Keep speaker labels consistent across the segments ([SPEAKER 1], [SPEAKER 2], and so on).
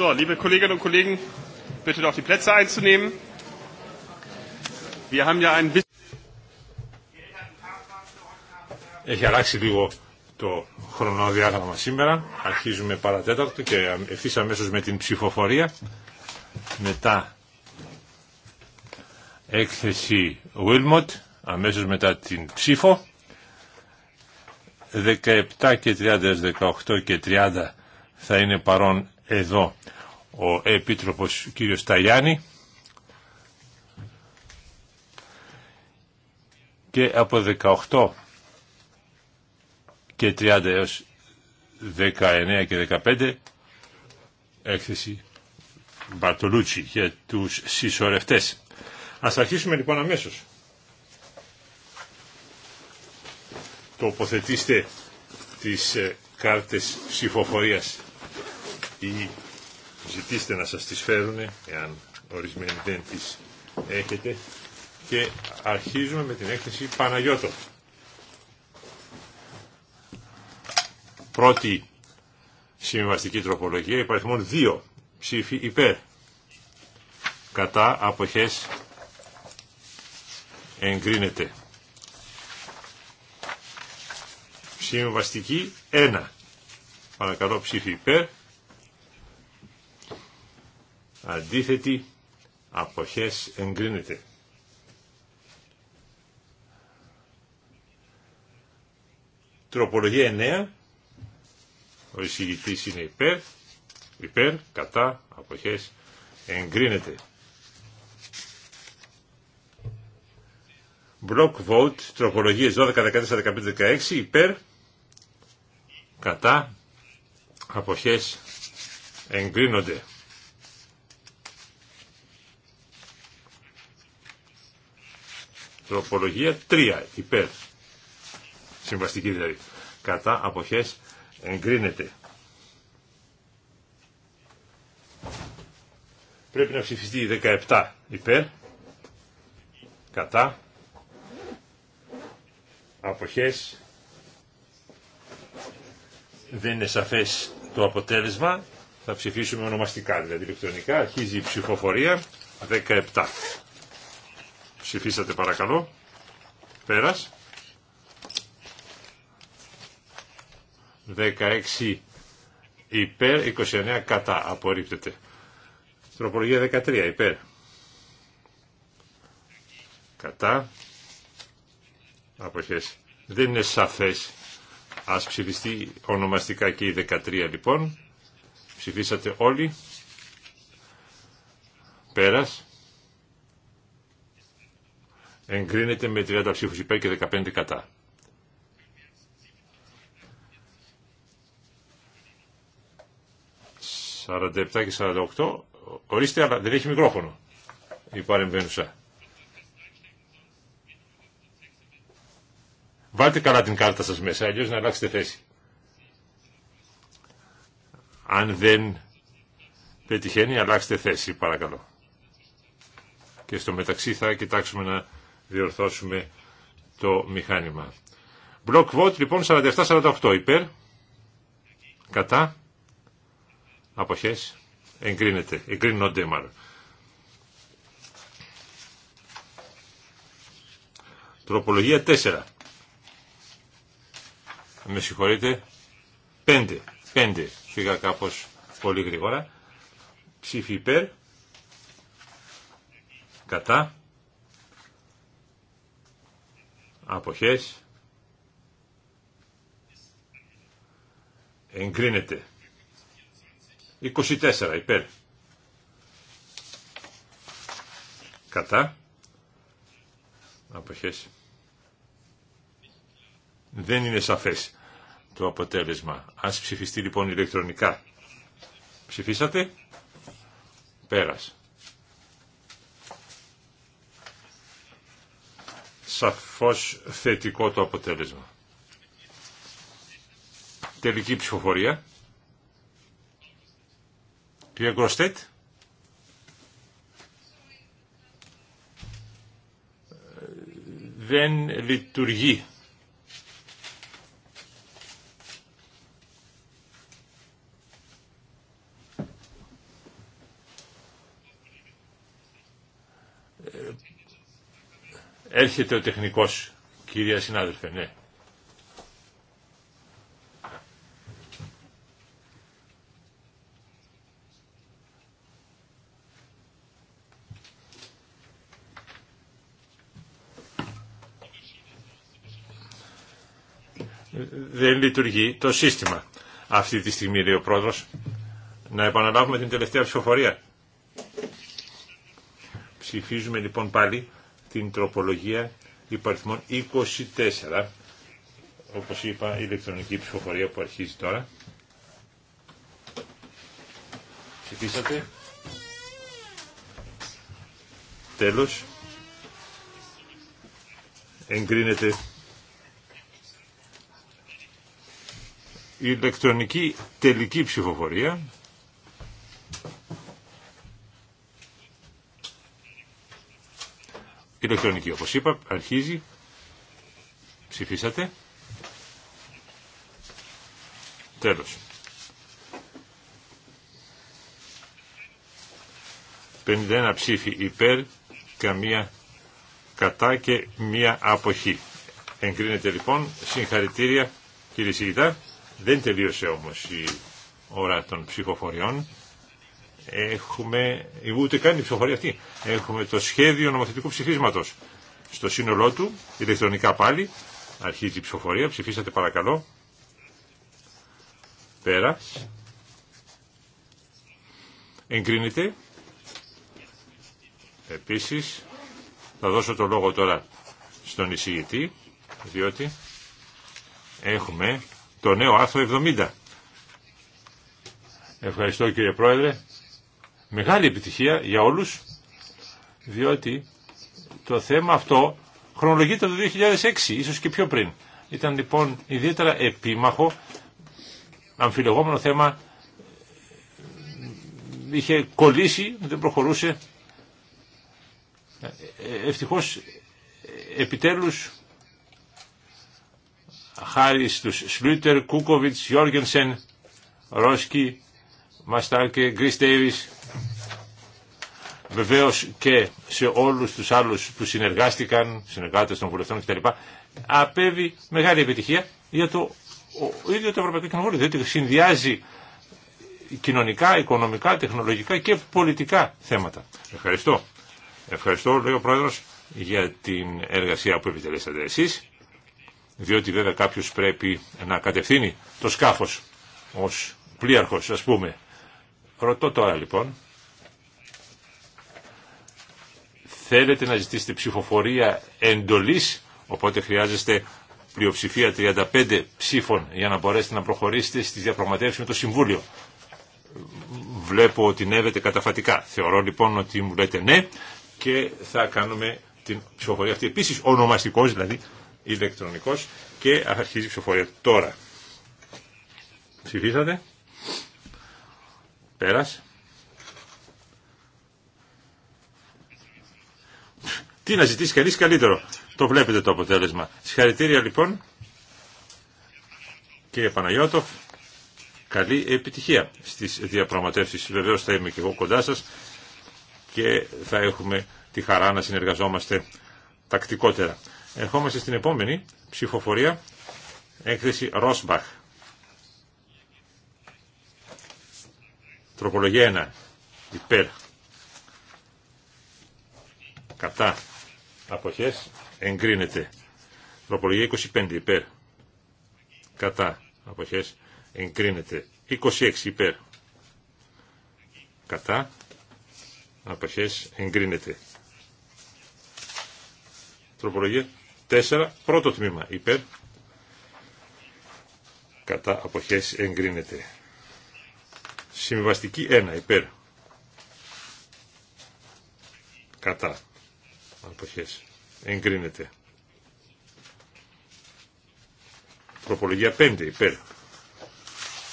[SPEAKER 1] So, liebe Kolleginnen und Kollegen, bitte doch die Plätze einzunehmen.
[SPEAKER 2] Wir haben ja ein bisschen. Έχει αλλάξει λίγο το χρονοδιάγραμμα σήμερα. Αρχίζουμε παρατέταρτο και ευθύ αμέσω με την ψηφοφορία. Μετά έκθεση Wilmot, αμέσως μετά την ψήφο. 17 και 30, 18 και 30 θα είναι παρόν εδώ ο Επίτροπος κύριος Ταγιάννη και από 18 και 30 έως 19 και 15 έκθεση Μπαρτολούτσι για τους συσσωρευτές. Ας αρχίσουμε λοιπόν αμέσως. Τοποθετήστε τις ε, κάρτες ψηφοφορίας ή ζητήστε να σας τις φέρουν, εάν ορισμένοι δεν τις έχετε. Και αρχίζουμε με την έκθεση Παναγιώτο. Πρώτη συμβαστική τροπολογία υπαριθμών δύο ψήφι υπέρ. Κατά αποχές εγκρίνεται. Συμβαστική 1. Παρακαλώ ψήφι υπέρ αντίθετη, αποχές εγκρίνεται. Τροπολογία 9, ο εισηγητής είναι υπέρ, υπέρ, κατά, αποχές εγκρίνεται. Block vote, τροπολογίες 12, 14, 15, 16, υπέρ, κατά, αποχές εγκρίνονται. Τροπολογία 3 υπέρ. Συμβαστική δηλαδή. Κατά αποχές εγκρίνεται. Πρέπει να ψηφιστεί 17 υπέρ. Κατά. Αποχές. Δεν είναι σαφές το αποτέλεσμα. Θα ψηφίσουμε ονομαστικά, δηλαδή ηλεκτρονικά. Αρχίζει η ψηφοφορία 17. Ψηφίσατε παρακαλώ. Πέρας. 16 υπέρ, 29 κατά. Απορρίπτεται. Τροπολογία 13 υπέρ. Κατά. Αποχές. Δεν είναι σαφές. Ας ψηφιστεί ονομαστικά και η 13 λοιπόν. Ψηφίσατε όλοι. Πέρας εγκρίνεται με 30 ψήφους υπέρ και 15 κατά. ...47 και 48... ...ορίστε αλλά δεν έχει μικρόφωνο... ...η παρεμβαίνουσα. Βάλτε καλά την κάρτα σας μέσα... ...αλλιώς να αλλάξετε θέση. Αν δεν... ...πετυχαίνει αλλάξτε θέση παρακαλώ. Και στο μεταξύ θα κοιτάξουμε να διορθώσουμε το μηχάνημα. Block vote λοιπόν 47-48 υπέρ, κατά, αποχές, εγκρίνεται, εγκρίνονται μάλλον. Τροπολογία 4. Με συγχωρείτε. 5. 5. Φύγα κάπως πολύ γρήγορα. Ψήφι υπέρ. Κατά. αποχές εγκρίνεται 24 υπέρ κατά αποχές δεν είναι σαφές το αποτέλεσμα ας ψηφιστεί λοιπόν ηλεκτρονικά ψηφίσατε πέρασε. σαφώς θετικό το αποτέλεσμα. Τελική ψηφοφορία. Κύριε Γκροστέτ. Δεν λειτουργεί Έρχεται ο τεχνικός, κυρία συνάδελφε, ναι. Δεν λειτουργεί το σύστημα. Αυτή τη στιγμή λέει ο πρόεδρος. Να επαναλάβουμε την τελευταία ψηφοφορία. Ψηφίζουμε λοιπόν πάλι την τροπολογία υπαριθμών 24, όπως είπα η ηλεκτρονική ψηφοφορία που αρχίζει τώρα. Ψηφίσατε. Τέλος. Εγκρίνεται η ηλεκτρονική τελική ψηφοφορία. ηλεκτρονική όπως είπα, αρχίζει, ψηφίσατε, τέλος. 51 ψηφί, υπέρ, καμία κατά και μία αποχή. Εγκρίνεται λοιπόν, συγχαρητήρια κύριε Σιγητά, δεν τελείωσε όμως η ώρα των ψηφοφοριών έχουμε, ούτε καν η ψηφοφορία αυτή, έχουμε το σχέδιο νομοθετικού ψηφίσματος. Στο σύνολό του, ηλεκτρονικά πάλι, αρχίζει η ψηφοφορία, ψηφίσατε παρακαλώ. Πέρα. Εγκρίνεται. Επίσης, θα δώσω το λόγο τώρα στον εισηγητή, διότι έχουμε το νέο άρθρο 70. Ευχαριστώ κύριε Πρόεδρε. Μεγάλη επιτυχία για όλους, διότι το θέμα αυτό χρονολογείται το 2006, ίσως και πιο πριν. Ήταν λοιπόν ιδιαίτερα επίμαχο, αμφιλεγόμενο θέμα, είχε κολλήσει, δεν προχωρούσε. Ευτυχώς επιτέλους χάρη στους Σλούτερ, Κούκοβιτς, Γιόργενσεν, Ρόσκι, Μαστάρκε, Γκρίς βεβαίως και σε όλους τους άλλους που συνεργάστηκαν, συνεργάτες των βουλευτών κτλ. Απέβει μεγάλη επιτυχία για το ίδιο το Ευρωπαϊκό Κοινοβούλιο, διότι συνδυάζει κοινωνικά, οικονομικά, τεχνολογικά και πολιτικά θέματα. Ευχαριστώ. Ευχαριστώ, λέει ο Πρόεδρος, για την εργασία που επιτελέσατε εσείς, διότι βέβαια κάποιος πρέπει να κατευθύνει το σκάφος ως πλοίαρχος, ας πούμε. Ρωτώ τώρα λοιπόν, θέλετε να ζητήσετε ψηφοφορία εντολής, οπότε χρειάζεστε πλειοψηφία 35 ψήφων για να μπορέσετε να προχωρήσετε στις διαπραγματεύσεις με το Συμβούλιο. Βλέπω ότι νεύεται καταφατικά. Θεωρώ λοιπόν ότι μου λέτε ναι και θα κάνουμε την ψηφοφορία αυτή. Επίσης ονομαστικός δηλαδή ηλεκτρονικός και αρχίζει η ψηφοφορία τώρα. Ψηφίσατε. Πέρας. Τι να ζητήσει κανεί καλύτερο. Το βλέπετε το αποτέλεσμα. Συγχαρητήρια λοιπόν. και Παναγιώτοφ, καλή επιτυχία στις διαπραγματεύσεις. Βεβαίως θα είμαι και εγώ κοντά σας και θα έχουμε τη χαρά να συνεργαζόμαστε τακτικότερα. Ερχόμαστε στην επόμενη ψηφοφορία, έκθεση Ρόσμπαχ. Τροπολογία 1, υπέρ, κατά, αποχές εγκρίνεται. Τροπολογία 25 υπέρ. Κατά αποχές εγκρίνεται. 26 υπέρ. Κατά αποχές εγκρίνεται. Τροπολογία 4 πρώτο τμήμα υπέρ. Κατά αποχές εγκρίνεται. Συμβαστική 1 υπέρ. Κατά αποχές εγκρίνεται. Τροπολογία 5 υπέρ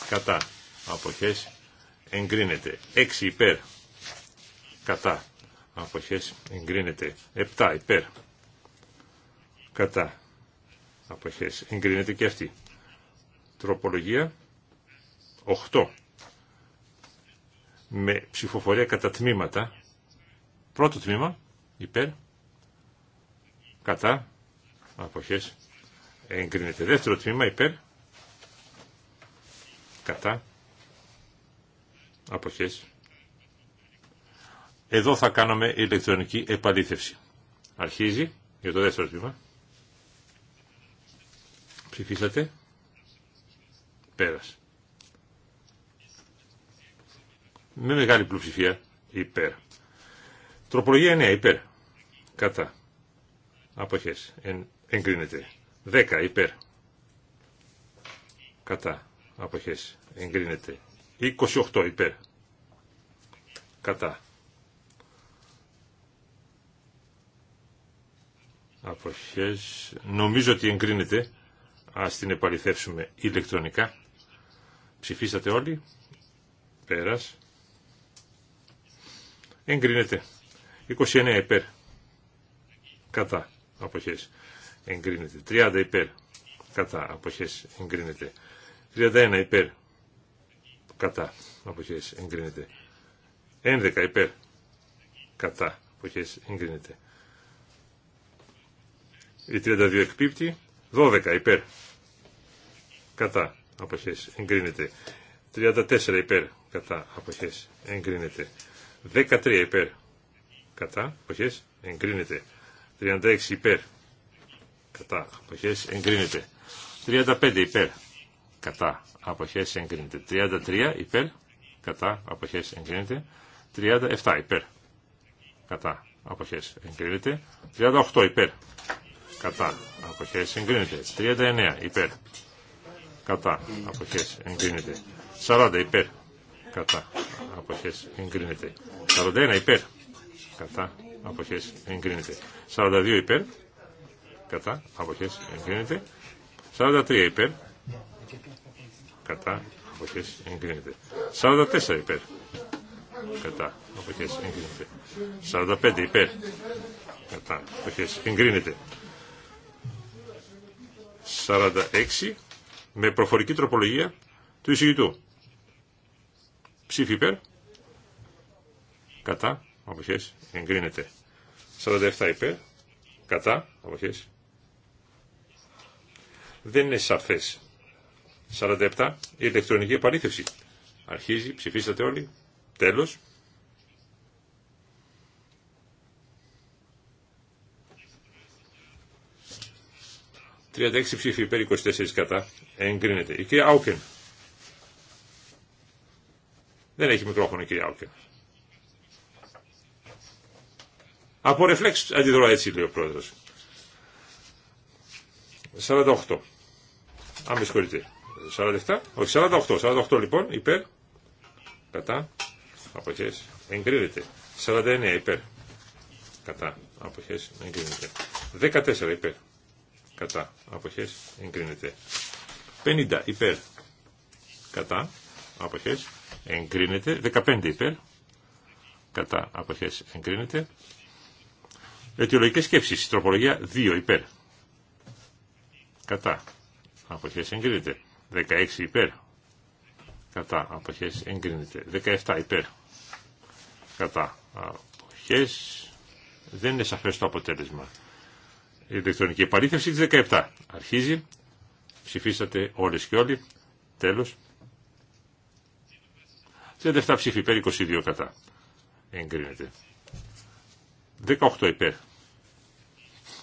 [SPEAKER 2] κατά αποχές εγκρίνεται. 6 υπέρ κατά αποχές εγκρίνεται. 7 υπέρ κατά αποχές εγκρίνεται και αυτή. Τροπολογία 8 με ψηφοφορία κατά τμήματα. Πρώτο τμήμα υπέρ κατά αποχές εγκρίνεται δεύτερο τμήμα υπέρ κατά αποχές εδώ θα κάνουμε ηλεκτρονική επαλήθευση αρχίζει για το δεύτερο τμήμα ψηφίσατε πέρασε με μεγάλη πλουψηφία, υπέρ τροπολογία 9 υπέρ κατά Αποχές. Εγκρίνεται. 10 υπέρ. Κατά. Αποχές. Εγκρίνεται. 28 υπέρ. Κατά. Αποχές. Νομίζω ότι εγκρίνεται. Ας την επαληθεύσουμε ηλεκτρονικά. Ψηφίσατε όλοι. Πέρας. Εγκρίνεται. 29 υπέρ. Κατά αποχές εγκρίνεται. 30 υπέρ κατά αποχές εγκρίνεται. 31 υπέρ κατά αποχές εγκρίνεται. 11 υπέρ κατά αποχές εγκρίνεται. Η 32 εκπίπτει. 12 υπέρ κατά αποχές εγκρίνεται. 34 υπέρ κατά αποχές εγκρίνεται. 13 υπέρ κατά αποχές εγκρίνεται. 36 υπέρ. Κατά αποχές εγκρίνεται. 35 υπέρ. Κατά αποχές εγκρίνεται. 33 υπέρ. Κατά αποχές εγκρίνεται. 37 υπέρ. Κατά αποχές εγκρίνεται. 38 υπέρ. Κατά αποχές εγκρίνεται. 39 υπέρ. Κατά αποχές εγκρίνεται. 40 υπέρ. Κατά αποχές εγκρίνεται. 41 υπέρ. Κατά αποχές εγκρίνεται. 42 υπέρ, κατά, αποχές εγκρίνεται. 43 υπέρ, κατά, αποχές εγκρίνεται. 44 υπέρ, κατά, αποχές εγκρίνεται. 45 υπέρ, κατά, αποχές εγκρίνεται. 46 με προφορική τροπολογία του εισηγητού. Ψήφι υπέρ, κατά, αποχές εγκρίνεται. 47 υπέρ. Κατά. Αποχές. Δεν είναι σαφές. 47. Η ηλεκτρονική επαλήθευση. Αρχίζει. Ψηφίσατε όλοι. Τέλος. ...36 ψήφοι υπέρ 24 κατά... ...εγκρίνεται. Η κυρία Άουκεν. Δεν έχει μικρόφωνο η κυρία Άουκεν. Από ρεφλέξ αντιδρώ έτσι, λέει ο πρόεδρο. 48. Αν με συγχωρείτε. 47. Όχι, 48. 48 λοιπόν, υπέρ. Κατά. Αποχές. Εγκρίνεται. 49 υπέρ. Κατά. άποχέ, Εγκρίνεται. 14 υπέρ. Κατά. Αποχές. Εγκρίνεται. 50 υπέρ. Κατά. άποχέ, Εγκρίνεται. 15 υπέρ. Κατά. Αποχές. Εγκρίνεται. Αιτιολογικές σκέψεις. Τροπολογία 2 υπέρ. Κατά. Αποχές εγκρίνεται. 16 υπέρ. Κατά. Αποχές εγκρίνεται. 17 υπέρ. Κατά. Αποχές. Δεν είναι σαφές το αποτέλεσμα. Η ηλεκτρονική επαλήθευση της 17. Αρχίζει. Ψηφίσατε όλες και όλοι. Τέλος. 37 ψήφι υπέρ, 22 κατά. Εγκρίνεται. 18 υπέρ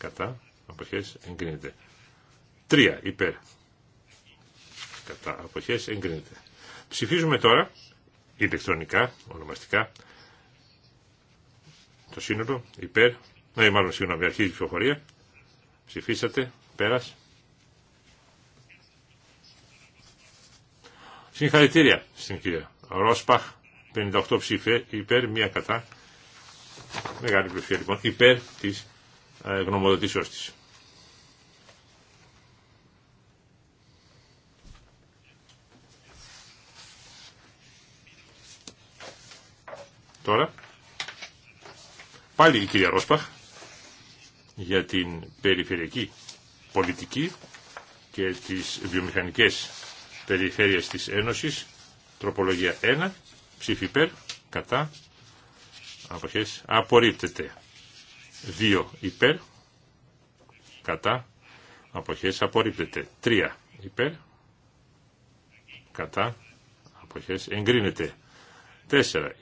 [SPEAKER 2] κατά αποχές εγκρίνεται. Τρία υπέρ κατά αποχές εγκρίνεται. Ψηφίζουμε τώρα ηλεκτρονικά, ονομαστικά, το σύνολο υπέρ, ναι μάλλον συγγνώμη αρχίζει η ψηφοφορία, ψηφίσατε, πέρας. Συγχαρητήρια στην κυρία Ρόσπαχ, 58 ψήφε υπέρ, μία κατά. Μεγάλη πλουσία λοιπόν υπέρ της ε, γνωμοδοτήσεως της. Τώρα, πάλι η κυρία Ρόσπαχ για την περιφερειακή πολιτική και τις βιομηχανικές περιφέρειες της Ένωσης, τροπολογία 1, ψήφι υπέρ, κατά, αποχές, απορρίπτεται δύο υπέρ, κατά, αποχές απορρίπτεται. τρία υπέρ, κατά, αποχές εγκρίνεται. τέσσερα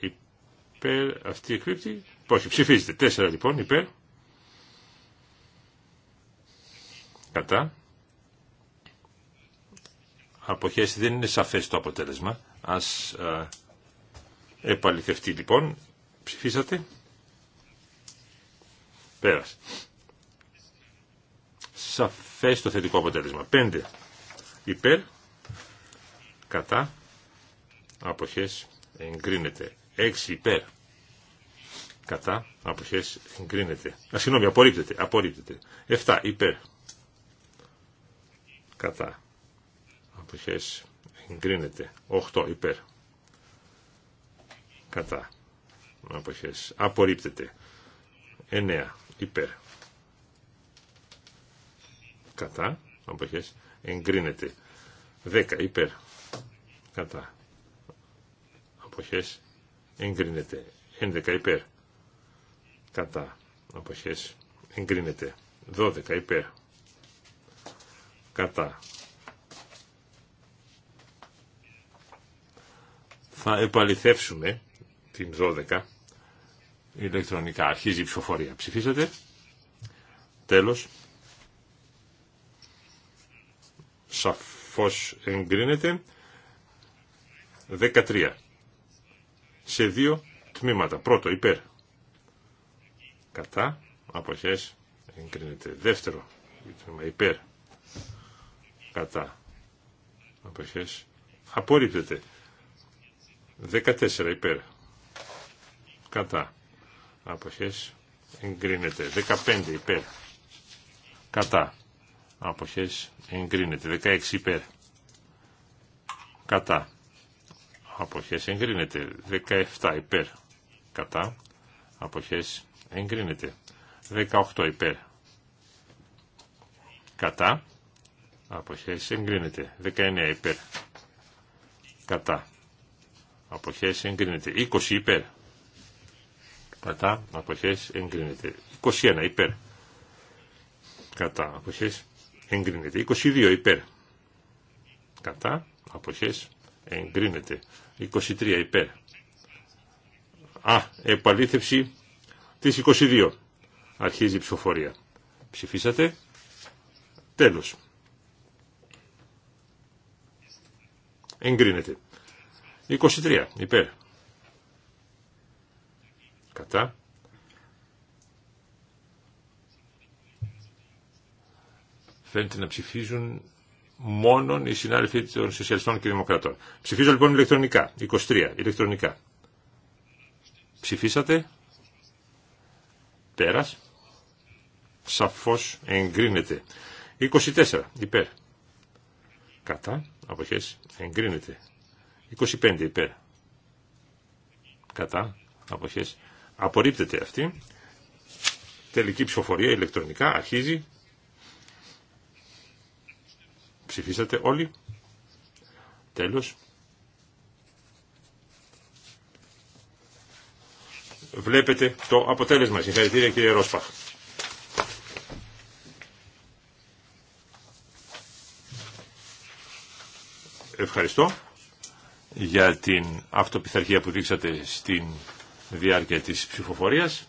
[SPEAKER 2] υπέρ, αυτή η όχι ψηφίζεται. τέσσερα λοιπόν υπέρ, κατά, αποχές δεν είναι σαφές το αποτέλεσμα. Ας α, ε, επαληθευτεί λοιπόν. Ψηφίσατε. Πέρας. Σαφές το θετικό αποτέλεσμα. 5 υπέρ, κατά, άποχέ, εγκρίνεται. 6 υπέρ, κατά, Αποχέ. εγκρίνεται. Α, συγγνώμη, απορρίπτεται, απορρίπτεται. 7 υπέρ, κατά, Αποχέ. εγκρίνεται. 8 υπέρ, κατά, άποχέ. απορρίπτεται. 9 υπέρ. Κατά, αποχές, εγκρίνεται. 10 υπέρ. Κατά. Αποχές, εγκρίνεται. 11 υπέρ. Κατά. Αποχές, εγκρίνεται. 12 υπέρ. Κατά. Θα επαληθεύσουμε την 12 ηλεκτρονικά. Αρχίζει η ψηφοφορία. Ψηφίσατε. Τέλος. Σαφώς εγκρίνεται. 13. Σε δύο τμήματα. Πρώτο, υπέρ. Κατά. Αποχές. Εγκρίνεται. Δεύτερο, υπέρ. Κατά. Αποχές. Απορρίπτεται. 14 υπέρ. Κατά αποχές εγκρίνεται 15 υπέρ κατά αποχές εγκρίνεται 16 υπέρ κατά αποχές εγκρίνεται 17 υπέρ κατά αποχές εγκρίνεται 18 υπέρ κατά αποχές εγκρίνεται 19 υπέρ κατά αποχές εγκρίνεται 20 υπέρ κατά αποχές εγκρίνεται 21 υπέρ κατά αποχές εγκρίνεται 22 υπέρ κατά αποχές εγκρίνεται 23 υπέρ Α, επαλήθευση της 22 αρχίζει η ψηφοφορία ψηφίσατε τέλος εγκρίνεται 23 υπέρ Κατά. Φαίνεται να ψηφίζουν μόνο οι συνάδελφοι των Σοσιαλιστών και Δημοκρατών. Ψηφίζω λοιπόν ηλεκτρονικά. 23. Ηλεκτρονικά. Ψηφίσατε. Πέρας. Σαφώς εγκρίνεται. 24. Υπέρ. Κατά. Αποχές. Εγκρίνεται. 25. Υπέρ. Κατά. Αποχές. Απορρίπτεται αυτή. Τελική ψηφοφορία ηλεκτρονικά αρχίζει. Ψηφίσατε όλοι. Τέλος. Βλέπετε το αποτέλεσμα. Συγχαρητήρια κύριε Ρόσπαχ. Ευχαριστώ για την αυτοπιθαρχία που δείξατε στην διάρκεια της ψηφοφορίας.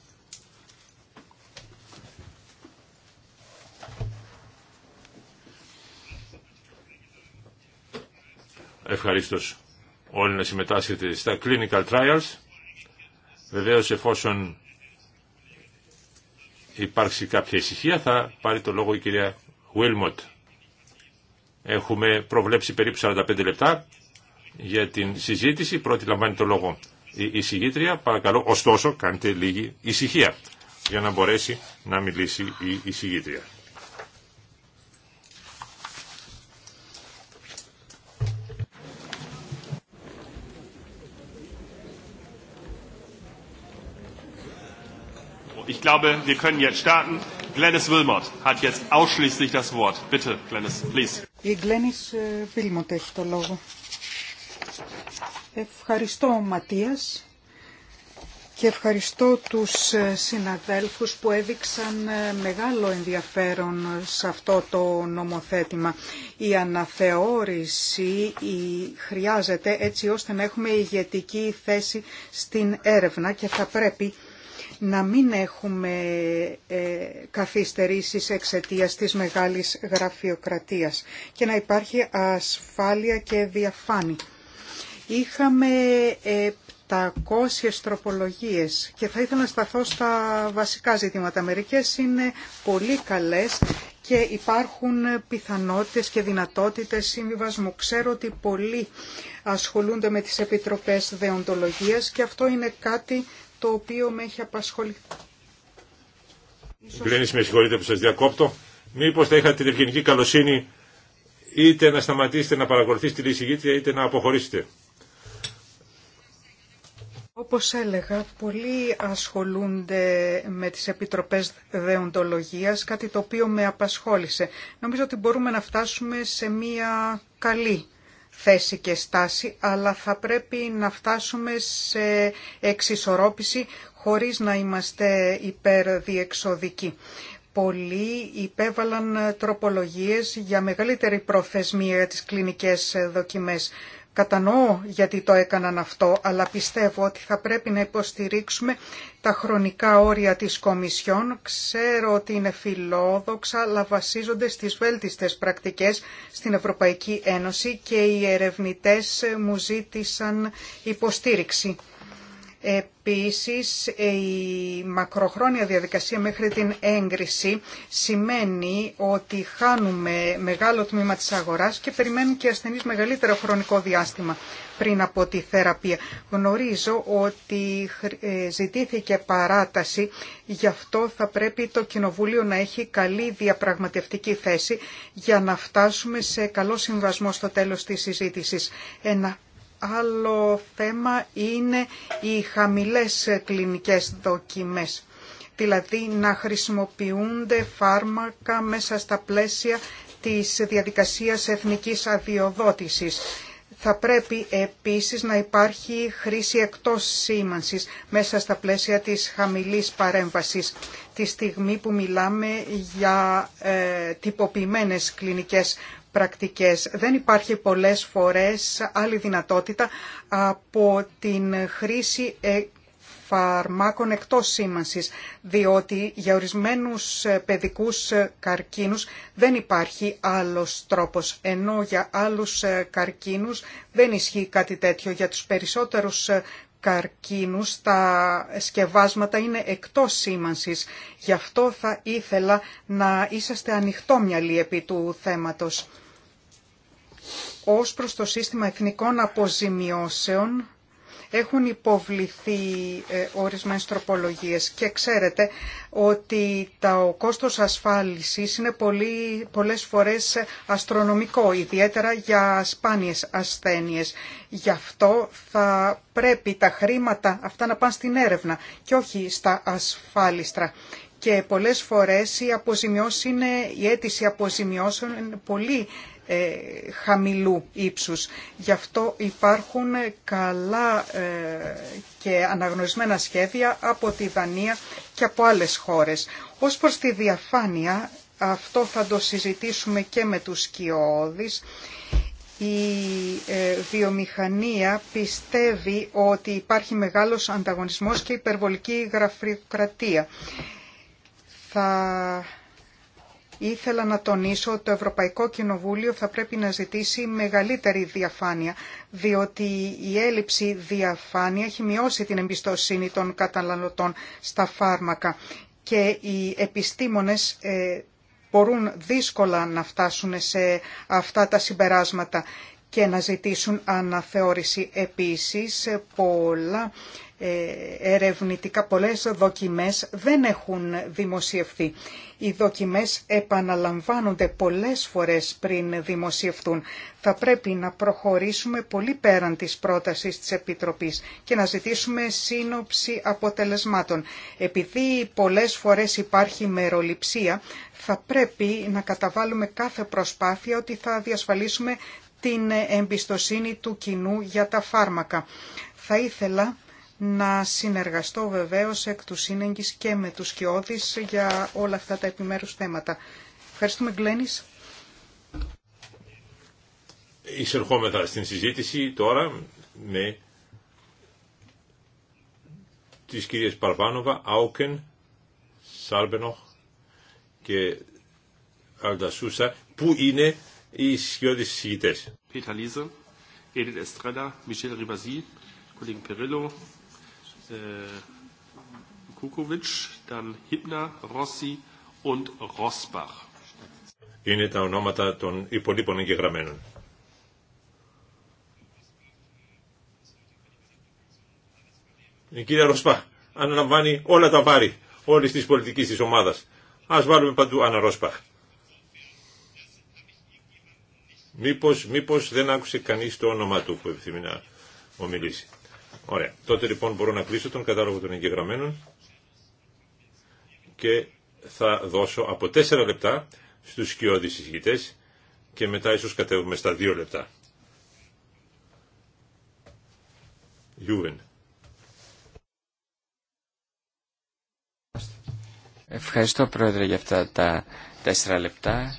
[SPEAKER 2] Ευχαριστώ όλοι να συμμετάσχετε στα clinical trials. Βεβαίως εφόσον υπάρξει κάποια ησυχία θα πάρει το λόγο η κυρία Wilmot. Έχουμε προβλέψει περίπου 45 λεπτά για την συζήτηση. Πρώτη λαμβάνει το λόγο η εισηγήτρια. Παρακαλώ, ωστόσο, κάντε λίγη ησυχία για να μπορέσει να μιλήσει η εισηγήτρια.
[SPEAKER 1] Ich glaube, wir können jetzt starten. Glennis Wilmot hat jetzt ausschließlich das Wort. Bitte, Glennis, please.
[SPEAKER 3] Glennis Wilmot hat das Wort. Ευχαριστώ Ματίας και ευχαριστώ τους ε, συναδέλφους που έδειξαν ε, μεγάλο ενδιαφέρον σε αυτό το νομοθέτημα. Η αναθεώρηση χρειάζεται έτσι ώστε να έχουμε ηγετική θέση στην έρευνα και θα πρέπει να μην έχουμε ε, καθυστερήσεις εξαιτίας της μεγάλης γραφειοκρατίας και να υπάρχει ασφάλεια και διαφάνεια. Είχαμε 700 τροπολογίες και θα ήθελα να σταθώ στα βασικά ζητήματα. Μερικές είναι πολύ καλές και υπάρχουν πιθανότητες και δυνατότητες συμβιβασμού. Ξέρω ότι πολλοί ασχολούνται με τις επιτροπές δεοντολογίας και αυτό είναι κάτι το οποίο με έχει απασχολεί.
[SPEAKER 2] Γκρένης, με συγχωρείτε που σας διακόπτω. Μήπως θα είχατε την ευγενική καλοσύνη είτε να σταματήσετε να παρακολουθήσετε τη εισηγήτρια είτε να αποχωρήσετε.
[SPEAKER 3] Όπως έλεγα, πολλοί ασχολούνται με τις επιτροπές δεοντολογίας, κάτι το οποίο με απασχόλησε. Νομίζω ότι μπορούμε να φτάσουμε σε μια καλή θέση και στάση, αλλά θα πρέπει να φτάσουμε σε εξισορρόπηση χωρίς να είμαστε υπερδιεξοδικοί. Πολλοί υπέβαλαν τροπολογίες για μεγαλύτερη προθεσμία για τις κλινικές δοκιμές. Κατανοώ γιατί το έκαναν αυτό, αλλά πιστεύω ότι θα πρέπει να υποστηρίξουμε τα χρονικά όρια της Κομισιόν. Ξέρω ότι είναι φιλόδοξα, αλλά βασίζονται στις βέλτιστες πρακτικές στην Ευρωπαϊκή Ένωση και οι ερευνητές μου ζήτησαν υποστήριξη. Επίσης, η μακροχρόνια διαδικασία μέχρι την έγκριση σημαίνει ότι χάνουμε μεγάλο τμήμα της αγοράς και περιμένουν και ασθενείς μεγαλύτερο χρονικό διάστημα πριν από τη θεραπεία. Γνωρίζω ότι ε, ζητήθηκε παράταση, γι' αυτό θα πρέπει το Κοινοβούλιο να έχει καλή διαπραγματευτική θέση για να φτάσουμε σε καλό συμβασμό στο τέλος της συζήτησης. Ένα άλλο θέμα είναι οι χαμηλές κλινικές δοκιμές. Δηλαδή να χρησιμοποιούνται φάρμακα μέσα στα πλαίσια της διαδικασίας εθνικής αδειοδότησης. Θα πρέπει επίσης να υπάρχει χρήση εκτός σήμανσης μέσα στα πλαίσια της χαμηλής παρέμβασης τη στιγμή που μιλάμε για ε, τυποποιημένες κλινικές πρακτικές. Δεν υπάρχει πολλές φορές άλλη δυνατότητα από την χρήση ε, φαρμάκων εκτός σήμανσης, διότι για ορισμένους ε, παιδικούς ε, καρκίνους δεν υπάρχει άλλος τρόπος, ενώ για άλλους καρκίνους δεν ισχύει κάτι τέτοιο. Για τους περισσότερους καρκίνους τα σκευάσματα είναι εκτός σήμανσης. Γι' αυτό θα ήθελα να είσαστε ανοιχτόμυαλοι επί του θέματος ως προς το σύστημα εθνικών αποζημιώσεων έχουν υποβληθεί ε, ορισμένες τροπολογίες και ξέρετε ότι ο κόστος ασφάλισης είναι πολύ, πολλές φορές αστρονομικό, ιδιαίτερα για σπάνιες ασθένειες. Γι' αυτό θα πρέπει τα χρήματα αυτά να πάνε στην έρευνα και όχι στα ασφάλιστρα. Και πολλές φορές η αποζημιώση είναι, η αίτηση αποζημιώσεων είναι πολύ ε, χαμηλού ύψους. Γι' αυτό υπάρχουν καλά ε, και αναγνωρισμένα σχέδια από τη Δανία και από άλλες χώρες. Ως προς τη διαφάνεια, αυτό θα το συζητήσουμε και με τους σκιώδεις, η ε, βιομηχανία πιστεύει ότι υπάρχει μεγάλος ανταγωνισμός και υπερβολική γραφειοκρατία. Θα Ήθελα να τονίσω ότι το Ευρωπαϊκό Κοινοβούλιο θα πρέπει να ζητήσει μεγαλύτερη διαφάνεια, διότι η έλλειψη διαφάνεια έχει μειώσει την εμπιστοσύνη των καταναλωτών στα φάρμακα και οι επιστήμονες ε, μπορούν δύσκολα να φτάσουν σε αυτά τα συμπεράσματα και να ζητήσουν αναθεώρηση. Επίσης, πολλά ε, ερευνητικά, πολλές δοκιμές δεν έχουν δημοσιευθεί. Οι δοκιμές επαναλαμβάνονται πολλές φορές πριν δημοσιευτούν. Θα πρέπει να προχωρήσουμε πολύ πέραν της πρότασης της Επιτροπής και να ζητήσουμε σύνοψη αποτελεσμάτων. Επειδή πολλές φορές υπάρχει μεροληψία, θα πρέπει να καταβάλουμε κάθε προσπάθεια ότι θα διασφαλίσουμε την εμπιστοσύνη του κοινού για τα φάρμακα. Θα ήθελα να συνεργαστώ βεβαίως εκ του σύνεγγης και με τους σκιώδεις για όλα αυτά τα επιμέρους θέματα. Ευχαριστούμε Γκλένης.
[SPEAKER 2] Εισερχόμεθα στην συζήτηση τώρα με τις κυρίες Παρβάνοβα, Άουκεν, Σάρμπενοχ και Αλτασούσα, που είναι οι σκιώδεις συζητητές. Πίτα Λίζε, Edith Estrada, Michel Ριβαζί,
[SPEAKER 1] Kollegen Περιλό. Äh,
[SPEAKER 2] Είναι τα ονόματα των υπολείπων εγγεγραμμένων. Η κυρία Ροσπά αναλαμβάνει όλα τα βάρη όλη τη πολιτική τη ομάδα. Α βάλουμε παντού Άννα Ροσπά. Μήπω μήπως δεν άκουσε κανεί το όνομά του που επιθυμεί να ομιλήσει. Ωραία. Τότε λοιπόν μπορώ να κλείσω τον κατάλογο των εγγεγραμμένων και θα δώσω από 4 λεπτά στους σκιώδεις συζητητές και μετά ίσως κατέβουμε στα 2 λεπτά. Γιούβεν.
[SPEAKER 4] Ευχαριστώ πρόεδρε για αυτά τα 4 λεπτά.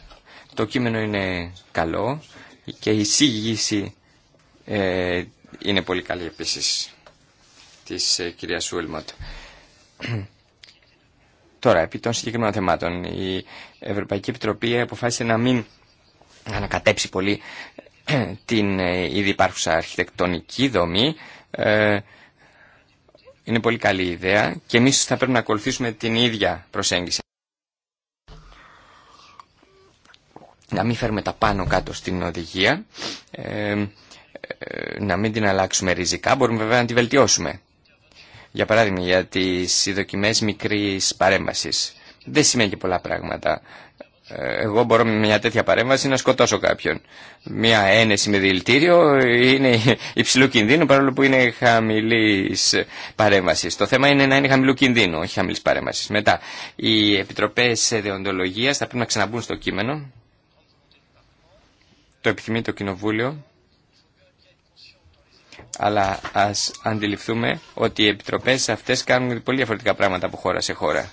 [SPEAKER 4] Το κείμενο είναι καλό και η εισήγηση ε, είναι πολύ καλή επίσης της ε, κυρίας Ούλμοντ. Τώρα, επί των συγκεκριμένων θεμάτων, η Ευρωπαϊκή Επιτροπή αποφάσισε να μην ανακατέψει πολύ ε, την ε, ήδη υπάρχουσα αρχιτεκτονική δομή. Είναι πολύ καλή ιδέα και εμείς θα πρέπει να ακολουθήσουμε την ίδια προσέγγιση. Να μην φέρουμε τα πάνω κάτω στην οδηγία, να μην την αλλάξουμε ριζικά, μπορούμε βέβαια να τη βελτιώσουμε. Για παράδειγμα, για τις δοκιμές μικρής παρέμβασης. Δεν σημαίνει και πολλά πράγματα. Ε, εγώ μπορώ με μια τέτοια παρέμβαση να σκοτώσω κάποιον. Μια ένεση με δηλητήριο είναι υψηλού κινδύνου παρόλο που είναι χαμηλής παρέμβασης. Το θέμα είναι να είναι χαμηλού κινδύνου, όχι χαμηλή παρέμβασης. Μετά, οι επιτροπέ δεοντολογίας θα πρέπει να ξαναμπούν στο κείμενο. Το επιθυμεί το Κοινοβούλιο. Αλλά ας αντιληφθούμε ότι οι επιτροπές αυτές κάνουν πολύ διαφορετικά πράγματα από χώρα σε χώρα.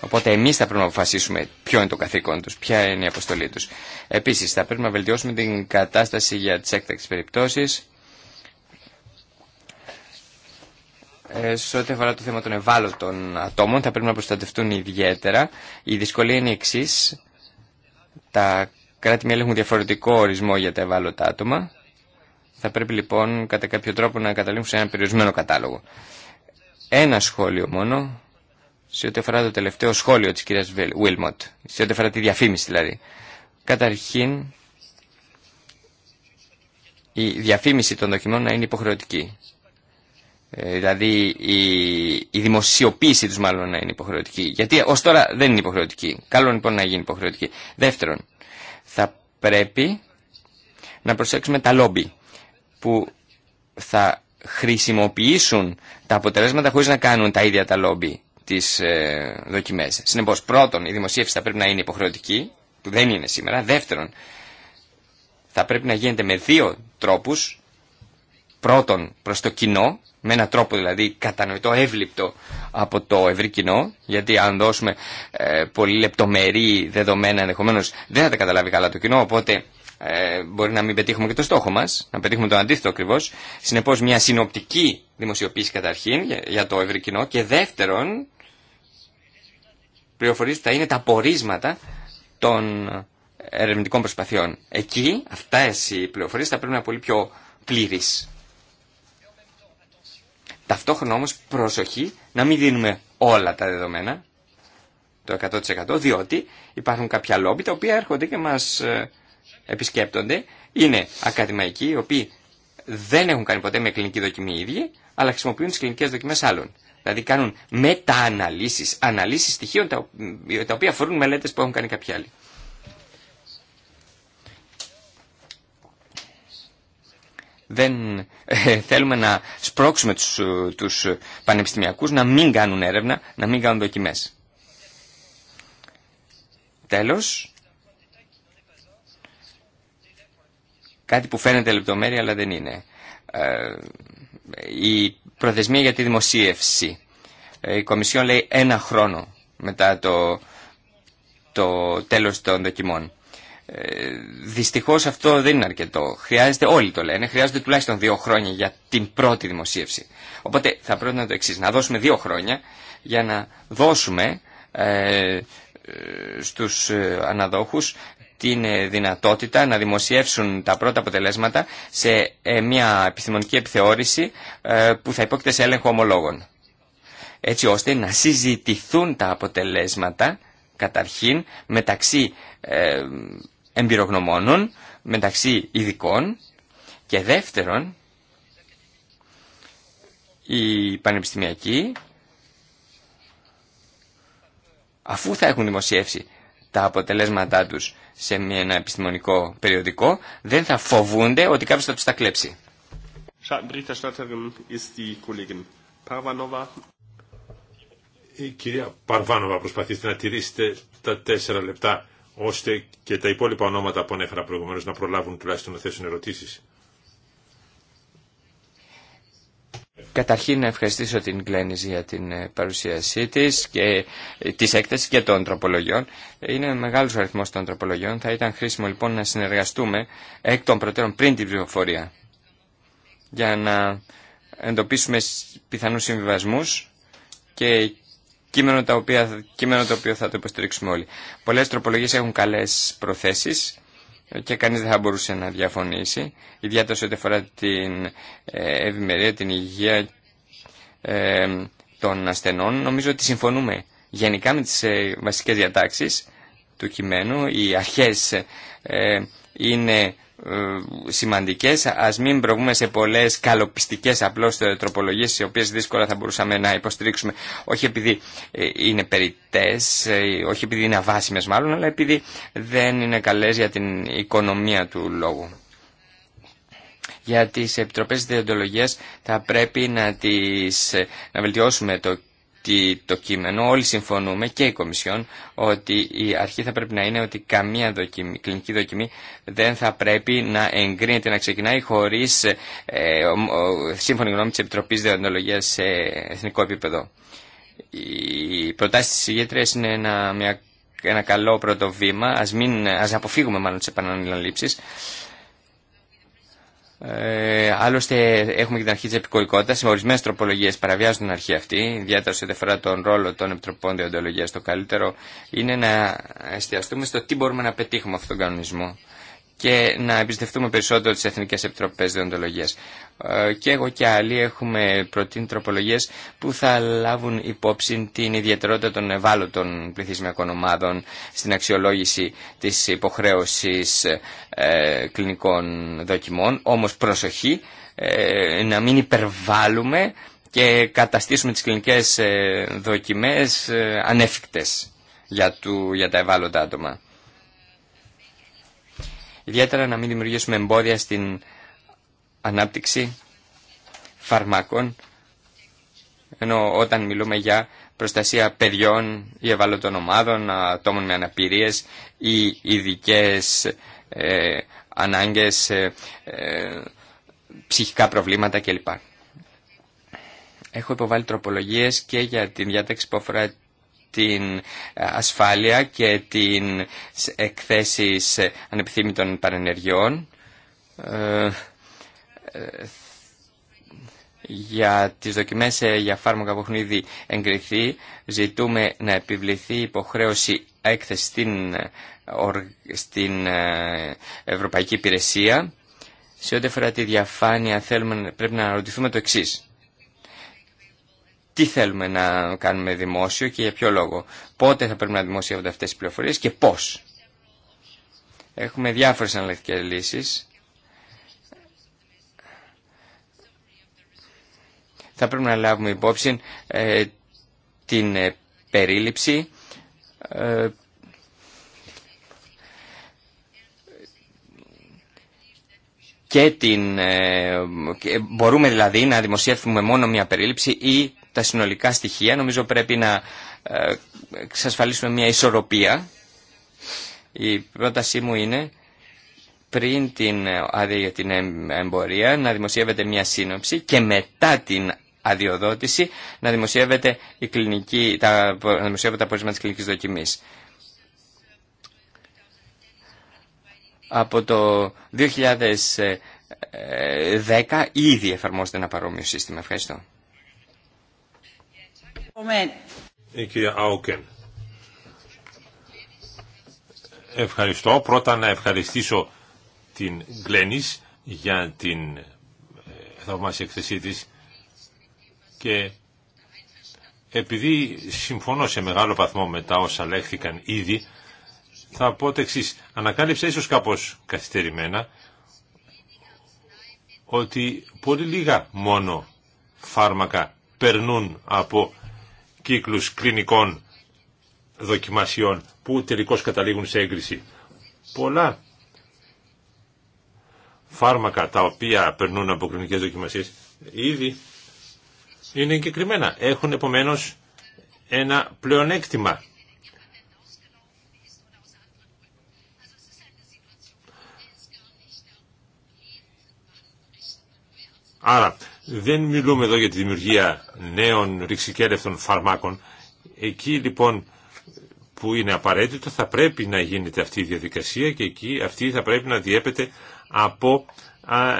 [SPEAKER 4] Οπότε εμεί θα πρέπει να αποφασίσουμε ποιο είναι το καθήκον του, ποια είναι η αποστολή του. Επίση, θα πρέπει να βελτιώσουμε την κατάσταση για τι έκτακτε περιπτώσει. Ε, σε ό,τι αφορά το θέμα των ευάλωτων ατόμων, θα πρέπει να προστατευτούν ιδιαίτερα. Η δυσκολία είναι η εξή. Τα κράτη-μέλη έχουν διαφορετικό ορισμό για τα ευάλωτα άτομα. Θα πρέπει λοιπόν κατά κάποιο τρόπο να καταλήγουμε σε ένα περιορισμένο κατάλογο. Ένα σχόλιο μόνο σε ό,τι αφορά το τελευταίο σχόλιο της κυρίας Βίλμοντ, σε ό,τι αφορά τη διαφήμιση δηλαδή. Καταρχήν, η διαφήμιση των δοκιμών να είναι υποχρεωτική. Ε, δηλαδή η, δημοσιοποίηση τους μάλλον να είναι υποχρεωτική. Γιατί ως τώρα δεν είναι υποχρεωτική. Καλό λοιπόν να γίνει υποχρεωτική. Δεύτερον, θα πρέπει να προσέξουμε τα λόμπι που θα χρησιμοποιήσουν τα αποτελέσματα χωρίς να κάνουν τα ίδια τα λόμπι τις ε, δοκιμές. Συνεπώς, πρώτον, η δημοσίευση θα πρέπει να είναι υποχρεωτική, που δεν είναι σήμερα. Δεύτερον, θα πρέπει να γίνεται με δύο τρόπους. Πρώτον, προς το κοινό, με έναν τρόπο δηλαδή κατανοητό, εύληπτο από το ευρύ κοινό, γιατί αν δώσουμε ε, πολύ λεπτομερή δεδομένα ενδεχομένω δεν θα τα καταλάβει καλά το κοινό, οπότε ε, μπορεί να μην πετύχουμε και το στόχο μας, να πετύχουμε τον αντίθετο ακριβώς. Συνεπώς μια συνοπτική δημοσιοποίηση καταρχήν για, το ευρύ κοινό και δεύτερον πληροφορίες θα είναι τα πορίσματα των ερευνητικών προσπαθειών. Εκεί αυτές οι πληροφορίες θα πρέπει να είναι πολύ πιο πλήρεις. Ταυτόχρονα όμως προσοχή να μην δίνουμε όλα τα δεδομένα, το 100% διότι υπάρχουν κάποια λόμπι τα οποία έρχονται και μας ε, επισκέπτονται είναι ακαδημαϊκοί, οι οποίοι δεν έχουν κάνει ποτέ μια κλινική δοκιμή οι ίδιοι, αλλά χρησιμοποιούν τι κλινικέ δοκιμέ άλλων. Δηλαδή κάνουν μετααναλύσει, αναλύσει στοιχείων τα, οποία αφορούν μελέτε που έχουν κάνει κάποιοι άλλοι. Δεν ε, θέλουμε να σπρώξουμε τους, τους πανεπιστημιακούς να μην κάνουν έρευνα, να μην κάνουν δοκιμές. Τέλος, Κάτι που φαίνεται λεπτομέρεια αλλά δεν είναι. Ε, η προθεσμία για τη δημοσίευση. Ε, η Κομισιόν λέει ένα χρόνο μετά το, το τέλος των δοκιμών. Ε, δυστυχώς αυτό δεν είναι αρκετό. Χρειάζεται, όλοι το λένε, χρειάζεται τουλάχιστον δύο χρόνια για την πρώτη δημοσίευση. Οπότε θα πρέπει να το εξή, να δώσουμε δύο χρόνια για να δώσουμε ε, ε στους αναδόχους την ε, δυνατότητα να δημοσιεύσουν τα πρώτα αποτελέσματα σε ε, μια επιστημονική επιθεώρηση ε, που θα υπόκειται σε έλεγχο ομολόγων. Έτσι ώστε να συζητηθούν τα αποτελέσματα καταρχήν μεταξύ εμπειρογνωμόνων, μεταξύ ειδικών και δεύτερον οι πανεπιστημιακοί αφού θα έχουν δημοσιεύσει τα αποτελέσματά τους σε ένα επιστημονικό περιοδικό, δεν θα φοβούνται ότι κάποιος θα τους τα κλέψει.
[SPEAKER 2] Η κυρία Παρβάνοβα προσπαθήστε να τηρήσετε τα τέσσερα λεπτά, ώστε και τα υπόλοιπα ονόματα που ανέφερα προηγουμένως να προλάβουν τουλάχιστον να θέσουν ερωτήσεις.
[SPEAKER 4] Καταρχήν να ευχαριστήσω την Γκλένης για την ε, παρουσίασή της και ε, της έκθεσης και των τροπολογιών. Είναι μεγάλος ο αριθμός των τροπολογιών. Θα ήταν χρήσιμο λοιπόν να συνεργαστούμε εκ των προτέρων πριν την πληροφορία για να εντοπίσουμε πιθανούς συμβιβασμούς και κείμενο, κείμενο το οποίο θα το υποστηρίξουμε όλοι. Πολλές τροπολογίες έχουν καλές προθέσεις και κανείς δεν θα μπορούσε να διαφωνήσει, ιδιαίτερα σε ό,τι αφορά την ε, ευημερία, την υγεία ε, των ασθενών. Νομίζω ότι συμφωνούμε γενικά με τις ε, βασικές διατάξεις του κειμένου. Οι αρχές είναι ε, σημαντικές. Ας μην προβούμε σε πολλές καλοπιστικές απλώς τροπολογίες οι οποίες δύσκολα θα μπορούσαμε να υποστηρίξουμε. Όχι επειδή ε, είναι περιττές, ε, όχι επειδή είναι αβάσιμες μάλλον, αλλά επειδή δεν είναι καλές για την οικονομία του λόγου. Για τις επιτροπές διοντολογίας θα πρέπει να, τις, να βελτιώσουμε το το κείμενο, όλοι συμφωνούμε και η Κομισιόν ότι η αρχή θα πρέπει να είναι ότι καμία δοκιμή, κλινική δοκιμή δεν θα πρέπει να εγκρίνεται, να ξεκινάει χωρίς ε, σύμφωνη γνώμη της Επιτροπής Δεοντολογίας σε εθνικό επίπεδο. Οι προτάσει της ηγέτριας είναι ένα, μια, ένα καλό πρώτο βήμα, ας, μην, ας αποφύγουμε μάλλον τις επαναλήψεις. Ε, άλλωστε, έχουμε και την αρχή τη επικοικότητα. Οι ορισμένε τροπολογίε παραβιάζουν την αρχή αυτή, ιδιαίτερα σε ό,τι αφορά τον ρόλο των επιτροπών διοντολογία. Το καλύτερο είναι να εστιαστούμε στο τι μπορούμε να πετύχουμε αυτόν τον κανονισμό και να εμπιστευτούμε περισσότερο τις Εθνικές Επιτροπές Διοντολογίας. Ε, και εγώ και άλλοι έχουμε προτείνει τροπολογίες που θα λάβουν υπόψη την ιδιαιτερότητα των ευάλωτων πληθυσμιακών ομάδων στην αξιολόγηση της υποχρέωσης ε, κλινικών δοκιμών. Όμως προσοχή ε, να μην υπερβάλλουμε και καταστήσουμε τις κλινικές δοκιμές ανέφικτες για, για τα ευάλωτα άτομα ιδιαίτερα να μην δημιουργήσουμε εμπόδια στην ανάπτυξη φαρμάκων, ενώ όταν μιλούμε για προστασία παιδιών ή ευάλωτων ομάδων, ατόμων με αναπηρίες ή ειδικέ ε, ανάγκες, ε, ε, ψυχικά προβλήματα κλπ. Έχω υποβάλει τροπολογίες και για την διάταξη που αφορά την ε, ασφάλεια και την εκθέσεις ε, ανεπιθύμητων παρενεργειών ε, για τις δοκιμές για φάρμακα που έχουν ήδη εγκριθεί ζητούμε να επιβληθεί υποχρέωση έκθεση στην, στην Ευρωπαϊκή Υπηρεσία σε ό,τι αφορά τη διαφάνεια θέλουμε, πρέπει να αναρωτηθούμε το εξής τι θέλουμε να κάνουμε δημόσιο και για ποιο λόγο. Πότε θα πρέπει να δημοσιεύονται αυτές οι πληροφορίες και πώς. Έχουμε διάφορες αναλεκτικές λύσεις. Θα πρέπει να λάβουμε υπόψη ε, την ε, περίληψη, ε, και την, μπορούμε δηλαδή να δημοσιεύουμε μόνο μια περίληψη ή τα συνολικά στοιχεία. Νομίζω πρέπει να ε, εξασφαλίσουμε μια ισορροπία. Η πρότασή μου είναι πριν την ε, άδεια για την εμπορία να δημοσιεύεται μια σύνοψη και μετά την αδειοδότηση να δημοσιεύεται η κλινική, τα, να δημοσιεύεται τα πόρισμα της κλινικής δοκιμής. Από το 2010 ε, ήδη εφαρμόζεται ένα παρόμοιο σύστημα. Ευχαριστώ.
[SPEAKER 2] Η κυρία Άουκεν. Ευχαριστώ. Πρώτα να ευχαριστήσω την Γκλένις για την ε, θαυμάσια εκθεσή της και επειδή συμφωνώ σε μεγάλο βαθμό με τα όσα λέχθηκαν ήδη, θα πω το Ανακάλυψα ίσως κάπως καθυστερημένα ότι πολύ λίγα μόνο φάρμακα περνούν από κύκλους κλινικών δοκιμασιών που τελικώς καταλήγουν σε έγκριση. Πολλά φάρμακα τα οποία περνούν από κλινικές δοκιμασίες ήδη είναι εγκεκριμένα. Έχουν επομένως ένα πλεονέκτημα. Άρα, δεν μιλούμε εδώ για τη δημιουργία νέων ρηξικέλευτων φαρμάκων. Εκεί λοιπόν που είναι απαραίτητο θα πρέπει να γίνεται αυτή η διαδικασία και εκεί αυτή θα πρέπει να διέπεται από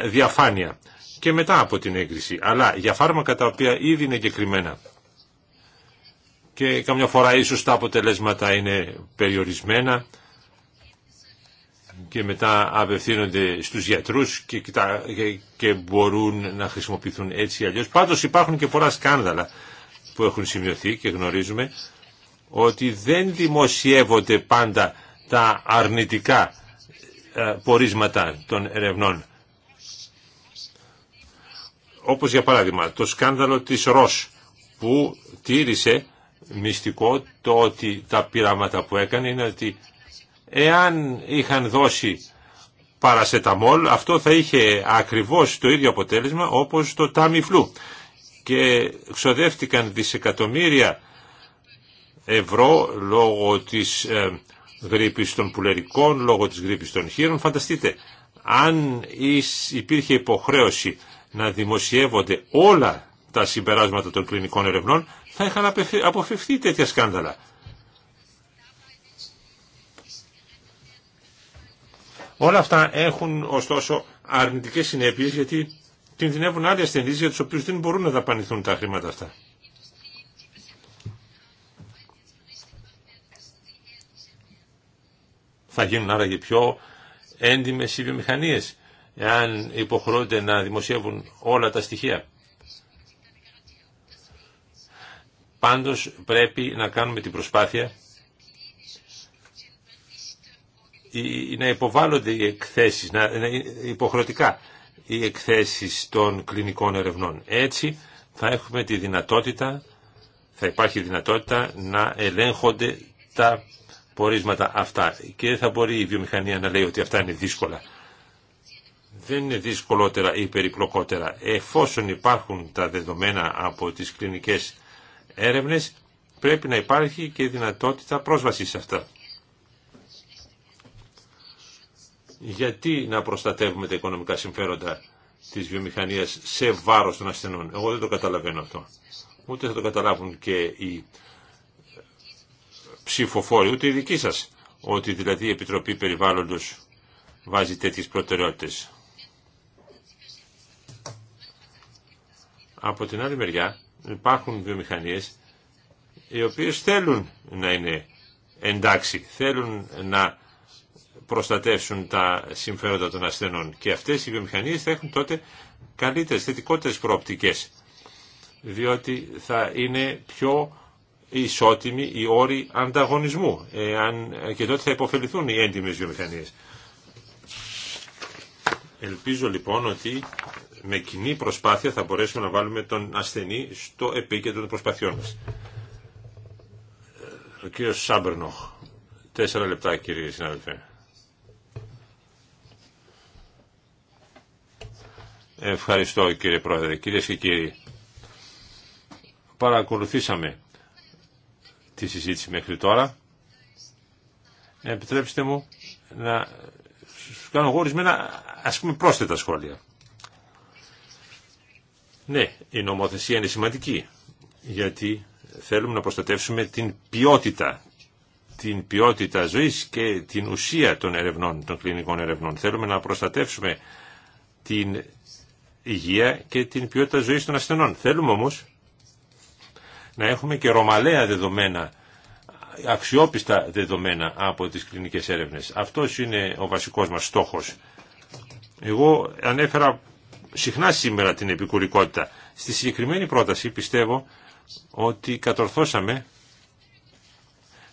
[SPEAKER 2] διαφάνεια και μετά από την έγκριση. Αλλά για φάρμακα τα οποία ήδη είναι εγκεκριμένα και καμιά φορά ίσως τα αποτελέσματα είναι περιορισμένα και μετά απευθύνονται στους γιατρούς και, και μπορούν να χρησιμοποιηθούν έτσι ή αλλιώς. Πάντως υπάρχουν και πολλά σκάνδαλα που έχουν σημειωθεί και γνωρίζουμε ότι δεν δημοσιεύονται πάντα τα αρνητικά ε, πορίσματα των ερευνών. Όπως για παράδειγμα το σκάνδαλο της ΡΟΣ που τήρησε μυστικό το ότι τα πειράματα που έκανε είναι ότι Εάν είχαν δώσει παρασεταμόλ, αυτό θα είχε ακριβώς το ίδιο αποτέλεσμα όπως το τάμιφλου. Και ξοδεύτηκαν δισεκατομμύρια ευρώ λόγω της ε, γρήπης των πουλερικών, λόγω της γρήπης των χείρων. Φανταστείτε, αν υπήρχε υποχρέωση να δημοσιεύονται όλα τα συμπεράσματα των κλινικών ερευνών, θα είχαν αποφευθεί τέτοια σκάνδαλα. Όλα αυτά έχουν ωστόσο αρνητικέ συνέπειε γιατί κινδυνεύουν άλλοι ασθενεί για του οποίου δεν μπορούν να δαπανηθούν τα χρήματα αυτά. Θα γίνουν άραγε πιο έντιμε οι βιομηχανίε εάν υποχρεούνται να δημοσιεύουν όλα τα στοιχεία. Πάντως πρέπει να κάνουμε την προσπάθεια να υποβάλλονται οι εκθέσεις, να, υποχρεωτικά οι εκθέσεις των κλινικών ερευνών. Έτσι θα έχουμε τη δυνατότητα, θα υπάρχει δυνατότητα να ελέγχονται τα πορίσματα αυτά και δεν θα μπορεί η βιομηχανία να λέει ότι αυτά είναι δύσκολα. Δεν είναι δύσκολότερα ή περιπλοκότερα. Εφόσον υπάρχουν τα δεδομένα από τις κλινικές έρευνες, πρέπει να υπάρχει και δυνατότητα πρόσβασης σε αυτά. γιατί να προστατεύουμε τα οικονομικά συμφέροντα της βιομηχανίας σε βάρος των ασθενών. Εγώ δεν το καταλαβαίνω αυτό. Ούτε θα το καταλάβουν και οι ψηφοφόροι, ούτε οι δικοί σας, ότι δηλαδή η Επιτροπή Περιβάλλοντος βάζει τέτοιε προτεραιότητε. Από την άλλη μεριά υπάρχουν βιομηχανίες οι οποίες θέλουν να είναι εντάξει, θέλουν να προστατεύσουν τα συμφέροντα των ασθενών. Και αυτές οι βιομηχανίες θα έχουν τότε καλύτερες, θετικότερες προοπτικές, διότι θα είναι πιο ισότιμοι οι όροι ανταγωνισμού εάν, και τότε θα υποφεληθούν οι έντιμες βιομηχανίες. Ελπίζω λοιπόν ότι με κοινή προσπάθεια θα μπορέσουμε να βάλουμε τον ασθενή στο επίκεντρο των προσπαθειών μας. Ο κύριος Σάμπερνοχ. Τέσσερα λεπτά κύριε συνάδελφε. Ευχαριστώ κύριε Πρόεδρε. Κυρίε και κύριοι, παρακολουθήσαμε τη συζήτηση μέχρι τώρα. Επιτρέψτε μου να σου κάνω εγώ ορισμένα ας πούμε πρόσθετα σχόλια. Ναι, η νομοθεσία είναι σημαντική γιατί θέλουμε να προστατεύσουμε την ποιότητα την ποιότητα ζωής και την ουσία των ερευνών, των κλινικών ερευνών. Θέλουμε να προστατεύσουμε την υγεία και την ποιότητα ζωής των ασθενών. Θέλουμε όμως να έχουμε και ρωμαλαία δεδομένα, αξιόπιστα δεδομένα από τις κλινικές έρευνες. Αυτός είναι ο βασικός μας στόχος. Εγώ ανέφερα συχνά σήμερα την επικουρικότητα. Στη συγκεκριμένη πρόταση πιστεύω ότι κατορθώσαμε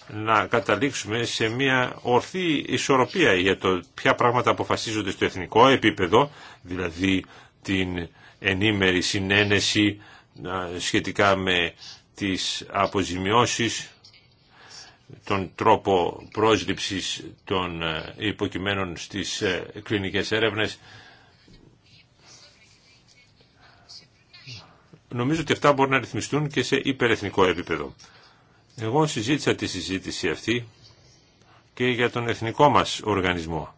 [SPEAKER 2] να καταλήξουμε σε μια ορθή ισορροπία για το ποια πράγματα αποφασίζονται στο εθνικό επίπεδο, δηλαδή την ενήμερη συνένεση ε, σχετικά με τις αποζημιώσεις, τον τρόπο πρόσληψης των ε, υποκειμένων στις ε, κλινικές έρευνες. Νομίζω ότι αυτά μπορούν να ρυθμιστούν και σε υπερεθνικό επίπεδο. Εγώ συζήτησα τη συζήτηση αυτή και για τον εθνικό μας οργανισμό.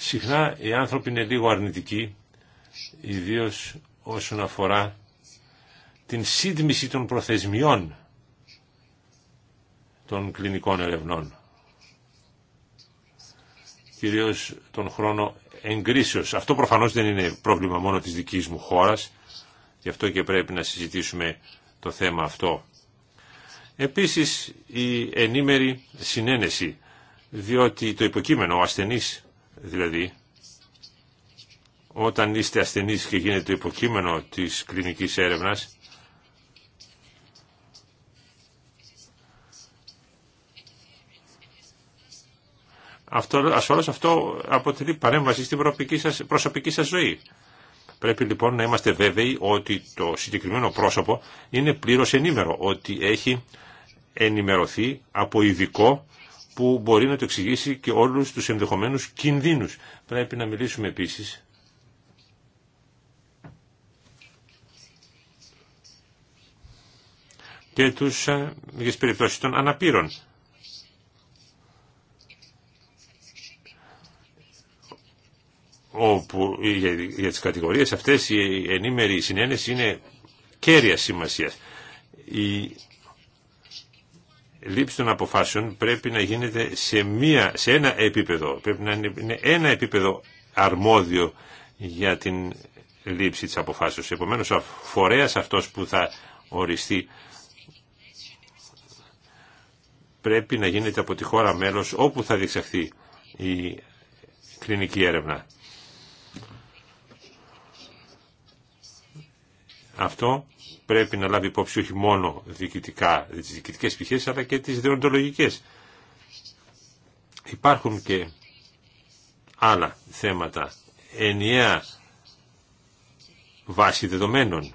[SPEAKER 2] Συχνά οι άνθρωποι είναι λίγο αρνητικοί, ιδίως όσον αφορά την σύντμηση των προθεσμιών των κλινικών ερευνών. Κυρίως τον χρόνο εγκρίσεως. Αυτό προφανώς δεν είναι πρόβλημα μόνο της δικής μου χώρας, γι' αυτό και πρέπει να συζητήσουμε το θέμα αυτό. Επίσης η ενήμερη συνένεση, διότι το υποκείμενο ο ασθενής Δηλαδή, όταν είστε ασθενείς και γίνεται υποκείμενο της κλινικής έρευνας, Αυτό, ασφαλώς αυτό αποτελεί παρέμβαση στην προσωπική σας, προσωπική ζωή. Πρέπει λοιπόν να είμαστε βέβαιοι ότι το συγκεκριμένο πρόσωπο είναι πλήρως ενήμερο, ότι έχει ενημερωθεί από ειδικό που μπορεί να το εξηγήσει και όλους τους ενδεχομένους κινδύνους. Πρέπει να μιλήσουμε επίσης και τους, ε, για τις περιπτώσεις των αναπήρων. όπου για, για τις κατηγορίες αυτές η ενήμερη συνένεση είναι κέρια σημασίας. Η λήψη των αποφάσεων πρέπει να γίνεται σε, μία, σε ένα επίπεδο. Πρέπει να είναι ένα επίπεδο αρμόδιο για την λήψη της αποφάσεως. Επομένως, ο φορέας αυτός που θα οριστεί πρέπει να γίνεται από τη χώρα μέλος όπου θα διεξαχθεί η κλινική έρευνα. Αυτό πρέπει να λάβει υπόψη όχι μόνο διοικητικά, τις διοικητικές πτυχές αλλά και τις διοντολογικές. Υπάρχουν και άλλα θέματα. Ενιαία βάση δεδομένων.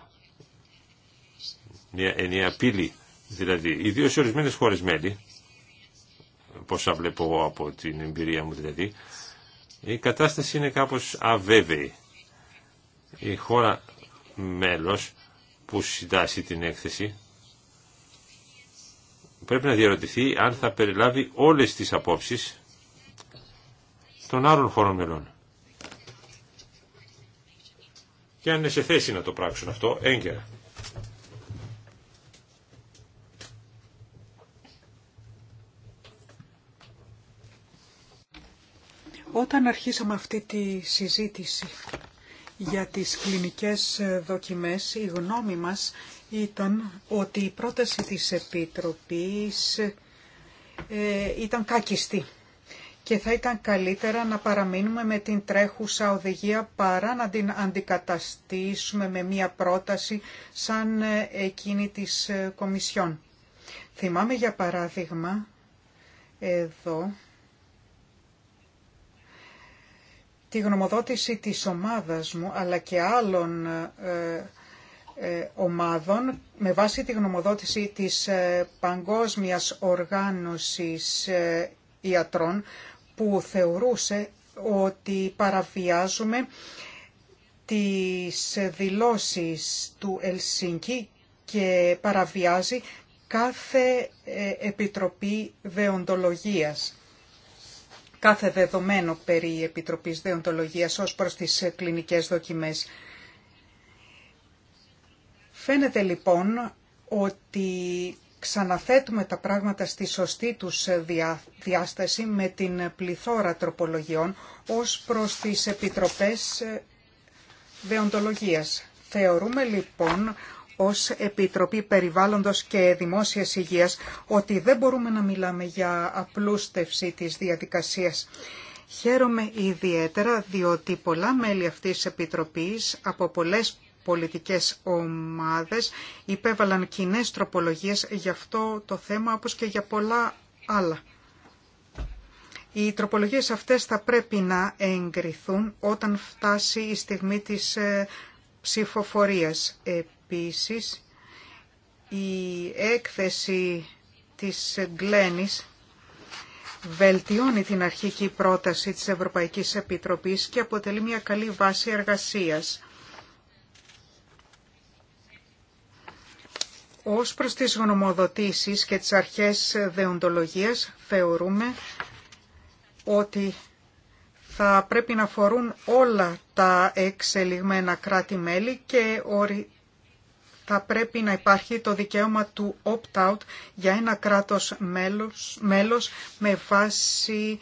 [SPEAKER 2] Μια ενιαία πύλη δηλαδή. Ιδίως σε ορισμένες χώρες μέλη, πόσα βλέπω εγώ από την εμπειρία μου δηλαδή, η κατάσταση είναι κάπως αβέβαιη. Η χώρα μέλος που συντάσσει την έκθεση πρέπει να διαρωτηθεί αν θα περιλάβει όλες τις απόψεις των άλλων χωρών μελών. Και αν είναι σε θέση να το πράξουν αυτό έγκαιρα.
[SPEAKER 3] Όταν αρχίσαμε αυτή τη συζήτηση για τις κλινικές ε, δοκιμές, η γνώμη μας ήταν ότι η πρόταση της Επιτροπής ε, ήταν κάκιστη και θα ήταν καλύτερα να παραμείνουμε με την τρέχουσα οδηγία παρά να την αντικαταστήσουμε με μία πρόταση σαν ε, εκείνη της Κομισιόν. Θυμάμαι για παράδειγμα εδώ τη γνωμοδότηση της ομάδας μου αλλά και άλλων ε, ε, ομάδων με βάση τη γνωμοδότηση της ε, Παγκόσμιας Οργάνωσης Ιατρών που θεωρούσε ότι παραβιάζουμε τις δηλώσεις του Ελσίνκη και παραβιάζει κάθε επιτροπή δεοντολογίας κάθε δεδομένο περί Επιτροπής Δεοντολογίας ως προς τις ε, κλινικές δοκιμές. Φαίνεται λοιπόν ότι ξαναθέτουμε τα πράγματα στη σωστή τους ε, διάσταση με την πληθώρα τροπολογιών ως προς τις Επιτροπές ε, Δεοντολογίας. Θεωρούμε λοιπόν ως Επιτροπή Περιβάλλοντος και Δημόσιας Υγείας ότι δεν μπορούμε να μιλάμε για απλούστευση της διαδικασίας. Χαίρομαι ιδιαίτερα διότι πολλά μέλη αυτής της Επιτροπής από πολλές πολιτικές ομάδες υπέβαλαν κοινέ τροπολογίες για αυτό το θέμα όπως και για πολλά άλλα. Οι τροπολογίες αυτές θα πρέπει να εγκριθούν όταν φτάσει η στιγμή της ε, ψηφοφορίας. Επίσης, η έκθεση της Γκλένης βελτιώνει την αρχική πρόταση της Ευρωπαϊκής Επιτροπής και αποτελεί μια καλή βάση εργασίας. Ως προς τις γνωμοδοτήσεις και τις αρχές δεοντολογίας θεωρούμε ότι θα πρέπει να φορούν όλα τα εξελιγμένα κράτη-μέλη και θα πρέπει να υπάρχει το δικαίωμα του opt-out για ένα κράτος μέλος, μέλος με βάση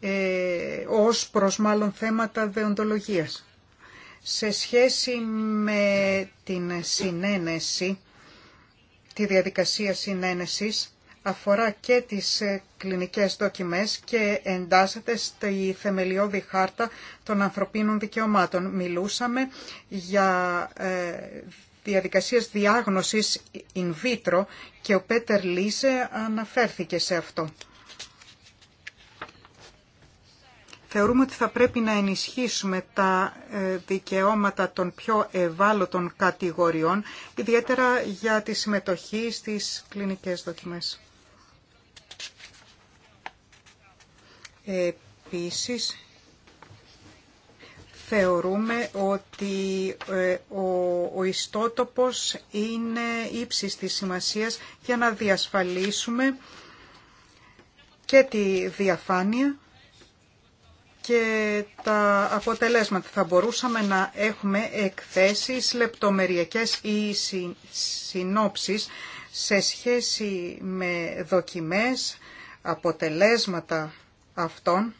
[SPEAKER 3] ε, ως προς μάλλον θέματα δεοντολογίας. Σε σχέση με την συνένεση, τη διαδικασία συνένεσης, αφορά και τις κλινικές δοκιμές και εντάσσεται στη θεμελιώδη χάρτα των ανθρωπίνων δικαιωμάτων. Μιλούσαμε για ε, διαδικασίας διάγνωσης in vitro και ο Πέτερ Λίζε αναφέρθηκε σε αυτό. Θεωρούμε ότι θα πρέπει να ενισχύσουμε τα ε, δικαιώματα των πιο ευάλωτων κατηγοριών, ιδιαίτερα για τη συμμετοχή στις κλινικές δοκιμές. Επίσης, θεωρούμε ότι ε, ο ιστότοπος είναι ύψης της σημασίας για να διασφαλίσουμε και τη διαφάνεια και τα αποτελέσματα. Θα μπορούσαμε να έχουμε εκθέσεις λεπτομεριακές ή συνόψεις σε σχέση με δοκιμές, αποτελέσματα αυτών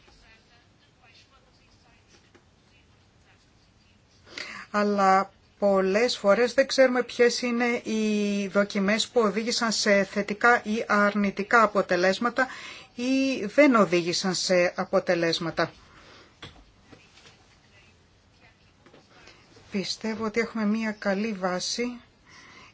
[SPEAKER 3] αλλά πολλές φορές δεν ξέρουμε ποιες είναι οι δοκιμές που οδήγησαν σε θετικά ή αρνητικά αποτελέσματα ή δεν οδήγησαν σε αποτελέσματα. Πιστεύω ότι έχουμε μία καλή βάση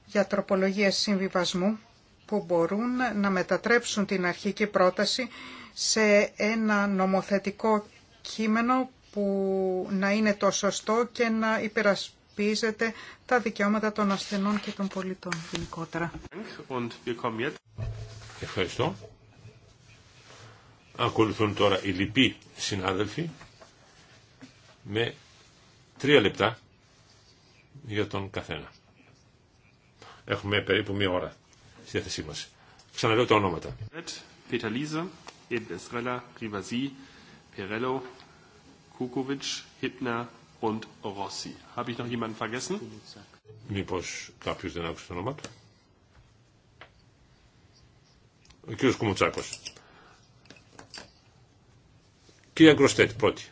[SPEAKER 3] για τροπολογία συμβιβασμού που μπορούν να μετατρέψουν την αρχική πρόταση σε ένα νομοθετικό κείμενο που να είναι το σωστό και να υπερασπίζεται τα δικαιώματα των ασθενών και των πολιτών γενικότερα.
[SPEAKER 2] Ευχαριστώ. Ακολουθούν τώρα οι λοιποί συνάδελφοι με τρία λεπτά για τον καθένα. Έχουμε περίπου μία ώρα στη διάθεσή μας. Ξαναλέω τα ονόματα.
[SPEAKER 1] Kukovic, Hittner und Rossi. Habe ich noch jemanden vergessen?
[SPEAKER 2] Μήπως κάποιος δεν άκουσε το όνομα του. Ο κύριος Κουμουτσάκος. Κύριε Γκροστέτ, πρώτη.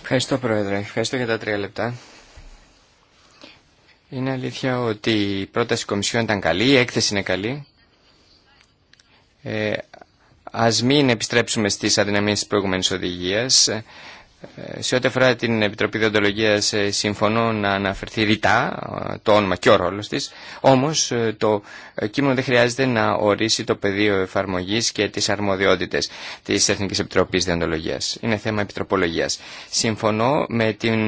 [SPEAKER 4] Ευχαριστώ Πρόεδρε, ευχαριστώ για τα τρία λεπτά. Είναι αλήθεια ότι η πρόταση Κομισιόν ήταν καλή, η έκθεση είναι καλή. Ε, Ας μην επιστρέψουμε στις αδυναμίες της προηγούμενης οδηγίας. Ε, σε ό,τι αφορά την Επιτροπή Διοντολογίας ε, συμφωνώ να αναφερθεί ρητά ε, το όνομα και ο ρόλος της, όμως το κείμενο δεν χρειάζεται να ορίσει το πεδίο εφαρμογής και τις αρμοδιότητες της Εθνικής Επιτροπής Διοντολογίας. Είναι θέμα επιτροπολογίας. Συμφωνώ με την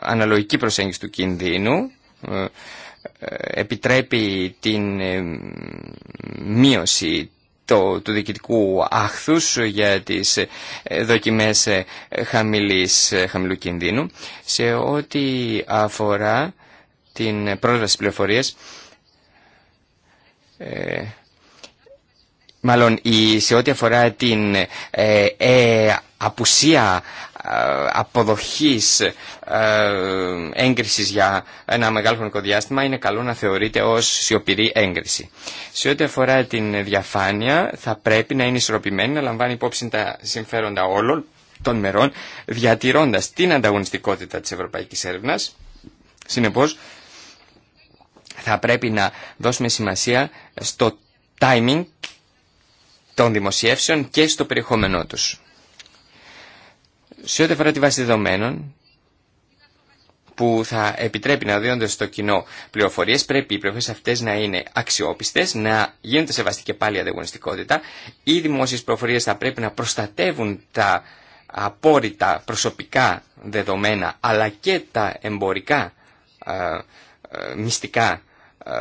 [SPEAKER 4] αναλογική προσέγγιση του κινδύνου, επιτρέπει την μείωση του διοικητικού άχθους για τις ε, δοκιμές ε, χαμηλής, ε, χαμηλού κινδύνου σε ό,τι αφορά την πρόσβαση πληροφορίες ε, μάλλον σε ό,τι αφορά την ε, απουσία ε, αποδοχής ε, έγκρισης για ένα μεγάλο χρονικό διάστημα είναι καλό να θεωρείται ως σιωπηρή έγκριση. Σε ό,τι αφορά την διαφάνεια θα πρέπει να είναι ισορροπημένη, να λαμβάνει υπόψη τα συμφέροντα όλων των μερών, διατηρώντας την ανταγωνιστικότητα της ευρωπαϊκής έρευνας. Συνεπώς, θα πρέπει να δώσουμε σημασία στο timing των δημοσιεύσεων και στο περιεχόμενό τους. Σε ό,τι αφορά τη βάση δεδομένων που θα επιτρέπει να δίνονται στο κοινό πληροφορίε, πρέπει οι πληροφορίε αυτέ να είναι αξιόπιστε, να γίνονται σεβαστή και πάλι η ανταγωνιστικότητα. Οι δημόσιε πληροφορίε θα πρέπει να προστατεύουν τα απόρριτα προσωπικά δεδομένα αλλά και τα εμπορικά ε, ε, μυστικά ε,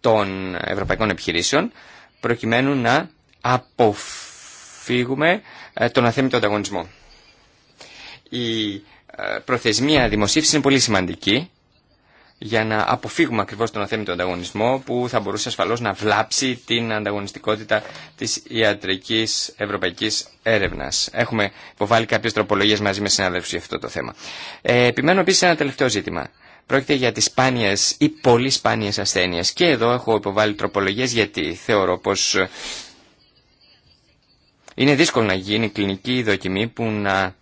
[SPEAKER 4] των ευρωπαϊκών επιχειρήσεων προκειμένου να αποφύγουμε τον αθέμητο ανταγωνισμό η ε, προθεσμία δημοσίευσης είναι πολύ σημαντική για να αποφύγουμε ακριβώ τον αθέμητο ανταγωνισμό που θα μπορούσε ασφαλώ να βλάψει την ανταγωνιστικότητα τη ιατρική ευρωπαϊκή έρευνα. Έχουμε υποβάλει κάποιε τροπολογίε μαζί με συναδέλφου για αυτό το θέμα. Ε, επιμένω επίσης ένα τελευταίο ζήτημα. Πρόκειται για τι σπάνιε ή πολύ σπάνιε ασθένειε Και εδώ έχω υποβάλει τροπολογίε γιατί θεωρώ πω είναι δύσκολο να γίνει κλινική δοκιμή που να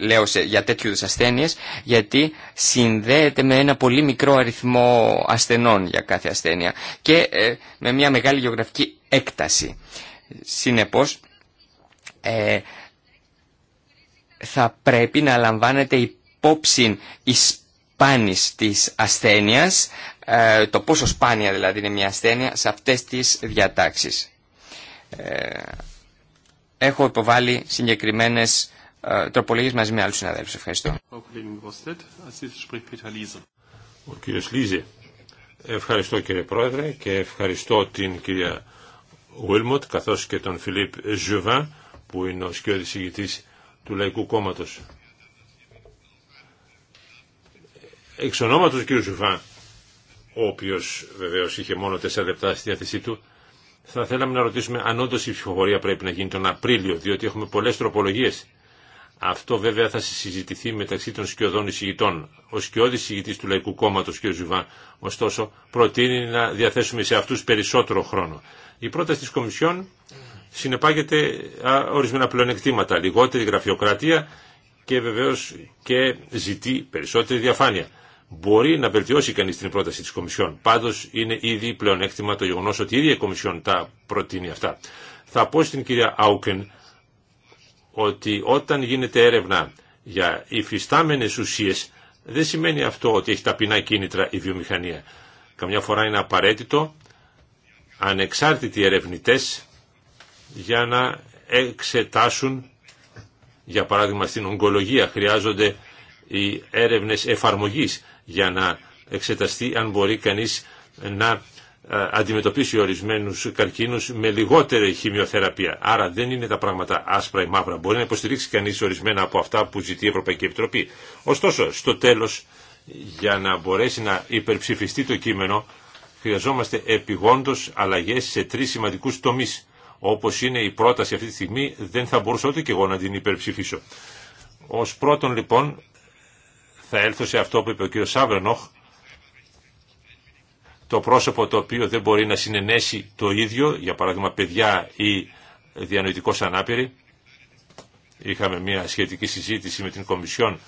[SPEAKER 4] λέω σε, για τέτοιου είδους ασθένειες γιατί συνδέεται με ένα πολύ μικρό αριθμό ασθενών για κάθε ασθένεια και ε, με μια μεγάλη γεωγραφική έκταση. Συνεπώς ε, θα πρέπει να λαμβάνετε υπόψη η σπάνη της ασθένειας ε, το πόσο σπάνια δηλαδή είναι μια ασθένεια σε αυτές τις διατάξεις. Έχω υποβάλει συγκεκριμένες ε, τροπολογίες μαζί με άλλους συναδέλφους. Ευχαριστώ.
[SPEAKER 2] Ο κύριος Λίζε. Ευχαριστώ κύριε Πρόεδρε και ευχαριστώ την κυρία Βίλμοντ καθώς και τον Φιλίπ Ζουβάν που είναι ο σκιώδης ηγητής του Λαϊκού Κόμματος. Εξ ονόματος κύριου Ζουβάν, ο οποίος βεβαίως είχε μόνο τέσσερα λεπτά στη διάθεσή του, θα θέλαμε να ρωτήσουμε αν όντως η ψηφοφορία πρέπει να γίνει τον Απρίλιο, διότι έχουμε πολλές τροπολογίες αυτό βέβαια θα συζητηθεί μεταξύ των σκιωδών εισηγητών. Ο σκιώδης εισηγητής του Λαϊκού Κόμματο, κ. Ζουβά, ωστόσο, προτείνει να διαθέσουμε σε αυτού περισσότερο χρόνο. Η πρόταση τη Κομισιόν συνεπάγεται ορισμένα πλεονεκτήματα, λιγότερη γραφειοκρατία και βεβαίω και ζητεί περισσότερη διαφάνεια. Μπορεί να βελτιώσει κανεί την πρόταση τη Κομισιόν. Πάντω είναι ήδη πλεονέκτημα το γεγονό ότι η ίδια η Κομισιόν τα προτείνει αυτά. Θα πω στην κυρία Άουκεν ότι όταν γίνεται έρευνα για υφιστάμενες ουσίες δεν σημαίνει αυτό ότι έχει ταπεινά κίνητρα η βιομηχανία. Καμιά φορά είναι απαραίτητο ανεξάρτητοι ερευνητές για να εξετάσουν για παράδειγμα στην ογκολογία χρειάζονται οι έρευνες εφαρμογής για να εξεταστεί αν μπορεί κανείς να αντιμετωπίσει ορισμένους καρκίνους με λιγότερη χημειοθεραπεία. Άρα δεν είναι τα πράγματα άσπρα ή μαύρα. Μπορεί να υποστηρίξει κανείς ορισμένα από αυτά που ζητεί η Ευρωπαϊκή Επιτροπή. Ωστόσο, στο τέλος, για να μπορέσει να υπερψηφιστεί το κείμενο, χρειαζόμαστε επιγόντως αλλαγές σε τρεις σημαντικούς τομείς. Όπως είναι η πρόταση αυτή τη στιγμή, δεν θα μπορούσα ούτε και εγώ να την υπερψηφίσω. Ως πρώτον, λοιπόν, θα έλθω σε αυτό που είπε ο κ. Σάβρενοχ, το πρόσωπο το οποίο δεν μπορεί να συνενέσει το ίδιο, για παράδειγμα παιδιά ή διανοητικός ανάπηρη Είχαμε μια σχετική συζήτηση με την Κομισιόν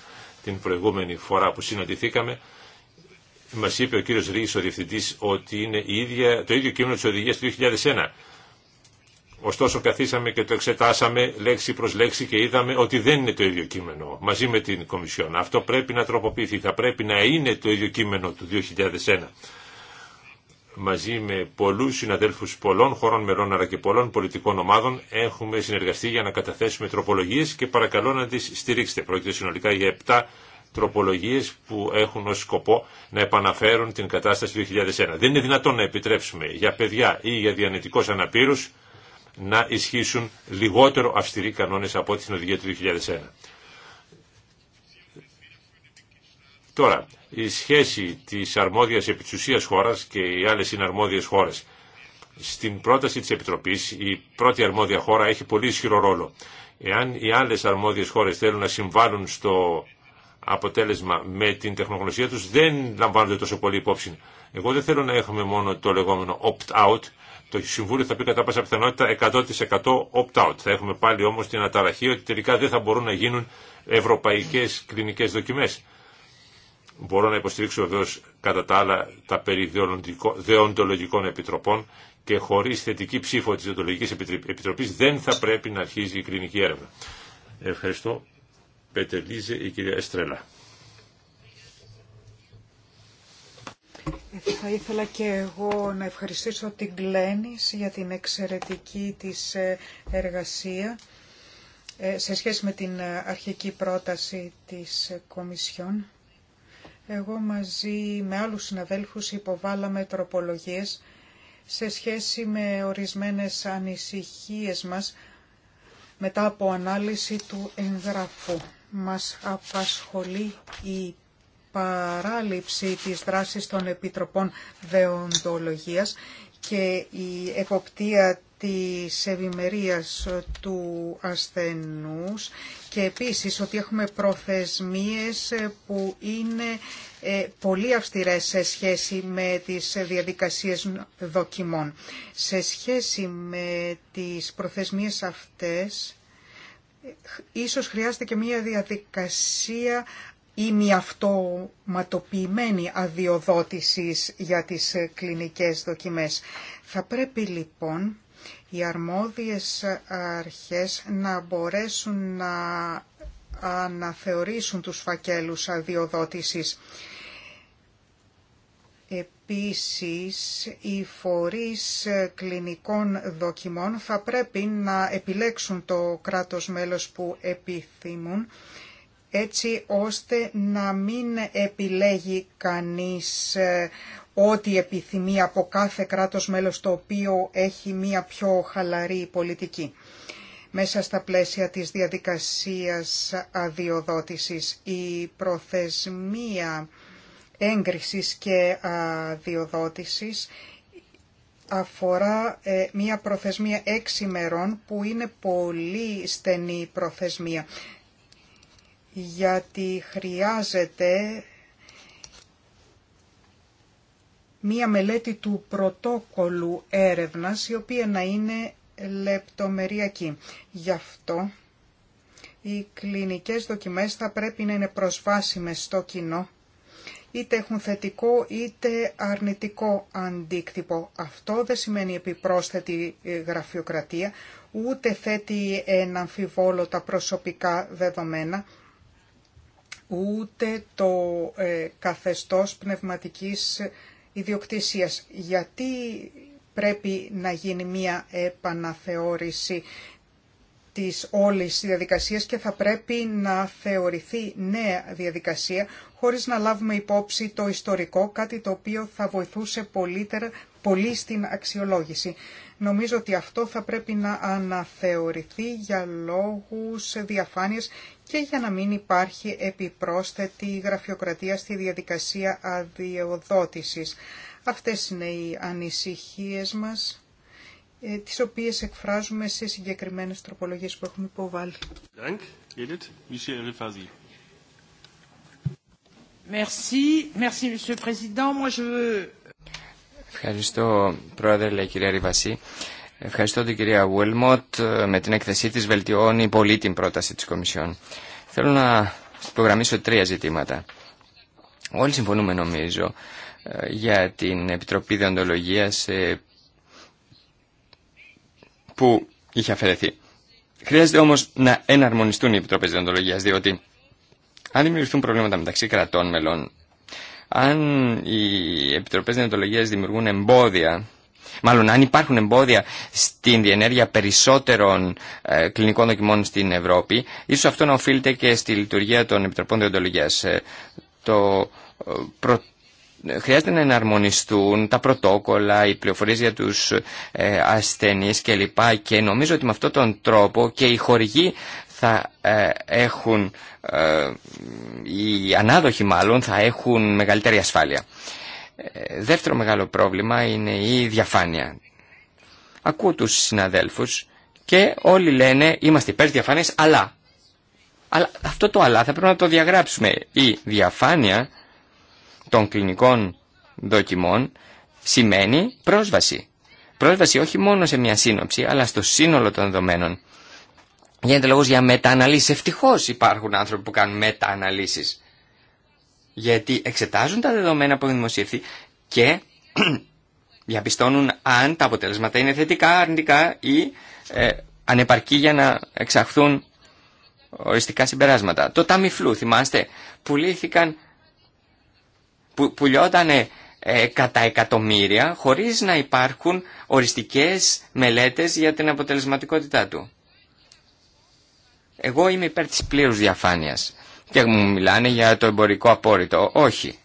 [SPEAKER 2] την προηγούμενη φορά που συναντηθήκαμε. Μας είπε ο κύριος Ρίγης ο Διευθυντής, ότι είναι η ίδια, το ίδιο κείμενο της οδηγίας του 2001. Ωστόσο καθίσαμε και το εξετάσαμε λέξη προς λέξη και είδαμε ότι δεν είναι το ίδιο κείμενο μαζί με την Κομισιόν. Αυτό πρέπει να τροποποιηθεί, θα πρέπει να είναι το ίδιο κείμενο του 2001 μαζί με πολλούς συναδέλφους πολλών χωρών μελών αλλά και πολλών πολιτικών ομάδων έχουμε συνεργαστεί για να καταθέσουμε τροπολογίες και παρακαλώ να τις στηρίξετε. Πρόκειται συνολικά για 7 τροπολογίες που έχουν ως σκοπό να επαναφέρουν την κατάσταση του 2001. Δεν είναι δυνατόν να επιτρέψουμε για παιδιά ή για διανετικός αναπήρους να ισχύσουν λιγότερο αυστηροί κανόνες από την οδηγία του 2001. Τώρα, η σχέση της αρμόδιας επιτσουσίας χώρας και οι άλλες συναρμόδιες χώρες. Στην πρόταση της Επιτροπής η πρώτη αρμόδια χώρα έχει πολύ ισχυρό ρόλο. Εάν οι άλλες αρμόδιες χώρες θέλουν να συμβάλλουν στο αποτέλεσμα με την τεχνογνωσία τους δεν λαμβάνονται τόσο πολύ υπόψη. Εγώ δεν θέλω να έχουμε μόνο το λεγόμενο opt-out. Το Συμβούλιο θα πει κατά πάσα πιθανότητα 100% opt-out. Θα έχουμε πάλι όμως την αταραχή ότι τελικά δεν θα μπορούν να γίνουν ευρωπαϊκές κλινικές δοκιμές. Μπορώ να υποστηρίξω βεβαίω κατά τα άλλα τα περί δεοντολογικών επιτροπών και χωρί θετική ψήφο τη Δεοντολογική Επιτροπή δεν θα πρέπει να αρχίζει η κλινική έρευνα. Ευχαριστώ. Πετελίζε η κυρία Εστρέλα.
[SPEAKER 3] Θα ήθελα και εγώ να ευχαριστήσω την Γκλένης για την εξαιρετική της ε, εργασία ε, σε σχέση με την ε, αρχική πρόταση της Κομισιόν. Εγώ μαζί με άλλους συναδέλφους υποβάλαμε τροπολογίες σε σχέση με ορισμένες ανησυχίες μας μετά από ανάλυση του εγγραφού. Μας απασχολεί η παράληψη της δράσης των Επιτροπών Δεοντολογίας και η εποπτεία της ευημερία του ασθενούς και επίσης ότι έχουμε προθεσμίες που είναι ε, πολύ αυστηρές σε σχέση με τις διαδικασίες δοκιμών. Σε σχέση με τις προθεσμίες αυτές, ίσως χρειάζεται και μια διαδικασία ή μια αυτοματοποιημένη αδειοδότηση για τις κλινικές δοκιμές. Θα πρέπει λοιπόν οι αρμόδιες αρχές να μπορέσουν να αναθεωρήσουν τους φακέλους αδειοδότησης. Επίσης, οι φορείς κλινικών δοκιμών θα πρέπει να επιλέξουν το κράτος μέλος που επιθυμούν, έτσι ώστε να μην επιλέγει κανείς ό,τι επιθυμεί από κάθε κράτος μέλος το οποίο έχει μία πιο χαλαρή πολιτική. Μέσα στα πλαίσια της διαδικασίας αδειοδότησης η προθεσμία έγκρισης και αδειοδότησης αφορά ε, μία προθεσμία έξι μερών που είναι πολύ στενή προθεσμία γιατί χρειάζεται μία μελέτη του πρωτόκολλου έρευνας, η οποία να είναι λεπτομεριακή. Γι' αυτό οι κλινικές δοκιμές θα πρέπει να είναι προσβάσιμες στο κοινό, είτε έχουν θετικό είτε αρνητικό αντίκτυπο. Αυτό δεν σημαίνει επιπρόσθετη ε, γραφειοκρατία, ούτε θέτει ένα αμφιβόλο τα προσωπικά δεδομένα, ούτε το ε, καθεστώς πνευματικής ιδιοκτησίας. Γιατί πρέπει να γίνει μία επαναθεώρηση της όλης διαδικασίας και θα πρέπει να θεωρηθεί νέα διαδικασία χωρίς να λάβουμε υπόψη το ιστορικό, κάτι το οποίο θα βοηθούσε πολύ στην αξιολόγηση. Νομίζω ότι αυτό θα πρέπει να αναθεωρηθεί για λόγους διαφάνειας και για να μην υπάρχει επιπρόσθετη γραφειοκρατία στη διαδικασία αδειοδότησης. Αυτές είναι οι ανησυχίες μας ε, τις οποίες εκφράζουμε σε συγκεκριμένες τροπολογίες που έχουμε υποβάλει. Merci, merci Monsieur Président. Moi,
[SPEAKER 4] Ευχαριστώ, Πρόεδρε, λέει κυρία Ριβασί. Ευχαριστώ την κυρία Βουέλμοτ. Ε, με την έκθεσή της βελτιώνει πολύ την πρόταση της Κομισιόν. Θέλω να υπογραμμίσω τρία ζητήματα. Όλοι συμφωνούμε, νομίζω, ε, για την Επιτροπή Διοντολογίας ε, που είχε αφαιρεθεί. Χρειάζεται όμως να εναρμονιστούν οι Επιτροπές Διοντολογίας, διότι αν δημιουργηθούν προβλήματα μεταξύ κρατών μελών, αν οι επιτροπές διοντολογίας δημιουργούν εμπόδια, μάλλον αν υπάρχουν εμπόδια στην διενέργεια περισσότερων ε, κλινικών δοκιμών στην Ευρώπη, ίσως αυτό να οφείλεται και στη λειτουργία των επιτροπών διοντολογίας. Ε, το, ε, χρειάζεται να εναρμονιστούν τα πρωτόκολλα, οι πληροφορίε για τους ασθενείς κλπ. Και νομίζω ότι με αυτόν τον τρόπο και οι χορηγοί θα ε, έχουν, ε, οι ανάδοχοι μάλλον, θα έχουν μεγαλύτερη ασφάλεια. Ε, δεύτερο μεγάλο πρόβλημα είναι η διαφάνεια. Ακούω τους συναδέλφους και όλοι λένε είμαστε υπέρ διαφάνειας, αλλά, αλλά αυτό το αλλά θα πρέπει να το διαγράψουμε. Η διαφάνεια των κλινικών δοκιμών σημαίνει πρόσβαση. Πρόσβαση όχι μόνο σε μια σύνοψη, αλλά στο σύνολο των δεδομένων γίνεται λόγος για μεταναλύσεις. Ευτυχώς υπάρχουν άνθρωποι που κάνουν μετααναλύσεις. Γιατί εξετάζουν τα δεδομένα που έχουν δημοσιευθεί και διαπιστώνουν αν τα αποτελέσματα είναι θετικά, αρνητικά ή ε, ανεπαρκή για να εξαχθούν οριστικά συμπεράσματα. Το ταμιφλού, θυμάστε, πουλήθηκαν, που, πουλιότανε ε, κατά εκατομμύρια χωρίς να υπάρχουν οριστικές μελέτες για την αποτελεσματικότητά του. Εγώ είμαι υπέρ της πλήρους διαφάνειας και μου μιλάνε για το εμπορικό απόρριτο. Όχι.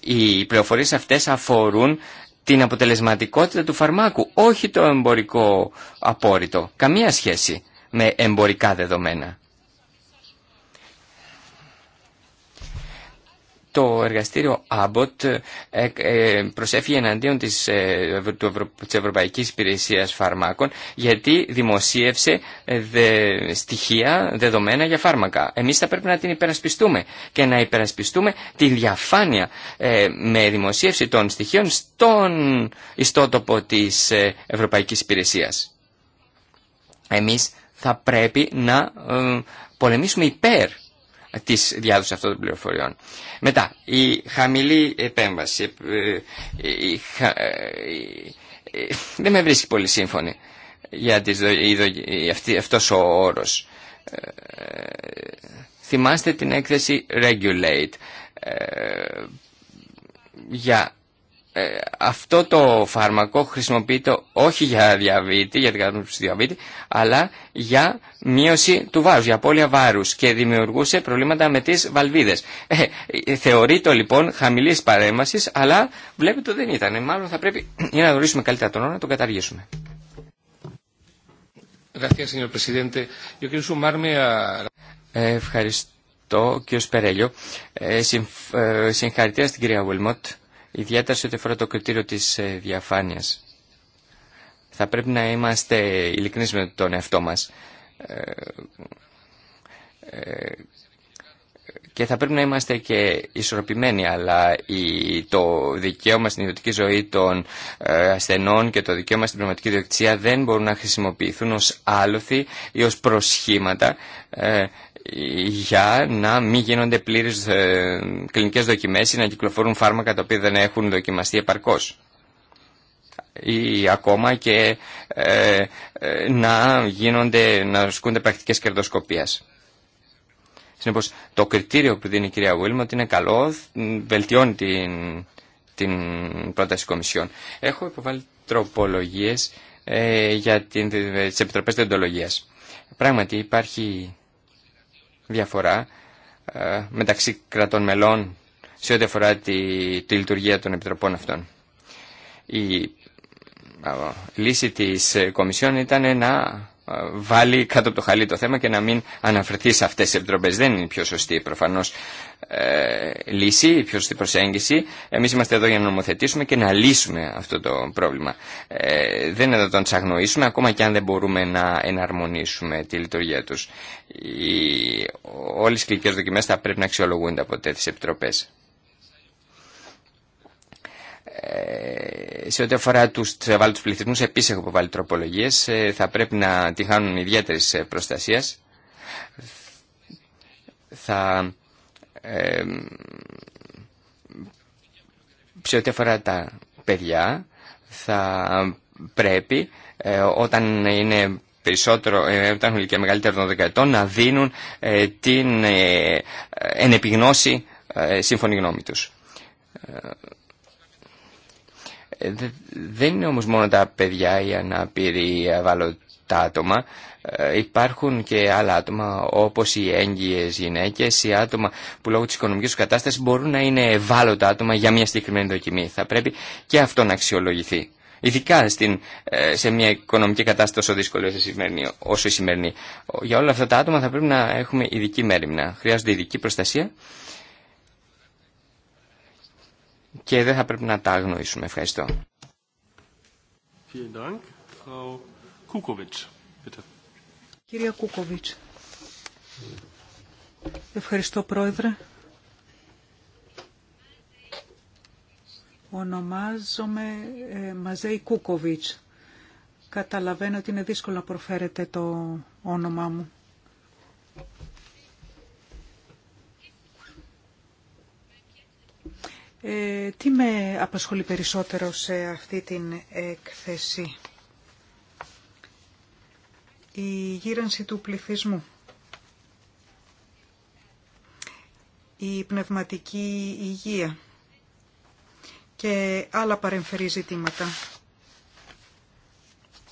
[SPEAKER 4] Οι πληροφορίες αυτές αφορούν την αποτελεσματικότητα του φαρμάκου, όχι το εμπορικό απόρριτο. Καμία σχέση με εμπορικά δεδομένα. το εργαστήριο Abbott ε, ε, προσέφυγε εναντίον της, ε, της Ευρωπαϊκής Υπηρεσίας Φαρμάκων γιατί δημοσίευσε στοιχεία, δεδομένα για φάρμακα. Εμείς θα πρέπει να την υπερασπιστούμε και να υπερασπιστούμε τη διαφάνεια με δημοσίευση των στοιχείων στον ιστότοπο της Ευρωπαϊκής Υπηρεσίας. Εμείς θα πρέπει να πολεμήσουμε υπέρ της διάδοση αυτών των πληροφοριών. Μετά, η χαμηλή επέμβαση. Ε, ε, ε, δεν με βρίσκει πολύ σύμφωνη για τις... αυτός ο όρος. Θυμάστε την έκθεση Regulate για ε, αυτό το φάρμακο χρησιμοποιείται όχι για διαβήτη, για την κατανόηση του διαβήτη, αλλά για μείωση του βάρους, για απώλεια βάρους και δημιουργούσε προβλήματα με τις βαλβίδες. Ε, ε θεωρείται λοιπόν χαμηλής παρέμβασης, αλλά βλέπετε ότι δεν ήταν. Μάλλον θα πρέπει να γνωρίσουμε καλύτερα τον όρο να τον καταργήσουμε. Ε, ευχαριστώ κύριο Σπερέλιο. συγχαρητήρια στην κυρία Βουελμότ ιδιαίτερα σε ό,τι αφορά το κριτήριο της ε, διαφάνειας. Θα πρέπει να είμαστε ειλικρινεί με τον εαυτό μας. Ε, ε, και θα πρέπει να είμαστε και ισορροπημένοι, αλλά το δικαίωμα στην ιδιωτική ζωή των ασθενών και το δικαίωμα στην πνευματική ιδιοκτησία δεν μπορούν να χρησιμοποιηθούν ως άλοθη ή ως προσχήματα για να μην γίνονται πλήρες ε, κλινικές δοκιμές ή να κυκλοφορούν φάρμακα τα οποία δεν έχουν δοκιμαστεί επαρκώς ή ακόμα και ε, ε, να γίνονται, να σκούνται πρακτικές κερδοσκοπίας. Συνεπώς, το κριτήριο που δίνει η κυρία Γουίλμα ότι είναι καλό, βελτιώνει την, πρόταση κομισιών. Έχω υποβάλει τροπολογίες για την, τις επιτροπές διοντολογίας. Πράγματι υπάρχει διαφορά ε, μεταξύ κρατών μελών σε ό,τι αφορά τη, λειτουργία των επιτροπών αυτών. Η λύση της ε, Κομισιόν ήταν να βάλει κάτω από το χαλί το θέμα και να μην αναφερθεί σε αυτές τις επιτροπές. Δεν είναι η πιο σωστή προφανώς ε, λύση, η πιο σωστή προσέγγιση. Εμείς είμαστε εδώ για να νομοθετήσουμε και να λύσουμε αυτό το πρόβλημα. Ε, δεν είναι εδώ να τον τσαγνοήσουμε ακόμα και αν δεν μπορούμε να εναρμονίσουμε τη λειτουργία τους. Οι, όλες οι κλικές δοκιμές θα πρέπει να αξιολογούνται από τέτοιες επιτροπές. Ε, σε ό,τι αφορά του ευάλωτου πληθυσμού, επίση έχω υποβάλει τροπολογίε. Ε, θα πρέπει να τη χάνουν ιδιαίτερη ε, προστασία. Θα, ε, σε ό,τι αφορά τα παιδιά, θα πρέπει όταν είναι περισσότερο, όταν έχουν και μεγαλύτερο των 10 να δίνουν την ενεπιγνώση σύμφωνη γνώμη τους δεν είναι όμως μόνο τα παιδιά, η ανάπηροι, ευάλωτα άτομα. Ε, υπάρχουν και άλλα άτομα όπως οι έγκυες γυναίκες, ή άτομα που λόγω της οικονομικής κατάστασης μπορούν να είναι ευάλωτα άτομα για μια συγκεκριμένη δοκιμή. Θα πρέπει και αυτό να αξιολογηθεί. Ειδικά στην, ε, σε μια οικονομική κατάσταση τόσο δύσκολη όσο η, σημερινή, όσο η σημερινή. Για όλα αυτά τα άτομα θα πρέπει να έχουμε ειδική μέρημνα. Χρειάζονται ειδική προστασία και δεν θα πρέπει να τα αγνοήσουμε.
[SPEAKER 1] Ευχαριστώ.
[SPEAKER 3] Κυρία Κούκοβιτς. Ευχαριστώ Πρόεδρε. Ονομάζομαι ε, Μαζέη Κούκοβιτς. Καταλαβαίνω ότι είναι δύσκολο να προφέρετε το όνομά μου. Ε, τι με απασχολεί περισσότερο σε αυτή την έκθεση. Η γύρανση του πληθυσμού. Η πνευματική υγεία και άλλα παρεμφερή ζητήματα.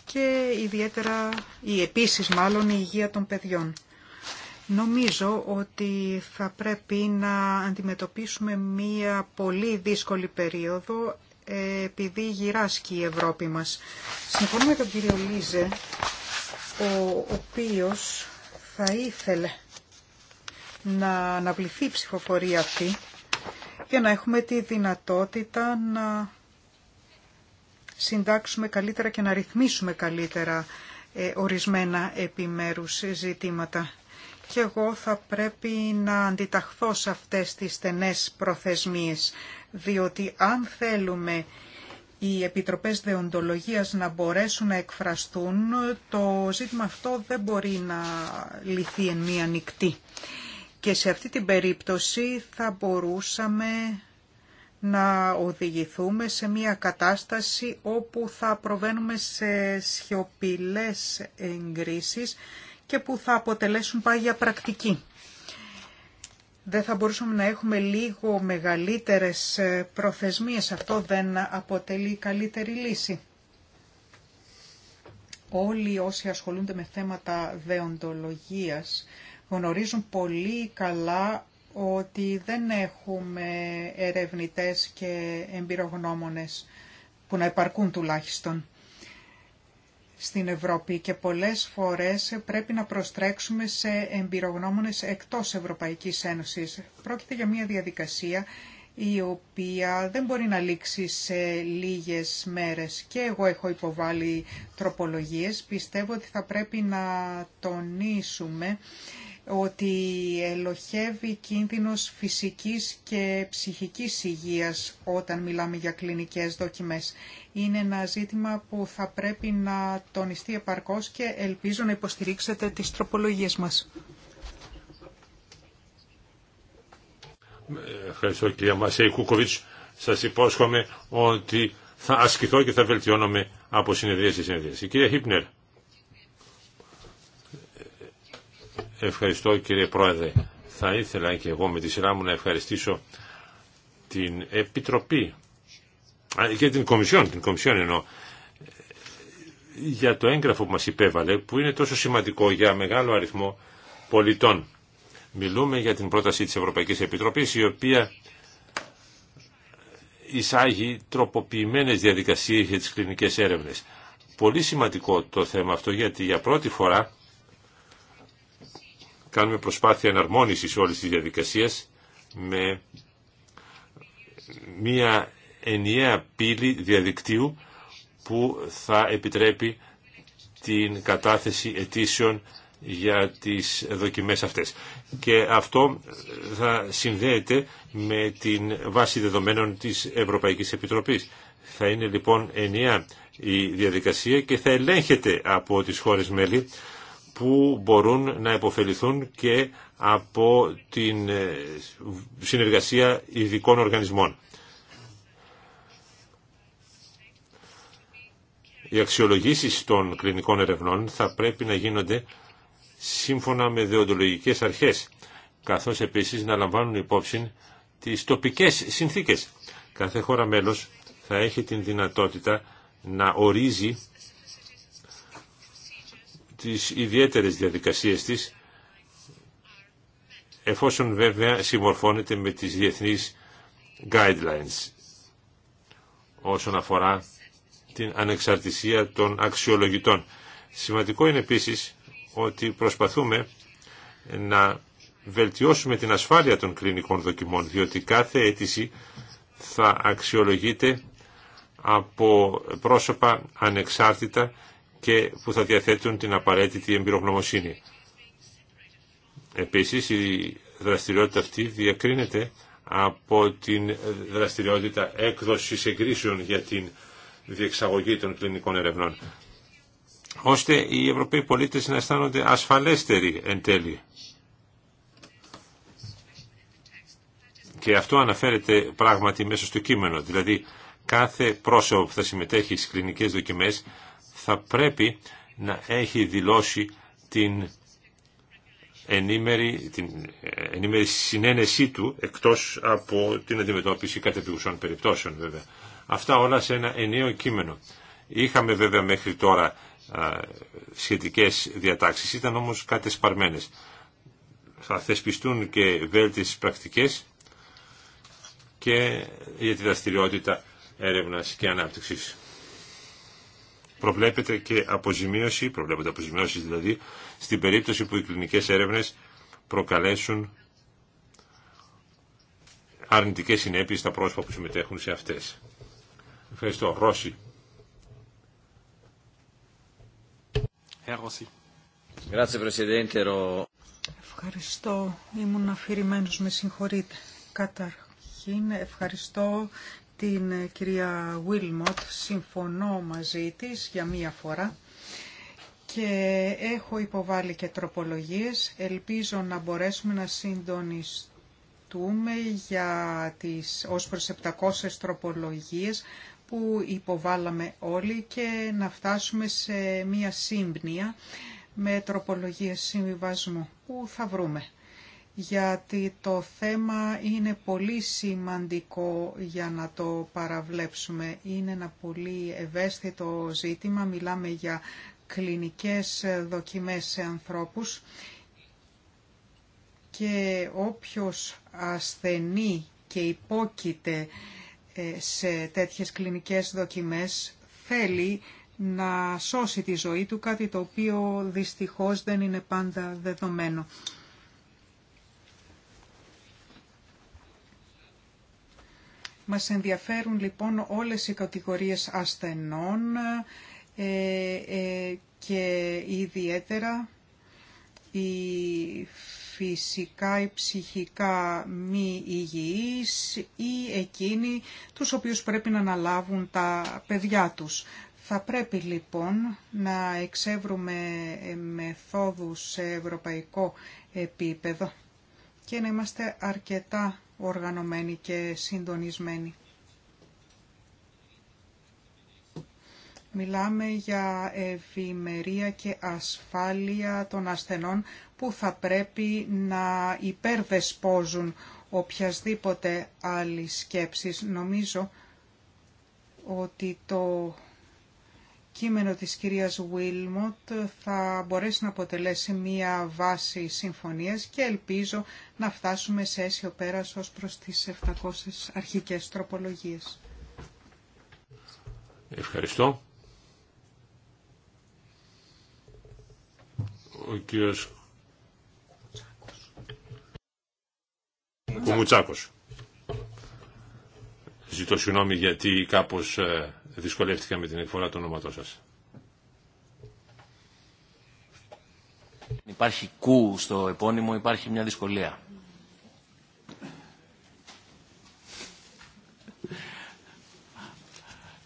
[SPEAKER 3] Και ιδιαίτερα, ή επίσης μάλλον, η υγεία των παιδιών. Νομίζω ότι θα πρέπει να αντιμετωπίσουμε μία πολύ δύσκολη περίοδο επειδή γυράσκει η Ευρώπη μας. Συμφωνώ με τον κύριο Λίζε, ο οποίος θα ήθελε να αναβληθεί η ψηφοφορία αυτή για να έχουμε τη δυνατότητα να συντάξουμε καλύτερα και να ρυθμίσουμε καλύτερα ε, ορισμένα επιμέρους ζητήματα και εγώ θα πρέπει να αντιταχθώ σε αυτές τις στενές προθεσμίες, διότι αν θέλουμε οι επιτροπές δεοντολογίας να μπορέσουν να εκφραστούν, το ζήτημα αυτό δεν μπορεί να λυθεί εν μία νυχτή. Και σε αυτή την περίπτωση θα μπορούσαμε να οδηγηθούμε σε μια κατάσταση όπου θα προβαίνουμε σε σιωπηλές εγκρίσεις και που θα αποτελέσουν πάγια πρακτική. Δεν θα μπορούσαμε να έχουμε λίγο μεγαλύτερες ε, προθεσμίες. Αυτό δεν αποτελεί καλύτερη λύση. Όλοι όσοι ασχολούνται με θέματα δεοντολογίας γνωρίζουν πολύ καλά ότι δεν έχουμε ερευνητές και εμπειρογνώμονες που να υπαρκούν τουλάχιστον στην Ευρώπη και πολλές φορές πρέπει να προστρέξουμε σε εμπειρογνώμονες εκτός Ευρωπαϊκής Ένωσης. Πρόκειται για μια διαδικασία η οποία δεν μπορεί να λήξει σε λίγες μέρες. Και εγώ έχω υποβάλει τροπολογίες. Πιστεύω ότι θα πρέπει να τονίσουμε ότι ελοχεύει κίνδυνος φυσικής και ψυχικής υγείας όταν μιλάμε για κλινικές δοκιμές. Είναι ένα ζήτημα που θα πρέπει να τονιστεί επαρκώς και ελπίζω να υποστηρίξετε τις τροπολογίες μας.
[SPEAKER 2] Ευχαριστώ κυρία Μασέη Κούκοβιτς. Σας υπόσχομαι ότι θα ασκηθώ και θα βελτιώνομαι από συνεδρία σε συνεδρία. Η κυρία Χίπνερ. Ευχαριστώ κύριε Πρόεδρε. Θα ήθελα και εγώ με τη σειρά μου να ευχαριστήσω την Επιτροπή και την Κομισιόν, την Κομισιόν εννοώ, για το έγγραφο που μας υπέβαλε, που είναι τόσο σημαντικό για μεγάλο αριθμό πολιτών. Μιλούμε για την πρόταση της Ευρωπαϊκής Επιτροπής, η οποία εισάγει τροποποιημένες διαδικασίες για τις κλινικές έρευνες. Πολύ σημαντικό το θέμα αυτό, γιατί για πρώτη φορά κάνουμε προσπάθεια εναρμόνισης όλης της διαδικασίας με μια ενιαία πύλη διαδικτύου που θα επιτρέπει την κατάθεση αιτήσεων για τις δοκιμές αυτές. Και αυτό θα συνδέεται με την βάση δεδομένων της Ευρωπαϊκής Επιτροπής. Θα είναι λοιπόν ενιαία η διαδικασία και θα ελέγχεται από τις χώρες μέλη που μπορούν να υποφεληθούν και από την ε, συνεργασία ειδικών οργανισμών. Οι αξιολογήσεις των κλινικών ερευνών θα πρέπει να γίνονται σύμφωνα με δεοντολογικές αρχές, καθώς επίσης να λαμβάνουν υπόψη τις τοπικές συνθήκες. Κάθε χώρα μέλος θα έχει την δυνατότητα να ορίζει τις ιδιαίτερες διαδικασίες της, εφόσον βέβαια συμμορφώνεται με τις διεθνείς guidelines όσον αφορά την ανεξαρτησία των αξιολογητών. Σημαντικό είναι επίσης ότι προσπαθούμε να βελτιώσουμε την ασφάλεια των κλινικών δοκιμών, διότι κάθε αίτηση θα αξιολογείται από πρόσωπα ανεξάρτητα και που θα διαθέτουν την απαραίτητη εμπειρογνωμοσύνη. Επίσης, η δραστηριότητα αυτή διακρίνεται από την δραστηριότητα έκδοσης εγκρίσεων για την διεξαγωγή των κλινικών ερευνών, ώστε οι Ευρωπαίοι πολίτες να αισθάνονται ασφαλέστεροι εν τέλει. Και αυτό αναφέρεται πράγματι μέσα στο κείμενο, δηλαδή κάθε πρόσωπο που θα συμμετέχει στις κλινικές δοκιμές θα πρέπει να έχει δηλώσει την ενήμερη, την ε, ενήμερη συνένεσή του εκτός από την αντιμετώπιση κατεπιγουσών περιπτώσεων βέβαια. Αυτά όλα σε ένα ενίο κείμενο. Είχαμε βέβαια μέχρι τώρα α, σχετικές διατάξεις, ήταν όμως κάτι σπαρμένες. Θα θεσπιστούν και βέλτιες πρακτικές και για τη δραστηριότητα έρευνας και ανάπτυξης προβλέπεται και αποζημίωση, προβλέπεται αποζημίωση δηλαδή, στην περίπτωση που οι κλινικές έρευνες προκαλέσουν αρνητικές συνέπειες στα πρόσωπα που συμμετέχουν σε αυτές. Ευχαριστώ. Ρώση.
[SPEAKER 3] Ευχαριστώ. Ήμουν αφηρημένος, με συγχωρείτε. Καταρχήν ευχαριστώ την ε, κυρία Βίλμοτ, συμφωνώ μαζί της για μία φορά και έχω υποβάλει και τροπολογίες. Ελπίζω να μπορέσουμε να συντονιστούμε για τις ως προς 700 τροπολογίες που υποβάλαμε όλοι και να φτάσουμε σε μία σύμπνοια με τροπολογίες συμβιβασμού που θα βρούμε γιατί το θέμα είναι πολύ σημαντικό για να το παραβλέψουμε. Είναι ένα πολύ ευαίσθητο ζήτημα, μιλάμε για κλινικές δοκιμές σε ανθρώπους και όποιος ασθενεί και υπόκειται ε, σε τέτοιες κλινικές δοκιμές θέλει να σώσει τη ζωή του, κάτι το οποίο δυστυχώς δεν είναι πάντα δεδομένο. Μας ενδιαφέρουν λοιπόν όλες οι κατηγορίες ασθενών ε, ε, και ιδιαίτερα οι φυσικά ή ψυχικά μη υγιείς ή εκείνοι τους οποίους πρέπει να αναλάβουν τα παιδιά τους. Θα πρέπει λοιπόν να εξεύρουμε μεθόδους σε ευρωπαϊκό επίπεδο και να είμαστε αρκετά οργανωμένοι και συντονισμένοι. Μιλάμε για ευημερία και ασφάλεια των ασθενών που θα πρέπει να υπερδεσπόζουν οποιασδήποτε άλλη σκέψη. Νομίζω ότι το κείμενο της κυρίας Βίλμοτ θα μπορέσει να αποτελέσει μία βάση συμφωνίας και ελπίζω να φτάσουμε σε αίσιο πέρας ως προς τις 700 αρχικές τροπολογίες.
[SPEAKER 2] Ευχαριστώ. Ο κύριος Κουμουτσάκος. Ζητώ συγγνώμη γιατί κάπως ε, δυσκολεύτηκα με την εκφορά του ονόματός σας.
[SPEAKER 5] Υπάρχει κου στο επώνυμο, υπάρχει μια δυσκολία.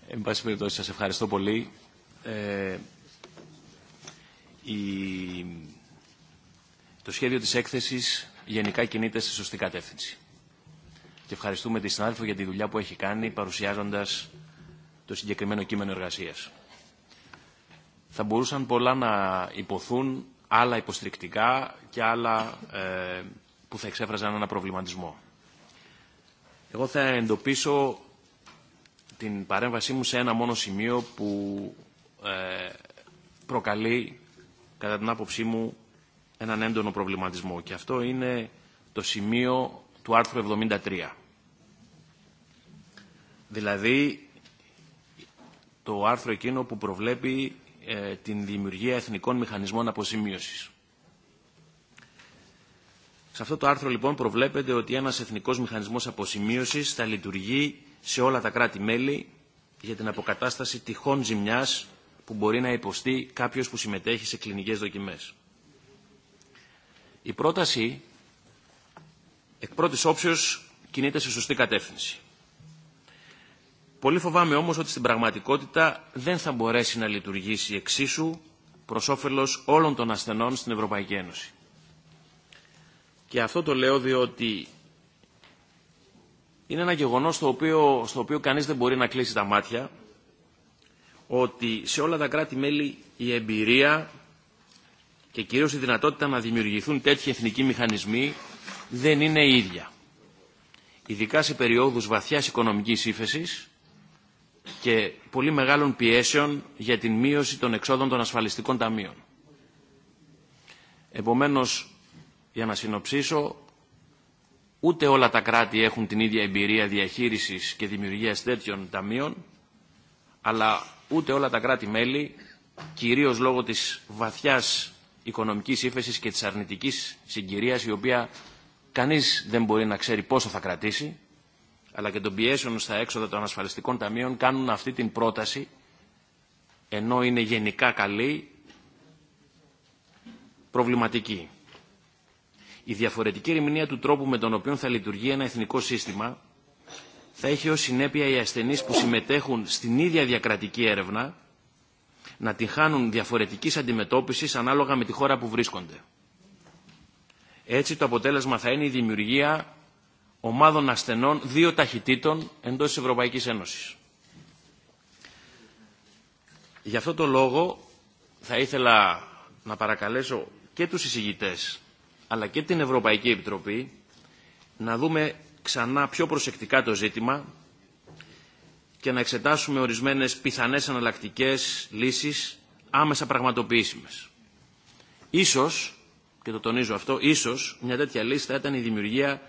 [SPEAKER 5] Εν πάση περιπτώσει, σας ευχαριστώ πολύ. Ε, το σχέδιο της έκθεσης γενικά κινείται στη σωστή κατεύθυνση. Και ευχαριστούμε τη συνάδελφο για τη δουλειά που έχει κάνει παρουσιάζοντας το συγκεκριμένο κείμενο εργασίας. Θα μπορούσαν πολλά να υποθούν άλλα υποστρικτικά και άλλα ε, που θα εξέφραζαν ένα προβληματισμό. Εγώ θα εντοπίσω την παρέμβασή μου σε ένα μόνο σημείο που ε, προκαλεί, κατά την άποψή μου, έναν έντονο προβληματισμό. Και αυτό είναι το σημείο του άρθρου 73. Δηλαδή, το άρθρο εκείνο που προβλέπει ε, την δημιουργία εθνικών μηχανισμών αποζημίωσης. Σε αυτό το άρθρο λοιπόν προβλέπεται ότι ένας εθνικός μηχανισμός αποζημίωσης θα λειτουργεί σε όλα τα κράτη-μέλη για την αποκατάσταση τυχών ζημιάς που μπορεί να υποστεί κάποιος που συμμετέχει σε κλινικές δοκιμές. Η πρόταση εκ πρώτης όψεως κινείται σε σωστή κατεύθυνση. Πολύ φοβάμαι όμως ότι στην πραγματικότητα δεν θα μπορέσει να λειτουργήσει εξίσου προς όφελος όλων των ασθενών στην Ευρωπαϊκή Ένωση. Και αυτό το λέω διότι είναι ένα γεγονός στο οποίο, στο οποίο κανείς δεν μπορεί να κλείσει τα μάτια ότι σε όλα τα κράτη-μέλη η εμπειρία και κυρίως η δυνατότητα να δημιουργηθούν τέτοιοι εθνικοί μηχανισμοί δεν είναι ίδια. Ειδικά σε περιόδους βαθιάς οικονομικής ύφεσης και πολύ μεγάλων πιέσεων για την μείωση των εξόδων των ασφαλιστικών ταμείων. Επομένως, για να συνοψίσω, ούτε όλα τα κράτη έχουν την ίδια εμπειρία διαχείρισης και δημιουργίας τέτοιων ταμείων, αλλά ούτε όλα τα κράτη-μέλη, κυρίως λόγω της βαθιάς οικονομικής ύφεσης και της αρνητικής συγκυρίας, η οποία κανείς δεν μπορεί να ξέρει πόσο θα κρατήσει, αλλά και των πιέσεων στα έξοδα των ασφαλιστικών ταμείων κάνουν αυτή την πρόταση ενώ είναι γενικά καλή προβληματική. Η διαφορετική ερμηνεία του τρόπου με τον οποίο θα λειτουργεί ένα εθνικό σύστημα θα έχει ως συνέπεια οι ασθενείς που συμμετέχουν στην ίδια διακρατική έρευνα να τη χάνουν διαφορετικής αντιμετώπισης ανάλογα με τη χώρα που βρίσκονται. Έτσι το αποτέλεσμα θα είναι η δημιουργία ομάδων ασθενών δύο ταχυτήτων εντός της Ευρωπαϊκής Ένωσης. Γι' αυτό το λόγο θα ήθελα να παρακαλέσω και τους εισηγητές αλλά και την Ευρωπαϊκή Επιτροπή να δούμε ξανά πιο προσεκτικά το ζήτημα και να εξετάσουμε ορισμένες πιθανές αναλλακτικές λύσεις άμεσα πραγματοποιήσιμες. Ίσως, και το τονίζω αυτό, ίσως μια τέτοια λύση ήταν η δημιουργία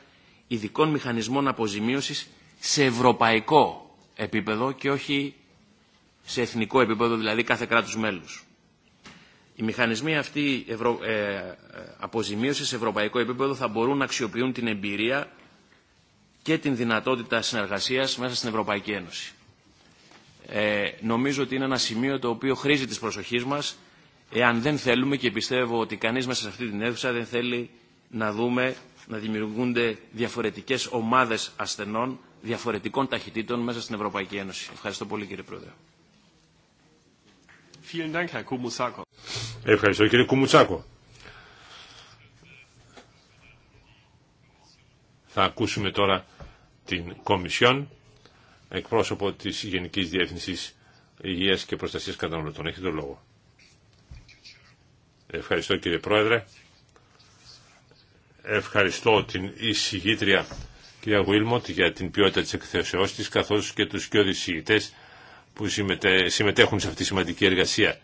[SPEAKER 5] ειδικών μηχανισμών αποζημίωσης σε ευρωπαϊκό επίπεδο και όχι σε εθνικό επίπεδο, δηλαδή κάθε κράτους μέλους. Οι μηχανισμοί αυτοί ευρω... Ε, ε, αποζημίωσης σε ευρωπαϊκό επίπεδο θα μπορούν να αξιοποιούν την εμπειρία και την δυνατότητα συνεργασίας μέσα στην Ευρωπαϊκή Ένωση. Ε, νομίζω ότι είναι ένα σημείο το οποίο χρήζει της προσοχής μας εάν δεν θέλουμε και πιστεύω ότι κανείς μέσα σε αυτή την αίθουσα δεν θέλει να δούμε να δημιουργούνται διαφορετικές ομάδες ασθενών διαφορετικών ταχυτήτων μέσα στην Ευρωπαϊκή Ένωση. Ευχαριστώ πολύ κύριε Πρόεδρε.
[SPEAKER 2] Ευχαριστώ κύριε Κουμουτσάκο. Θα ακούσουμε τώρα την Κομισιόν, εκπρόσωπο της Γενικής Διεύθυνση Υγείας και Προστασίας Καταναλωτών. Έχετε λόγο. Ευχαριστώ κύριε Πρόεδρε. Ευχαριστώ την εισηγήτρια κυρία Γουίλμοντ για την ποιότητα της εκθέσεώς της καθώς και τους και εισηγητές που συμμετέχουν σε αυτή τη σημαντική εργασία.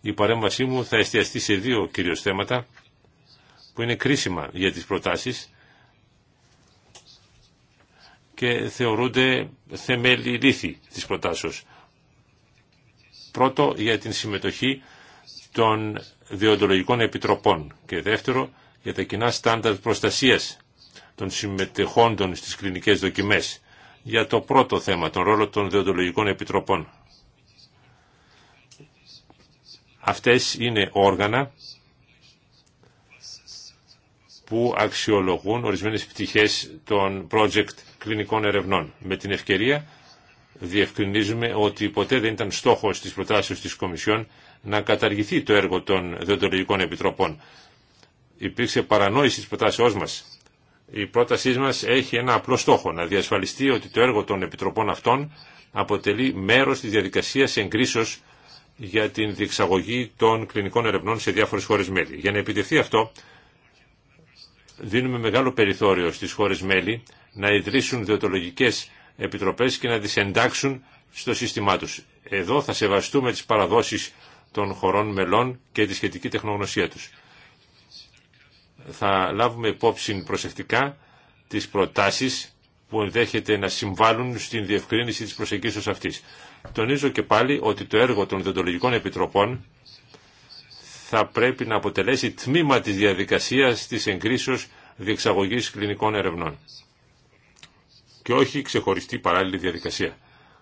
[SPEAKER 2] Η παρέμβασή μου θα εστιαστεί σε δύο κυρίως θέματα που είναι κρίσιμα για τις προτάσεις και θεωρούνται θεμέλι λύθη της προτάσεως. Πρώτο, για την συμμετοχή των διοντολογικών επιτροπών και δεύτερο, για τα κοινά στάνταρ προστασίας των συμμετεχόντων στις κλινικές δοκιμές για το πρώτο θέμα, τον ρόλο των διοντολογικών επιτροπών. Αυτές είναι όργανα που αξιολογούν ορισμένες πτυχές των project κλινικών ερευνών. Με την ευκαιρία διευκρινίζουμε ότι ποτέ δεν ήταν στόχος της προτάσεως της Κομισιόν να καταργηθεί το έργο των διοντολογικών επιτροπών υπήρξε παρανόηση της προτάσεώς μας. Η πρότασή μας έχει ένα απλό στόχο, να διασφαλιστεί ότι το έργο των επιτροπών αυτών αποτελεί μέρος της διαδικασίας εγκρίσεως για την διεξαγωγή των κλινικών ερευνών σε διάφορες χώρες μέλη. Για να επιτευχθεί αυτό, δίνουμε μεγάλο περιθώριο στις χώρες μέλη να ιδρύσουν διοτολογικέ επιτροπές και να τις εντάξουν στο σύστημά τους. Εδώ θα σεβαστούμε τις παραδόσεις των χωρών μελών και τη σχετική τεχνογνωσία τους θα λάβουμε υπόψη προσεκτικά τις προτάσεις που ενδέχεται να συμβάλλουν στην διευκρίνηση της προσεγγίσεως αυτής. Τονίζω και πάλι ότι το έργο των δεντολογικών επιτροπών θα πρέπει να αποτελέσει τμήμα της διαδικασίας της εγκρίσεως διεξαγωγής κλινικών ερευνών και όχι ξεχωριστή παράλληλη διαδικασία.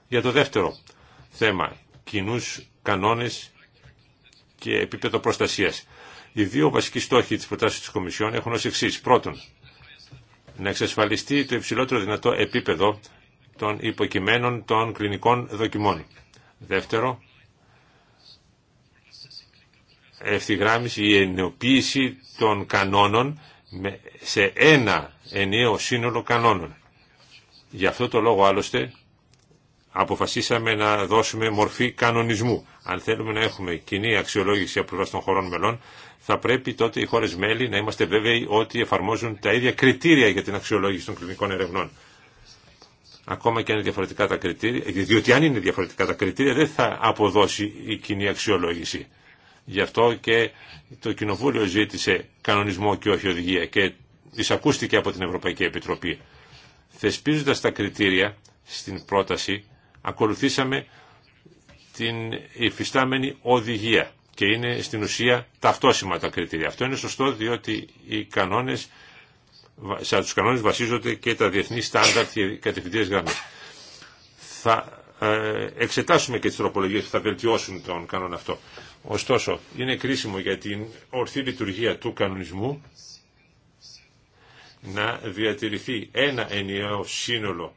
[SPEAKER 2] Για το δεύτερο θέμα, κοινού κανόνες και επίπεδο προστασίας. Οι δύο βασικοί στόχοι της προτάσεως της Κομισιόν έχουν ως εξής. Πρώτον, να εξασφαλιστεί το υψηλότερο δυνατό επίπεδο των υποκειμένων των κλινικών δοκιμών. Δεύτερο, ευθυγράμμιση ή ενοποίηση των κανόνων σε ένα ενιαίο σύνολο κανόνων. Γι' αυτό το λόγο άλλωστε αποφασίσαμε να δώσουμε μορφή κανονισμού. Αν θέλουμε να έχουμε κοινή αξιολόγηση από πλευρά των χωρών μελών, θα πρέπει τότε οι χώρε μέλη να είμαστε βέβαιοι ότι εφαρμόζουν τα ίδια κριτήρια για την αξιολόγηση των κλινικών ερευνών. Ακόμα και αν είναι διαφορετικά τα κριτήρια, διότι αν είναι διαφορετικά τα κριτήρια δεν θα αποδώσει η κοινή αξιολόγηση. Γι' αυτό και το Κοινοβούλιο ζήτησε κανονισμό και όχι οδηγία και εισακούστηκε από την Ευρωπαϊκή Επιτροπή. Θεσπίζοντας τα κριτήρια στην πρόταση, ακολουθήσαμε την υφιστάμενη οδηγία και είναι στην ουσία ταυτόσιμα τα κριτήρια. Αυτό είναι σωστό διότι οι κανόνες, σε τους κανόνες βασίζονται και τα διεθνή στάνταρτ και οι γραμμές. Θα ε, εξετάσουμε και τις τροπολογίες που θα βελτιώσουν τον κανόνα αυτό. Ωστόσο, είναι κρίσιμο για την ορθή λειτουργία του κανονισμού να διατηρηθεί ένα ενιαίο σύνολο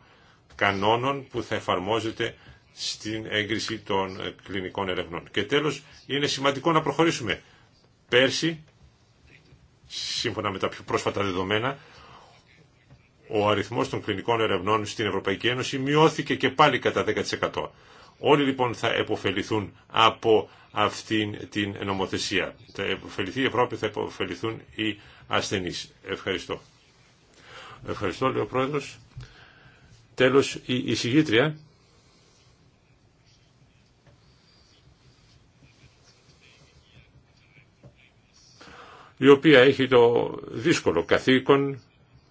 [SPEAKER 2] κανόνων που θα εφαρμόζεται στην έγκριση των κλινικών ερευνών. Και τέλος, είναι σημαντικό να προχωρήσουμε. Πέρσι, σύμφωνα με τα πιο πρόσφατα δεδομένα, ο αριθμός των κλινικών ερευνών στην Ευρωπαϊκή Ένωση μειώθηκε και πάλι κατά 10%. Όλοι λοιπόν θα επωφεληθούν από αυτήν την νομοθεσία. Θα επωφεληθεί η Ευρώπη, θα επωφεληθούν οι ασθενείς. Ευχαριστώ. Ευχαριστώ, λέει ο Πρόεδρος. Τέλος, η εισηγήτρια η οποία έχει το δύσκολο καθήκον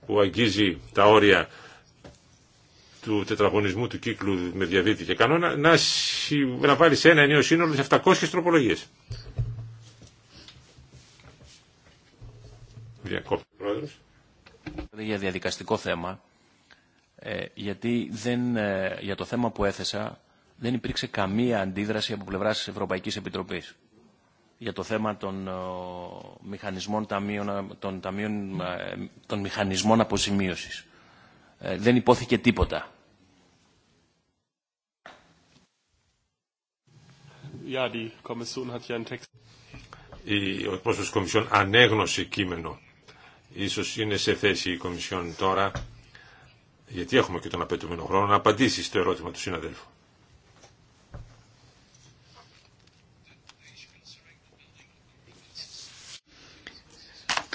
[SPEAKER 2] που αγγίζει τα όρια του τετραγωνισμού του κύκλου με διαδίτη και κανόνα να, να βάλει σε ένα ενίο σύνολο σε 700 τροπολογίες.
[SPEAKER 5] Για διαδικαστικό θέμα, ε, γιατί δεν, ε, για το θέμα που έθεσα δεν υπήρξε καμία αντίδραση από πλευράς της Ευρωπαϊκής Επιτροπής για το θέμα των ε, μηχανισμών ταμείων, των, ε, μηχανισμών αποζημίωσης. Ε, δεν υπόθηκε τίποτα. Η, ο της Κομισιόν
[SPEAKER 2] ανέγνωσε κείμενο. Ίσως είναι σε θέση η Κομισιόν τώρα, γιατί έχουμε και τον απαιτούμενο χρόνο, να απαντήσει στο ερώτημα του συναδέλφου.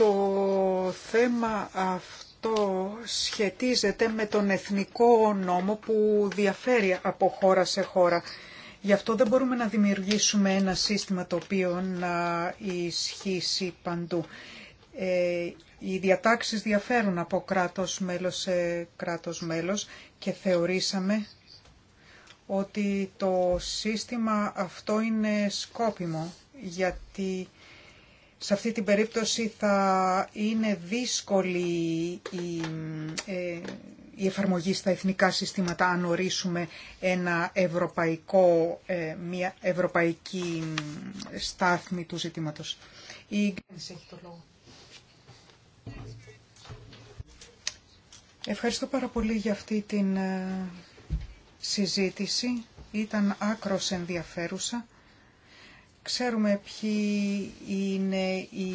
[SPEAKER 3] Το θέμα αυτό σχετίζεται με τον εθνικό νόμο που διαφέρει από χώρα σε χώρα. Γι' αυτό δεν μπορούμε να δημιουργήσουμε ένα σύστημα το οποίο να ισχύσει παντού. Ε, οι διατάξεις διαφέρουν από κράτος μέλος σε κράτος μέλος και θεωρήσαμε ότι το σύστημα αυτό είναι σκόπιμο γιατί σε αυτή την περίπτωση θα είναι δύσκολη ε, η, εφαρμογή στα εθνικά συστήματα αν ορίσουμε ένα ευρωπαϊκό, ε, μια ευρωπαϊκή στάθμη του ζητήματος. Ευχαριστώ πάρα πολύ για αυτή την ε, συζήτηση. Ήταν άκρος ενδιαφέρουσα Ξέρουμε ποιοι είναι οι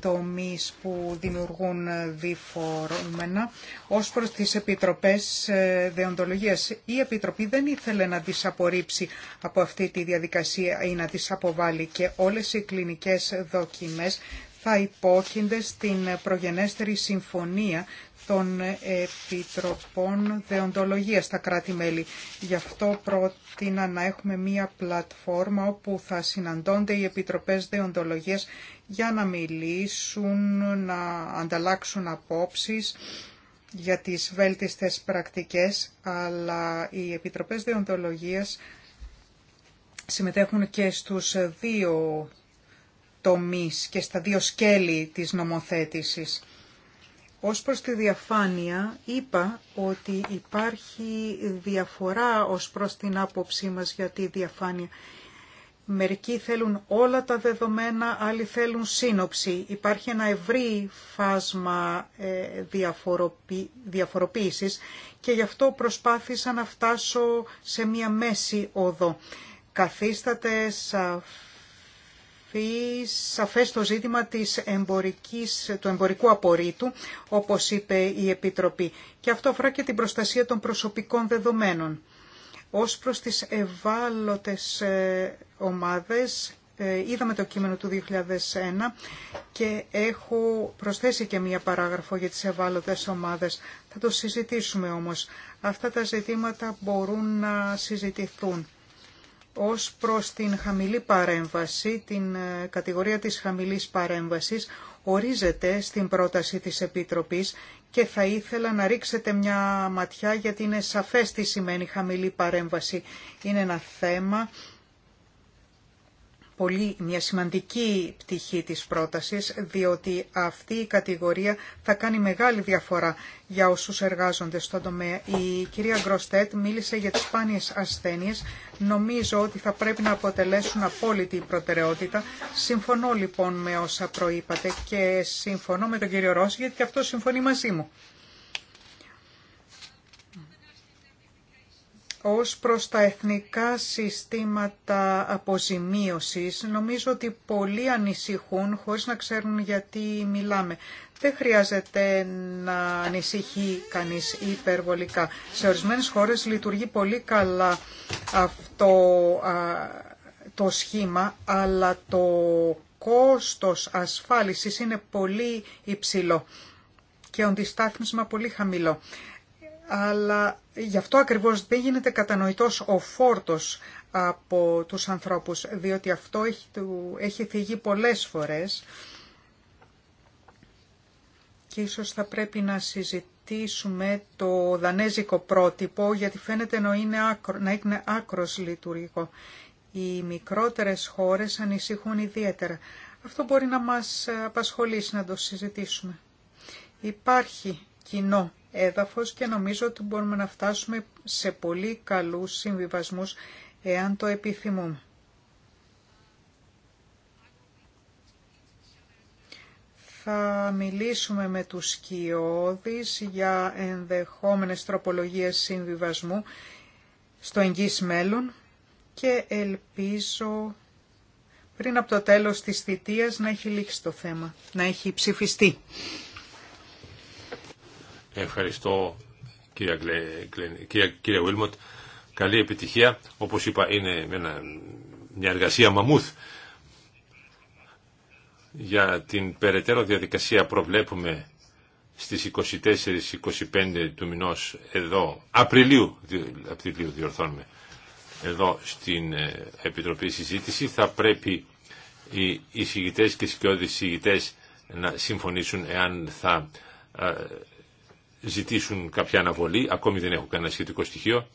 [SPEAKER 3] τομείς που δημιουργούν διφορούμενα ως προς τις επιτροπές ε, δεοντολογίας. Η Επιτροπή δεν ήθελε να τις απορρίψει από αυτή τη διαδικασία ή να τις αποβάλει και όλες οι κλινικές δοκιμές θα υπόκεινται στην προγενέστερη συμφωνία των Επιτροπών Δεοντολογίας στα κράτη-μέλη. Γι' αυτό πρότεινα να έχουμε μία πλατφόρμα όπου θα συναντώνται οι Επιτροπές Δεοντολογίας για να μιλήσουν, να ανταλλάξουν απόψεις για τις βέλτιστες πρακτικές, αλλά οι Επιτροπές Δεοντολογίας συμμετέχουν και στους δύο και στα δύο σκέλη της νομοθέτησης. Ως προς τη διαφάνεια είπα ότι υπάρχει διαφορά ως προς την άποψή μας για τη διαφάνεια. Μερικοί θέλουν όλα τα δεδομένα, άλλοι θέλουν σύνοψη. Υπάρχει ένα ευρύ φάσμα ε, διαφοροποίησης και γι' αυτό προσπάθησα να φτάσω σε μία μέση οδό. Καθίσταται σαφής, σαφές το ζήτημα της εμπορικής, του εμπορικού απορρίτου, όπως είπε η Επιτροπή. Και αυτό αφορά και την προστασία των προσωπικών δεδομένων. Ως προς τις ευάλωτες ε, ομάδες, ε, είδαμε το κείμενο του 2001 και έχω προσθέσει και μία παράγραφο για τις ευάλωτες ομάδες. Θα το συζητήσουμε όμως. Αυτά τα ζητήματα μπορούν να συζητηθούν ως προς την χαμηλή παρέμβαση, την ε, κατηγορία της χαμηλής παρέμβασης, ορίζεται στην πρόταση της Επίτροπης και θα ήθελα να ρίξετε μια ματιά γιατί είναι σαφές τι σημαίνει χαμηλή παρέμβαση. Είναι ένα θέμα πολύ, μια σημαντική πτυχή της πρότασης, διότι αυτή η κατηγορία θα κάνει μεγάλη διαφορά για όσους εργάζονται στον τομέα. Η κυρία Γκροστέτ μίλησε για τις σπάνιες ασθένειες. Νομίζω ότι θα πρέπει να αποτελέσουν απόλυτη προτεραιότητα. Συμφωνώ λοιπόν με όσα προείπατε και συμφωνώ με τον κύριο Ρώση, γιατί και αυτό συμφωνεί μαζί μου. Ως προς τα εθνικά συστήματα αποζημίωσης, νομίζω ότι πολλοί ανησυχούν χωρίς να ξέρουν γιατί μιλάμε. Δεν χρειάζεται να ανησυχεί κανείς υπερβολικά. Σε ορισμένες χώρες λειτουργεί πολύ καλά αυτό το σχήμα, αλλά το κόστος ασφάλισης είναι πολύ υψηλό και οντιστάθμισμα πολύ χαμηλό αλλά γι' αυτό ακριβώς δεν γίνεται κατανοητός ο φόρτος από τους ανθρώπους, διότι αυτό έχει, έχει θυγεί πολλές φορές και ίσως θα πρέπει να συζητήσουμε το δανέζικο πρότυπο, γιατί φαίνεται να είναι, άκρο, να είναι άκρος λειτουργικό. Οι μικρότερες χώρες ανησυχούν ιδιαίτερα. Αυτό μπορεί να μας απασχολήσει να το συζητήσουμε. Υπάρχει κοινό έδαφος και νομίζω ότι μπορούμε να φτάσουμε σε πολύ καλούς συμβιβασμούς εάν το επιθυμούμε. θα μιλήσουμε με τους σκιώδεις για ενδεχόμενες τροπολογίες συμβιβασμού στο εγγύς μέλλον και ελπίζω πριν από το τέλος της θητείας να έχει λήξει το θέμα, να έχει ψηφιστεί.
[SPEAKER 2] Ευχαριστώ κύριε, κύριε, Καλή επιτυχία. Όπως είπα είναι μια εργασία μαμούθ. Για την περαιτέρω διαδικασία προβλέπουμε στις 24-25 του μηνός εδώ, Απριλίου, Απριλίου διορθώνουμε, εδώ στην ε, Επιτροπή Συζήτηση θα πρέπει οι εισηγητές και οι σκιώδεις να συμφωνήσουν εάν θα ε, ζητήσουν κάποια αναβολή, ακόμη δεν έχω κανένα σχετικό στοιχείο.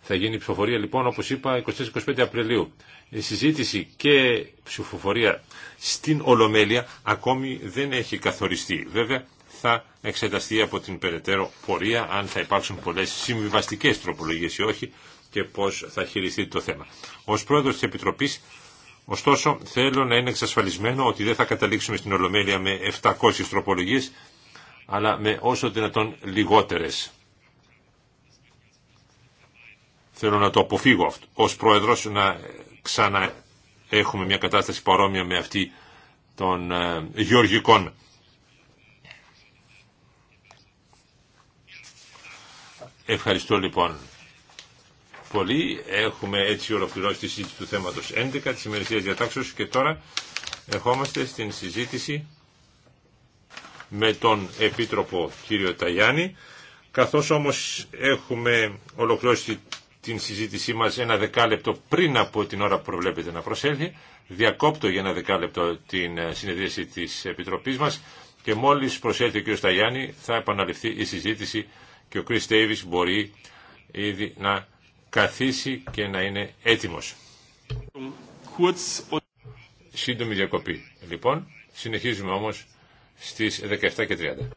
[SPEAKER 2] Θα γίνει η ψηφοφορία όπω λοιπόν, όπως είπα, 24-25 Απριλίου. Η συζήτηση και ψηφοφορία στην Ολομέλεια ακόμη δεν έχει καθοριστεί. Βέβαια θα εξεταστεί από την περαιτέρω πορεία αν θα υπάρξουν πολλέ συμβιβαστικέ τροπολογίε ή όχι και πώ θα χειριστεί το θέμα. Ω πρόεδρο τη επιτροπή, ωστόσο, θέλω να είναι εξασφαλισμένο ότι δεν θα καταλήξουμε στην Ολομέλεια με 700 τροπολογίε αλλά με όσο δυνατόν λιγότερες. Θέλω να το αποφύγω ως πρόεδρος να ξανά έχουμε μια κατάσταση παρόμοια με αυτή των ε, γεωργικών. Ευχαριστώ λοιπόν πολύ. Έχουμε έτσι ολοκληρώσει τη συζήτηση του θέματος 11 της ημερησίας διατάξεως και τώρα ερχόμαστε στην συζήτηση με τον Επίτροπο κύριο Ταγιάννη. Καθώς όμως έχουμε ολοκληρώσει την συζήτησή μας ένα δεκάλεπτο πριν από την ώρα που προβλέπετε να προσέλθει, διακόπτω για ένα δεκάλεπτο την ε, συνεδρίαση της Επιτροπής μας και μόλις προσέλθει ο κύριος Ταγιάννη θα επαναληφθεί η συζήτηση και ο Κρίς Τέιβις μπορεί ήδη να καθίσει και να είναι έτοιμος. Σύντομη διακοπή. Λοιπόν, συνεχίζουμε όμως στις 17.30.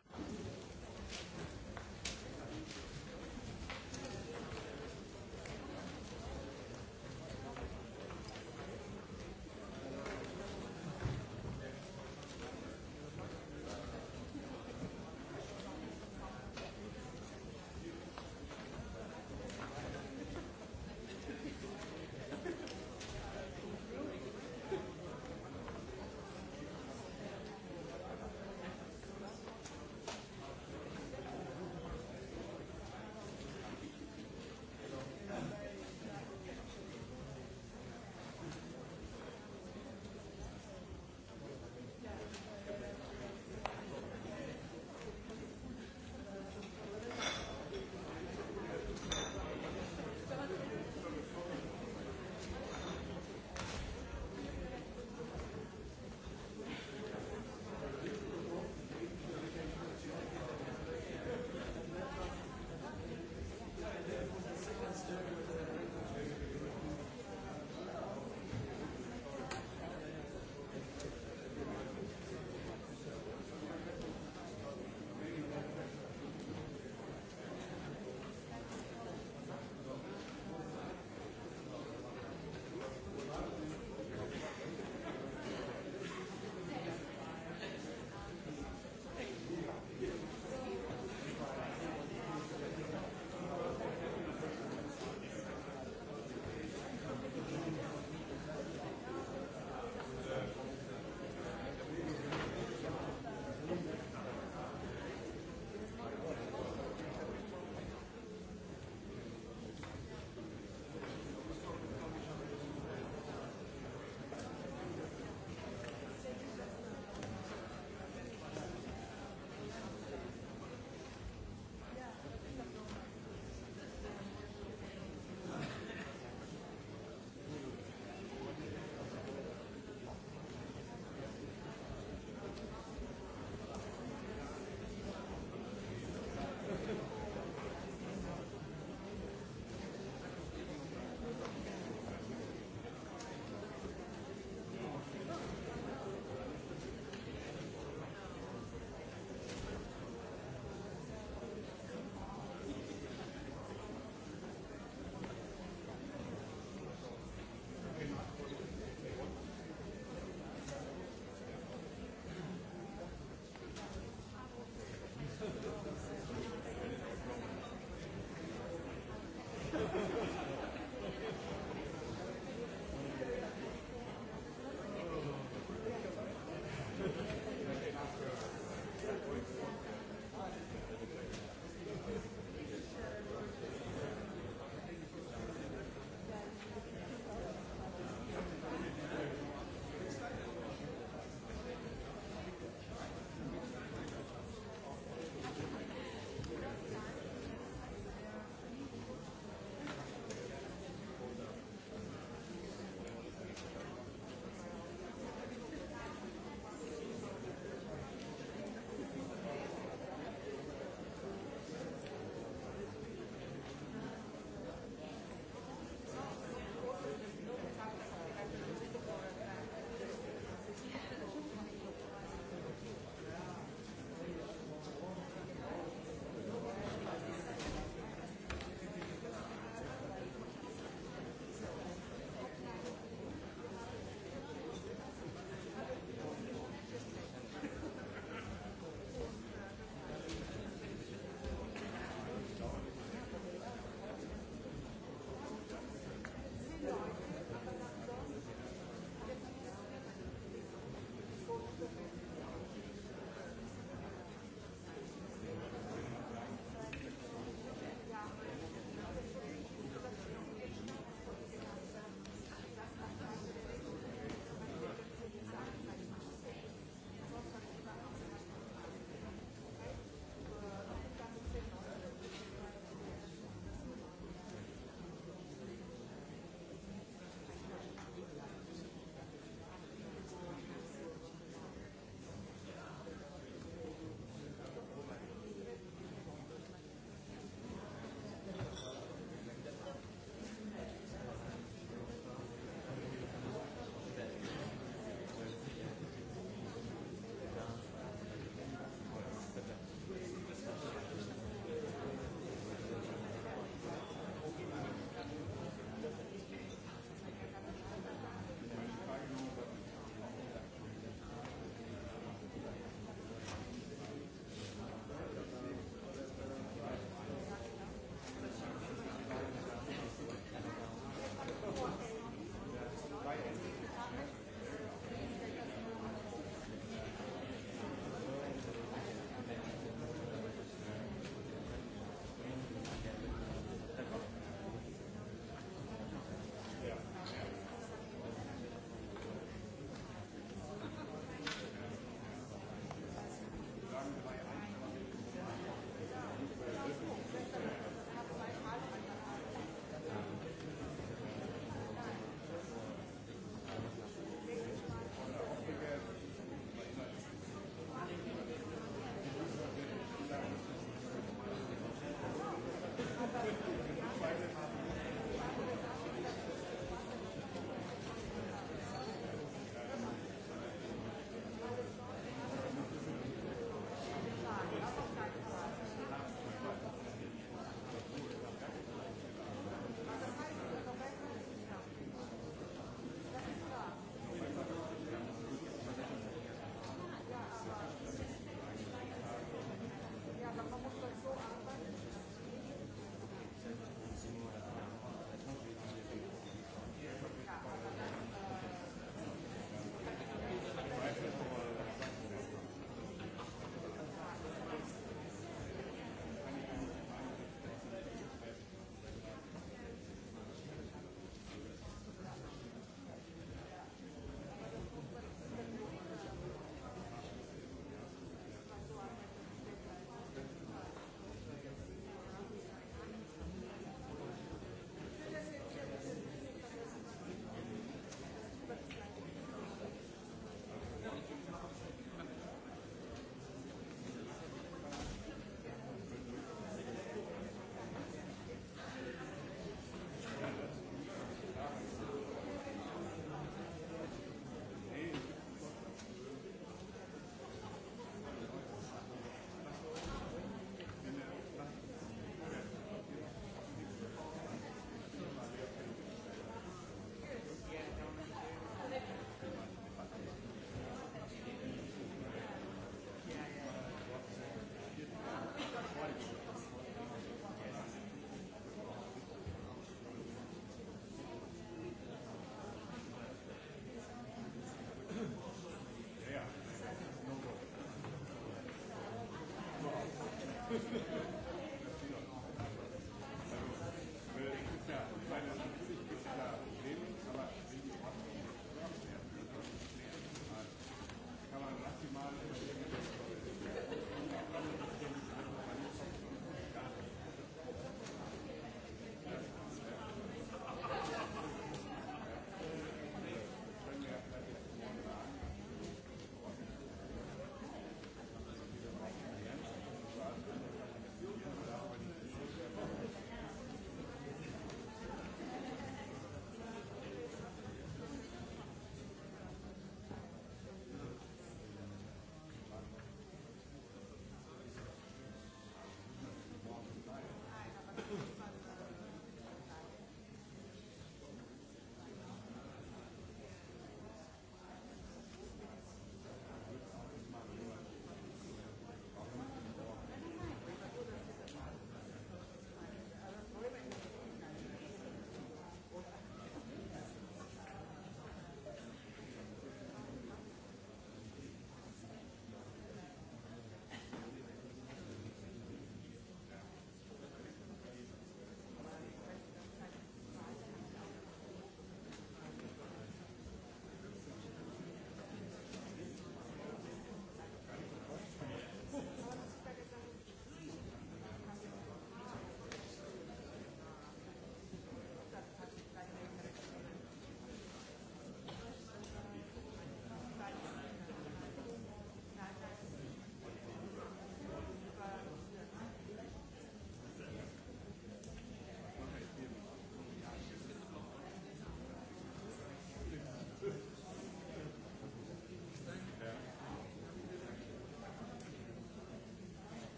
[SPEAKER 5] Υπότιτλοι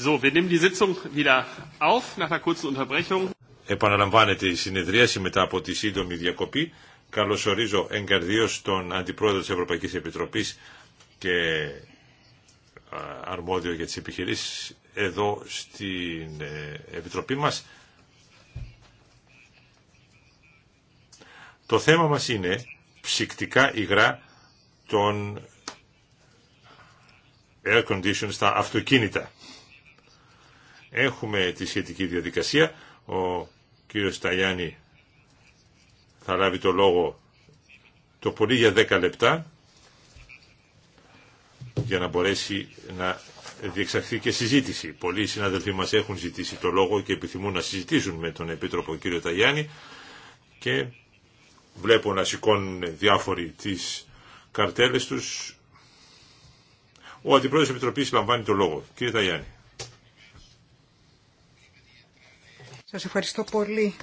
[SPEAKER 1] So, wir nehmen die Sitzung wieder auf nach einer kurzen Unterbrechung.
[SPEAKER 2] Επαναλαμβάνεται η συνεδρίαση μετά από τη σύντομη διακοπή καλωσορίζω εγκαρδίως τον Αντιπρόεδρο της Ευρωπαϊκής Επιτροπής και αρμόδιο για τις επιχειρήσεις εδώ στην ε, Επιτροπή μας. Το θέμα μας είναι ψυκτικά υγρά των air condition στα αυτοκίνητα. Έχουμε τη σχετική διαδικασία. Ο κύριος Σταλιάνη θα λάβει το λόγο το πολύ για 10 λεπτά για να μπορέσει να διεξαχθεί και συζήτηση. Πολλοί συναδελφοί μας έχουν ζητήσει το λόγο και επιθυμούν να συζητήσουν με τον Επίτροπο κύριο Ταγιάννη και βλέπω να σηκώνουν διάφοροι τις καρτέλες τους. Ο Αντιπρόεδρος Επιτροπής λαμβάνει το λόγο. Κύριε Ταγιάννη.
[SPEAKER 3] Σας ευχαριστώ πολύ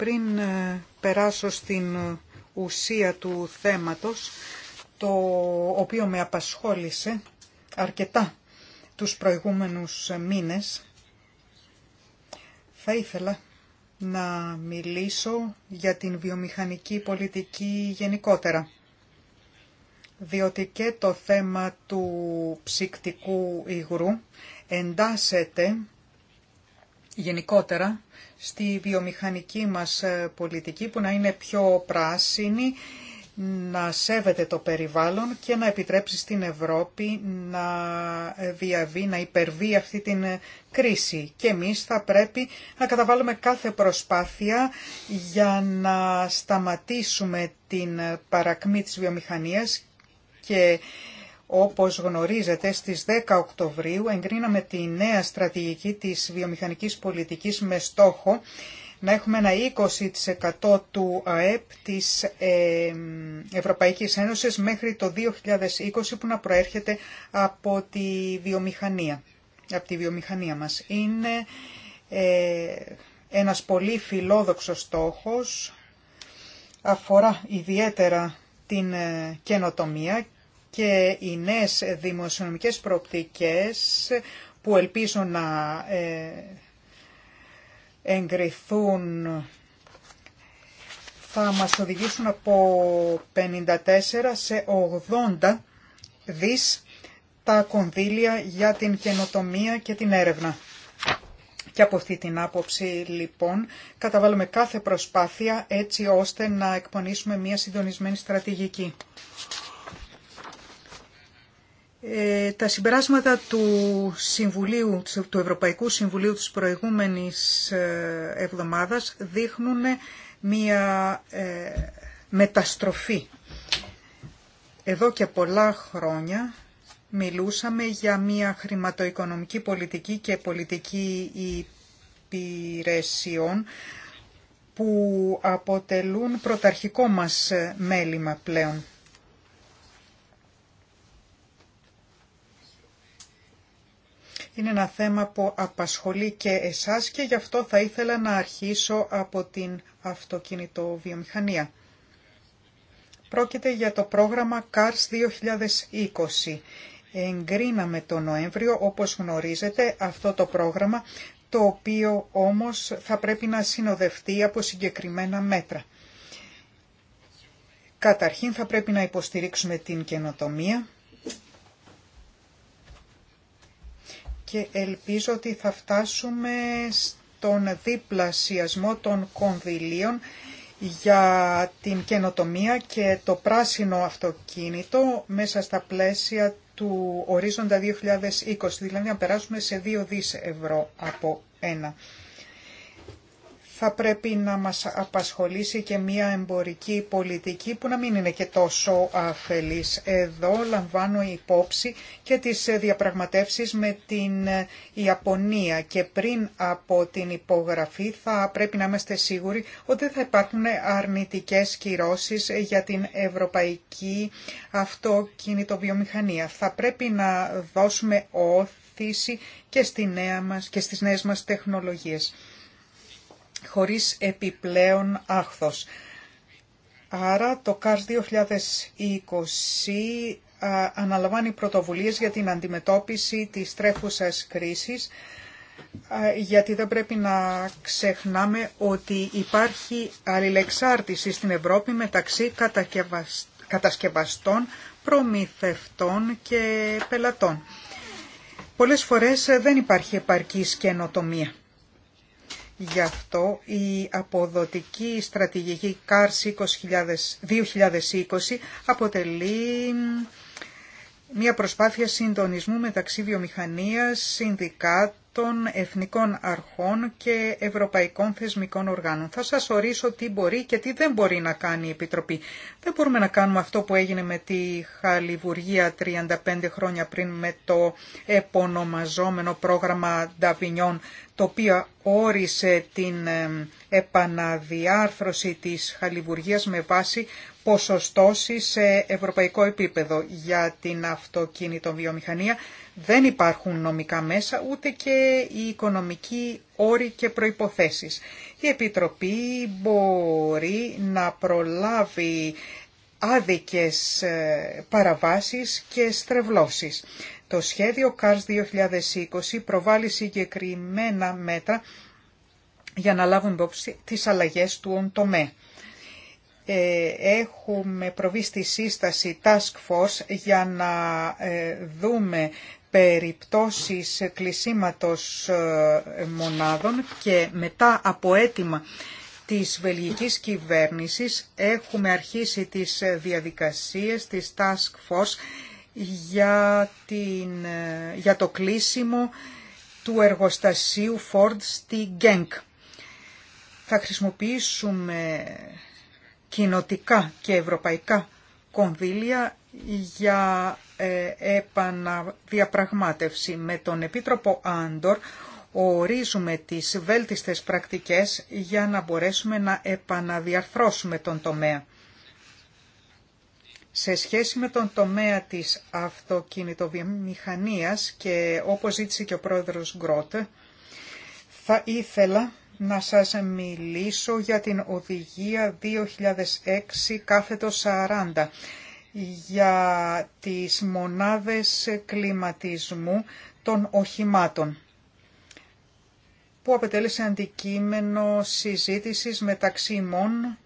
[SPEAKER 3] πριν ε, περάσω στην ε, ουσία του θέματος, το οποίο με απασχόλησε αρκετά τους προηγούμενους ε, μήνες, θα ήθελα να μιλήσω για την βιομηχανική πολιτική γενικότερα διότι και το θέμα του ψυκτικού υγρού εντάσσεται γενικότερα στη βιομηχανική μας ε, πολιτική που να είναι πιο πράσινη, να σέβεται το περιβάλλον και να επιτρέψει στην Ευρώπη να ε, διαβεί, να υπερβεί αυτή την ε, κρίση. Και εμείς θα πρέπει να καταβάλουμε κάθε προσπάθεια για να σταματήσουμε την παρακμή της βιομηχανίας και όπως γνωρίζετε, στις 10 Οκτωβρίου εγκρίναμε τη νέα στρατηγική της βιομηχανικής πολιτικής με στόχο να έχουμε ένα 20% του ΑΕΠ της ε, Ευρωπαϊκής Ένωσης μέχρι το 2020 που να προέρχεται από τη βιομηχανία, από τη βιομηχανία μας. Είναι ε, ένας πολύ φιλόδοξος στόχος, αφορά ιδιαίτερα την ε, καινοτομία και οι νέες δημοσιονομικές προοπτικές που ελπίζω να ε, εγκριθούν θα μας οδηγήσουν από 54 σε 80 δις τα κονδύλια για την καινοτομία και την έρευνα. Και από αυτή την άποψη λοιπόν καταβάλουμε κάθε προσπάθεια έτσι ώστε να εκπονήσουμε μια συντονισμένη στρατηγική. Ε, τα συμπεράσματα του, Συμβουλίου, του Ευρωπαϊκού Συμβουλίου της προηγούμενης ε, εβδομάδας δείχνουν μια ε, μεταστροφή. Εδώ και πολλά χρόνια μιλούσαμε για μια χρηματοοικονομική πολιτική και πολιτική υπηρεσιών που αποτελούν πρωταρχικό μας μέλημα πλέον. Είναι ένα θέμα που απασχολεί και εσάς και γι' αυτό θα ήθελα να αρχίσω από την αυτοκινητοβιομηχανία. Πρόκειται για το πρόγραμμα CARS 2020. Εγκρίναμε το Νοέμβριο, όπως γνωρίζετε, αυτό το πρόγραμμα, το οποίο όμως θα πρέπει να συνοδευτεί από συγκεκριμένα μέτρα. Καταρχήν θα πρέπει να υποστηρίξουμε την καινοτομία, και ελπίζω ότι θα φτάσουμε στον διπλασιασμό των κονδυλίων για την καινοτομία και το πράσινο αυτοκίνητο μέσα στα πλαίσια του ορίζοντα 2020, δηλαδή να περάσουμε σε 2 δις ευρώ από ένα θα πρέπει να μας απασχολήσει και μια εμπορική πολιτική που να μην είναι και τόσο αφελής. Εδώ λαμβάνω υπόψη και τις διαπραγματεύσεις με την Ιαπωνία και πριν από την υπογραφή θα πρέπει να είμαστε σίγουροι ότι θα υπάρχουν αρνητικές κυρώσεις για την ευρωπαϊκή αυτοκινητοβιομηχανία. Θα πρέπει να δώσουμε όθηση και, στη νέα μας, και στις νέες μας τεχνολογίες χωρίς επιπλέον άχθος. Άρα το ΚΑΡΣ 2020 αναλαμβάνει πρωτοβουλίες για την αντιμετώπιση της τρέχουσας κρίσης, γιατί δεν πρέπει να ξεχνάμε ότι υπάρχει αλληλεξάρτηση στην Ευρώπη μεταξύ κατασκευαστών, προμηθευτών και πελατών. Πολλές φορές δεν υπάρχει επαρκής καινοτομία. Γι' αυτό η αποδοτική στρατηγική CARS 2020 αποτελεί μια προσπάθεια συντονισμού μεταξύ βιομηχανίας, συνδικάτων, των εθνικών αρχών και ευρωπαϊκών θεσμικών οργάνων. Θα σας ορίσω τι μπορεί και τι δεν μπορεί να κάνει η Επιτροπή. Δεν μπορούμε να κάνουμε αυτό που έγινε με τη Χαλιβουργία 35 χρόνια πριν με το επωνομαζόμενο πρόγραμμα Νταβινιών, το οποίο όρισε την επαναδιάρθρωση της Χαλιβουργίας με βάση ποσοστώσεις σε ευρωπαϊκό επίπεδο για την αυτοκίνητο βιομηχανία δεν υπάρχουν νομικά μέσα ούτε και οι οικονομικοί όροι και προϋποθέσεις. Η Επιτροπή μπορεί να προλάβει άδικες ε, παραβάσεις και στρεβλώσεις. Το σχέδιο ΚΑΡΣ 2020 προβάλλει συγκεκριμένα μέτρα για να λάβουν υπόψη τις αλλαγές του ΟΝΤΟΜΕ. Έχουμε προβεί στη σύσταση Task Force για να ε, δούμε περιπτώσεις κλεισίματος ε, μονάδων και μετά από αίτημα της βελγικής κυβέρνησης έχουμε αρχίσει τις διαδικασίες της Task Force για, την, ε, για το κλείσιμο του εργοστασίου Ford στη Γκένκ. Θα χρησιμοποιήσουμε κοινοτικά και ευρωπαϊκά κονδύλια για ε, επαναδιαπραγμάτευση. Με τον Επίτροπο Άντορ ορίζουμε τις βέλτιστες πρακτικές για να μπορέσουμε να επαναδιαρθρώσουμε τον τομέα. Σε σχέση με τον τομέα της αυτοκινητοβιομηχανίας και όπως ζήτησε και ο πρόεδρος Γκρότε θα ήθελα να σας μιλήσω για την οδηγία 2006 κάθετο 40 για τις μονάδες κλιματισμού των οχημάτων που αποτέλεσε αντικείμενο συζήτησης μεταξύ μόν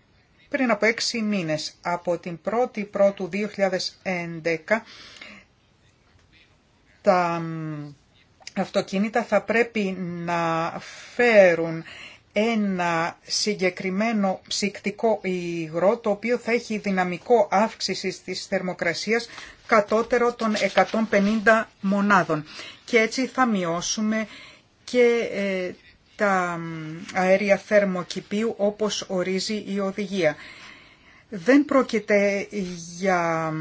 [SPEAKER 3] πριν από έξι μήνες. Από την 1η Πρώτου 2011 τα αυτοκίνητα θα πρέπει να φέρουν ένα συγκεκριμένο ψυκτικό υγρό το οποίο θα έχει δυναμικό αύξηση της θερμοκρασίας κατώτερο των 150 μονάδων. Και έτσι θα μειώσουμε και ε, τα αέρια θερμοκηπίου όπως ορίζει η οδηγία. Δεν πρόκειται για...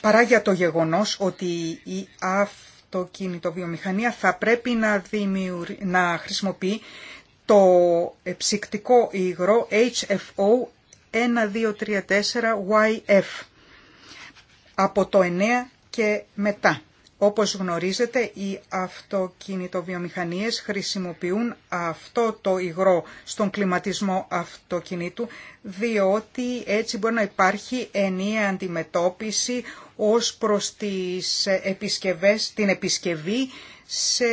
[SPEAKER 3] παρά για το γεγονός ότι η αύξηση βιομηχανία θα πρέπει να, να χρησιμοποιεί το ψυκτικό υγρό HFO 1234YF από το 9 και μετά. Όπως γνωρίζετε, οι αυτοκινητοβιομηχανίες χρησιμοποιούν αυτό το υγρό στον κλιματισμό αυτοκινήτου, διότι έτσι μπορεί να υπάρχει ενιαία αντιμετώπιση ως προς τις επισκευές, την επισκευή σε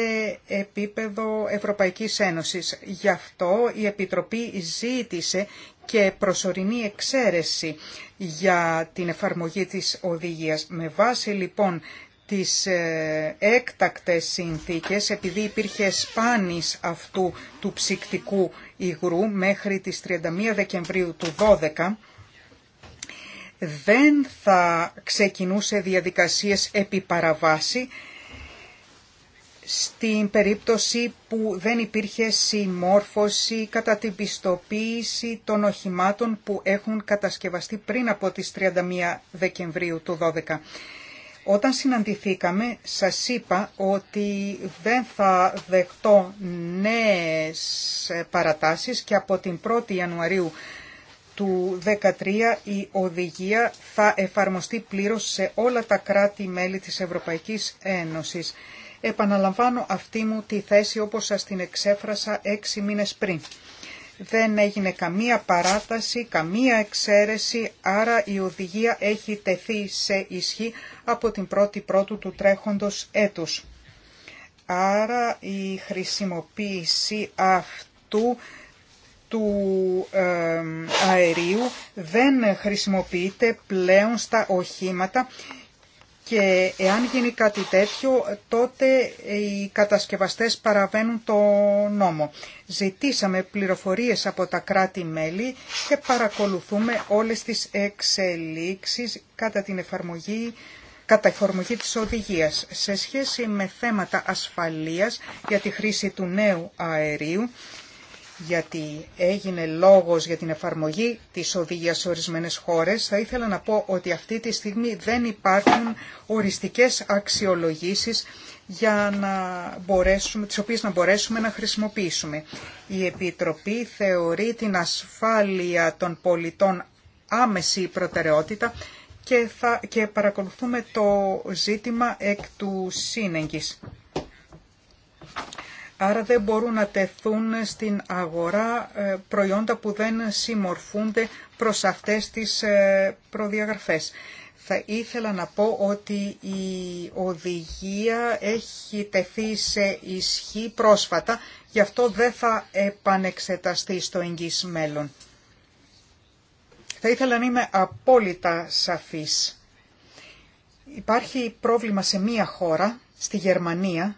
[SPEAKER 3] επίπεδο Ευρωπαϊκής Ένωσης. Γι' αυτό η Επιτροπή ζήτησε και προσωρινή εξαίρεση για την εφαρμογή της οδηγίας. Με βάση λοιπόν τις ε, έκτακτες συνθήκες, επειδή υπήρχε σπάνης αυτού του ψυκτικού υγρού μέχρι τις 31 Δεκεμβρίου του 12 δεν θα ξεκινούσε διαδικασίες επί παραβάση στην περίπτωση που δεν υπήρχε συμμόρφωση κατά την πιστοποίηση των οχημάτων που έχουν κατασκευαστεί πριν από τις 31 Δεκεμβρίου του 2012. Όταν συναντηθήκαμε, σας είπα ότι δεν θα δεχτώ νέες παρατάσεις και από την 1η Ιανουαρίου του 2013 η οδηγία θα εφαρμοστεί πλήρως σε όλα τα κράτη-μέλη της Ευρωπαϊκής Ένωσης. Επαναλαμβάνω αυτή μου τη θέση όπως σας την εξέφρασα έξι μήνες πριν. Δεν έγινε καμία παράταση, καμία εξαίρεση, άρα η οδηγία έχει τεθεί σε ισχύ από την πρώτη χρησιμοποίηση αυτού του αερίου δεν χρησιμοποιείται πλέον στα οχήματα και εάν γίνει κάτι τέτοιο τότε οι κατασκευαστές παραβαίνουν το νόμο. Ζητήσαμε πληροφορίες από τα κράτη-μέλη και παρακολουθούμε όλες τις εξελίξεις κατά την εφαρμογή κατά εφαρμογή της οδηγίας σε σχέση με θέματα ασφαλείας για τη χρήση του νέου αερίου γιατί έγινε λόγος για την εφαρμογή της οδηγίας σε ορισμένες χώρες, θα ήθελα να πω ότι αυτή τη στιγμή δεν υπάρχουν οριστικές αξιολογήσεις για να μπορέσουμε, τις οποίες να μπορέσουμε να χρησιμοποιήσουμε. Η Επιτροπή θεωρεί την ασφάλεια των πολιτών άμεση προτεραιότητα και, θα, και παρακολουθούμε το ζήτημα εκ του σύνεγγης. Άρα δεν μπορούν να τεθούν στην αγορά ε, προϊόντα που δεν συμμορφούνται προς αυτές τις ε, προδιαγραφές. Θα ήθελα να πω ότι η οδηγία έχει τεθεί σε ισχύ πρόσφατα, γι' αυτό δεν θα επανεξεταστεί στο εγγύς μέλλον. Θα ήθελα να είμαι απόλυτα σαφής. Υπάρχει πρόβλημα σε μία χώρα, στη Γερμανία,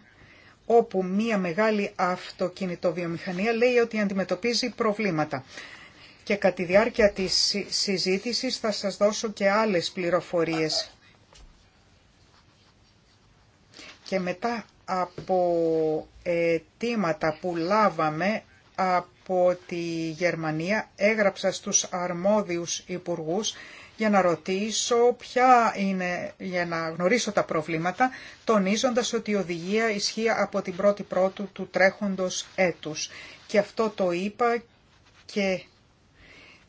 [SPEAKER 3] όπου μία μεγάλη αυτοκινητοβιομηχανία λέει ότι αντιμετωπίζει προβλήματα. Και κατά τη διάρκεια της συζήτησης θα σας δώσω και άλλες πληροφορίες. Και μετά από αιτήματα που λάβαμε από τη Γερμανία έγραψα στους αρμόδιους υπουργούς για να ρωτήσω ποια είναι, για να γνωρίσω τα προβλήματα, τονίζοντας ότι η οδηγία ισχύει από την πρώτη Πρώτου του τρέχοντος έτους. Και αυτό το είπα και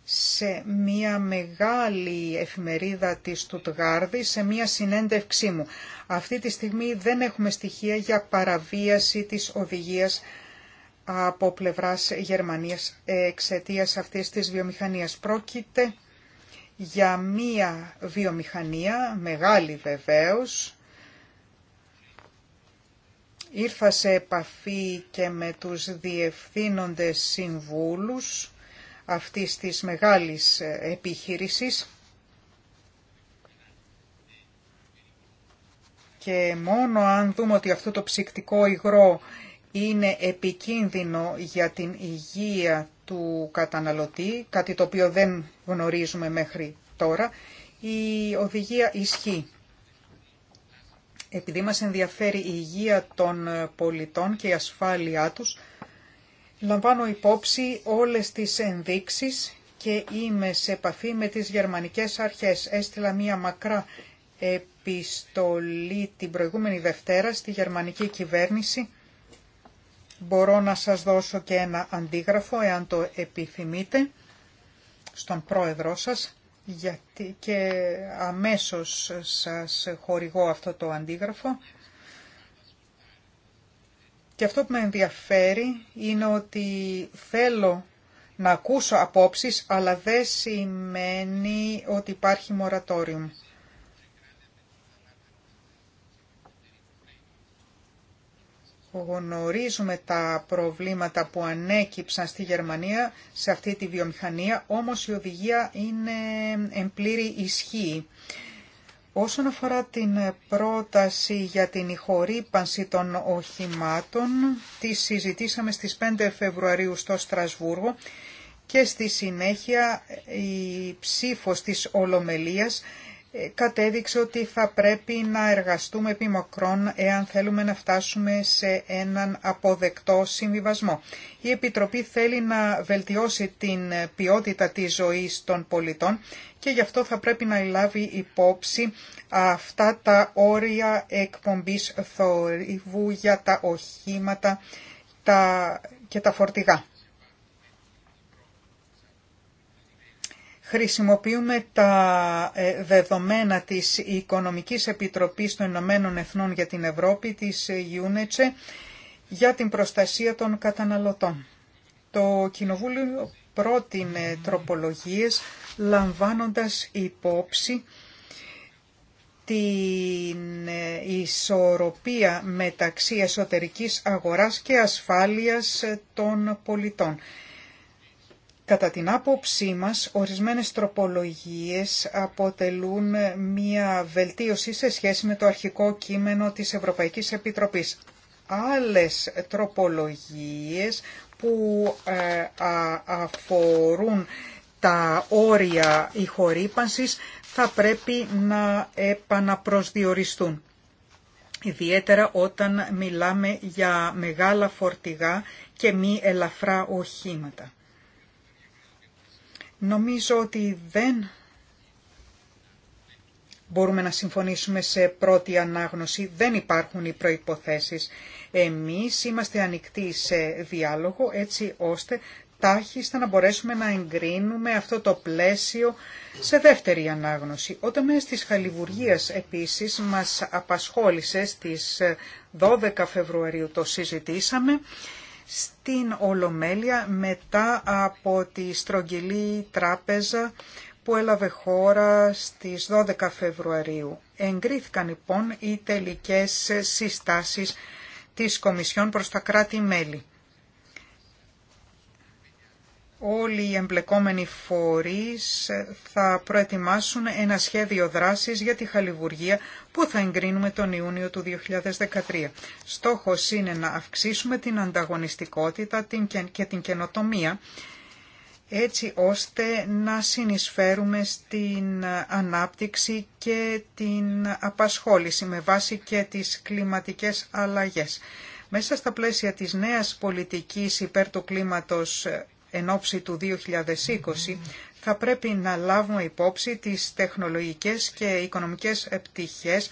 [SPEAKER 3] σε μια μεγάλη εφημερίδα της Τουτγάρδη, σε μια συνέντευξή μου. Αυτή τη στιγμή δεν έχουμε στοιχεία για παραβίαση της οδηγίας από πλευράς Γερμανίας εξαιτίας αυτής της βιομηχανίας. Πρόκειται για μία βιομηχανία, μεγάλη βεβαίως. Ήρθα σε επαφή και με τους διευθύνοντες συμβούλους αυτής της μεγάλης επιχείρησης και μόνο αν δούμε ότι αυτό το ψυκτικό υγρό είναι επικίνδυνο για την υγεία του καταναλωτή, κάτι το οποίο δεν γνωρίζουμε μέχρι τώρα, η οδηγία ισχύει. Επειδή μας ενδιαφέρει η υγεία των πολιτών και η ασφάλειά τους, λαμβάνω υπόψη όλες τις ενδείξεις και είμαι σε επαφή με τις γερμανικές αρχές. Έστειλα μία μακρά επιστολή την προηγούμενη Δευτέρα στη γερμανική κυβέρνηση Μπορώ να σας δώσω και ένα αντίγραφο, εάν το επιθυμείτε, στον πρόεδρό σας, γιατί και αμέσως σας χορηγώ αυτό το αντίγραφο. Και αυτό που με ενδιαφέρει είναι ότι θέλω να ακούσω απόψεις, αλλά δεν σημαίνει ότι υπάρχει μορατόριο. Γνωρίζουμε τα προβλήματα που ανέκυψαν στη Γερμανία σε αυτή τη βιομηχανία, όμως η οδηγία είναι εμπλήρη ισχύ. Όσον αφορά την πρόταση για την ηχορύπανση των οχημάτων, τη συζητήσαμε στις 5 Φεβρουαρίου στο Στρασβούργο και στη συνέχεια η ψήφος της Ολομελίας κατέδειξε ότι θα πρέπει να εργαστούμε επί μακρόν εάν θέλουμε να φτάσουμε σε έναν αποδεκτό συμβιβασμό. Η Επιτροπή θέλει να βελτιώσει την ποιότητα της ζωής των πολιτών και γι' αυτό θα πρέπει να λάβει υπόψη αυτά τα όρια εκπομπής θορύβου για τα οχήματα και τα φορτηγά. χρησιμοποιούμε τα ε, δεδομένα της Οικονομικής Επιτροπής των Ηνωμένων Εθνών για την Ευρώπη, της ε, UNECE, για την προστασία των καταναλωτών. Το Κοινοβούλιο πρότεινε τροπολογίες λαμβάνοντας υπόψη την ε, ισορροπία μεταξύ εσωτερικής αγοράς και ασφάλειας των πολιτών. Κατά την άποψή μας, ορισμένες τροπολογίες αποτελούν μία βελτίωση σε σχέση με το αρχικό κείμενο της Ευρωπαϊκής Επιτροπής. Άλλες τροπολογίες που ε, αφορούν τα όρια ηχορύπανσης θα πρέπει να επαναπροσδιοριστούν. Ιδιαίτερα όταν μιλάμε για μεγάλα φορτηγά και μη ελαφρά οχήματα. Νομίζω ότι δεν μπορούμε να συμφωνήσουμε σε πρώτη ανάγνωση. Δεν υπάρχουν οι προϋποθέσεις. Εμείς είμαστε ανοιχτοί σε διάλογο έτσι ώστε τάχιστα να μπορέσουμε να εγκρίνουμε αυτό το πλαίσιο σε δεύτερη ανάγνωση. Ο τομέας της Χαλιβουργίας επίσης μας απασχόλησε στις 12 Φεβρουαρίου το συζητήσαμε στην Ολομέλεια μετά από τη στρογγυλή τράπεζα που έλαβε χώρα στις 12 Φεβρουαρίου. Εγκρίθηκαν λοιπόν οι τελικές συστάσεις της Κομισιόν προς τα κράτη-μέλη όλοι οι εμπλεκόμενοι φορείς θα προετοιμάσουν ένα σχέδιο δράσης για τη χαλιβουργία που θα εγκρίνουμε τον Ιούνιο του 2013. Στόχος είναι να αυξήσουμε την ανταγωνιστικότητα και την καινοτομία έτσι ώστε να συνεισφέρουμε στην ανάπτυξη και την απασχόληση με βάση και τις κλιματικές αλλαγές. Μέσα στα πλαίσια της νέας πολιτικής υπέρ του κλίματος εν ώψη του 2020, θα πρέπει να λάβουμε υπόψη τις τεχνολογικές και οικονομικές επιτυχίες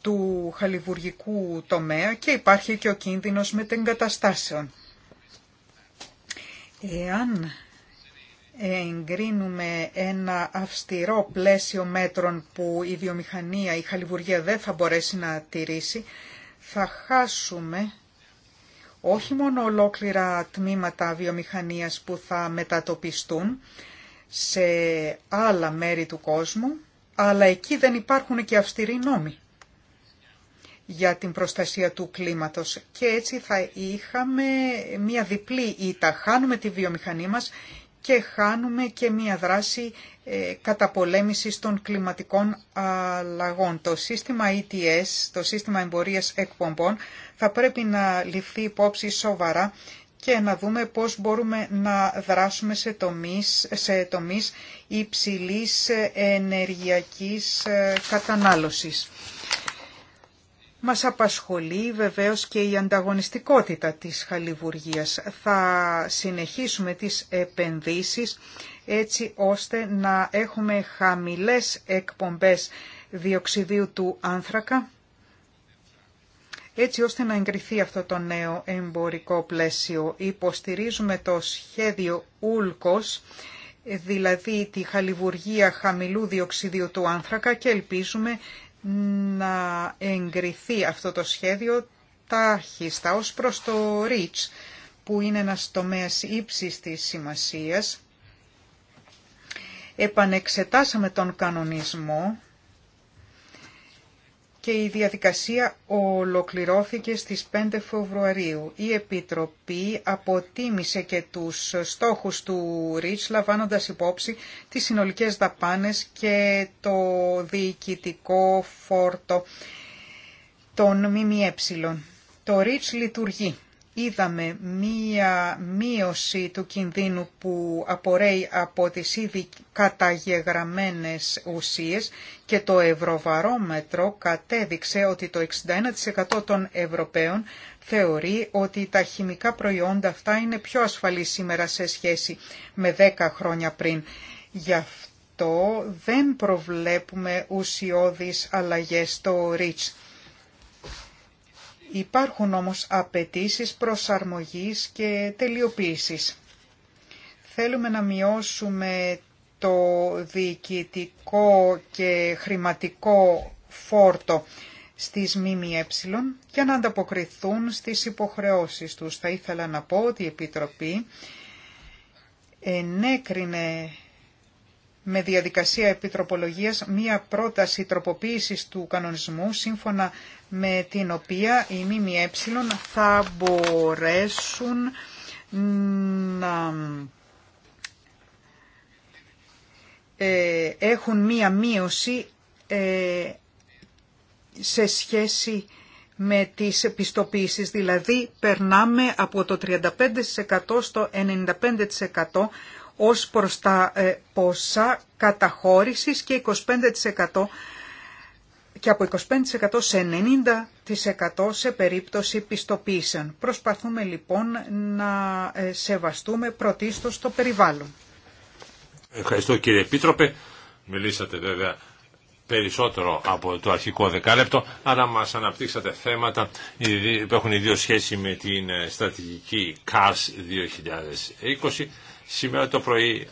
[SPEAKER 3] του χαλιβουργικού τομέα και υπάρχει και ο κίνδυνος με την καταστάσεων. Εάν εγκρίνουμε ένα αυστηρό πλαίσιο μέτρων που η βιομηχανία, η χαλιβουργία δεν θα μπορέσει να τηρήσει, θα χάσουμε όχι μόνο ολόκληρα τμήματα βιομηχανίας που θα μετατοπιστούν σε άλλα μέρη του κόσμου, αλλά εκεί δεν υπάρχουν και αυστηροί νόμοι για την προστασία του κλίματος και έτσι θα είχαμε μία διπλή ήττα. Χάνουμε τη βιομηχανία μας και χάνουμε και μία δράση ε, καταπολέμησης των κλιματικών αλλαγών. Το σύστημα ETS, το σύστημα εμπορίας εκπομπών, θα πρέπει να ληφθεί υπόψη σοβαρά και να δούμε πώς μπορούμε να δράσουμε σε τομείς, σε τομείς υψηλής ενεργειακής ε, κατανάλωσης. Μας απασχολεί βεβαίως και η ανταγωνιστικότητα της χαλιβουργίας. Θα συνεχίσουμε τις επενδύσεις έτσι ώστε να έχουμε χαμηλές εκπομπές διοξιδίου του άνθρακα έτσι ώστε να εγκριθεί αυτό το νέο εμπορικό πλαίσιο. Υποστηρίζουμε το σχέδιο Ούλκος, δηλαδή τη χαλιβουργία χαμηλού διοξιδίου του άνθρακα και ελπίζουμε να εγκριθεί αυτό το σχέδιο τάχιστα ως προς το ΡΙΤΣ, που είναι ένας τομέας ύψης της σημασίας. Επανεξετάσαμε τον κανονισμό και η διαδικασία ολοκληρώθηκε στις 5 Φεβρουαρίου. Η Επιτροπή αποτίμησε και τους στόχους του ΡΙΤΣ λαμβάνοντας υπόψη τις συνολικές δαπάνες και το διοικητικό φόρτο των ΜΜΕ. Το ΡΙΤΣ λειτουργεί είδαμε μία μείωση του κινδύνου που απορρέει από τις ήδη καταγεγραμμένες ουσίες και το Ευρωβαρόμετρο κατέδειξε ότι το 61% των Ευρωπαίων θεωρεί ότι τα χημικά προϊόντα αυτά είναι πιο ασφαλή σήμερα σε σχέση με 10 χρόνια πριν. Γι' αυτό δεν προβλέπουμε ουσιώδεις αλλαγές στο REACH Υπάρχουν όμως απαιτήσει προσαρμογής και τελειοποίησης. Θέλουμε να μειώσουμε το διοικητικό και χρηματικό φόρτο στις ΜΜΕ για να ανταποκριθούν στις υποχρεώσεις τους. Θα ήθελα να πω ότι η Επιτροπή ενέκρινε με διαδικασία επιτροπολογίας μία πρόταση τροποποίησης του κανονισμού σύμφωνα με την οποία οι ΜΜΕ θα μπορέσουν να ε, έχουν μία μείωση ε, σε σχέση με τις επιστοποιήσεις δηλαδή περνάμε από το 35% στο 95% ως προς τα ε, ποσά καταχώρησης και 25% και από 25% σε 90% σε περίπτωση πιστοποίησεων. Προσπαθούμε λοιπόν να ε, σεβαστούμε πρωτίστως το περιβάλλον.
[SPEAKER 2] Ευχαριστώ κύριε Επίτροπε. Μιλήσατε βέβαια περισσότερο από το αρχικό δεκάλεπτο, αλλά μας αναπτύξατε θέματα που έχουν ιδίως σχέση με την ε, στρατηγική CARS 2020 Σήμερα το πρωί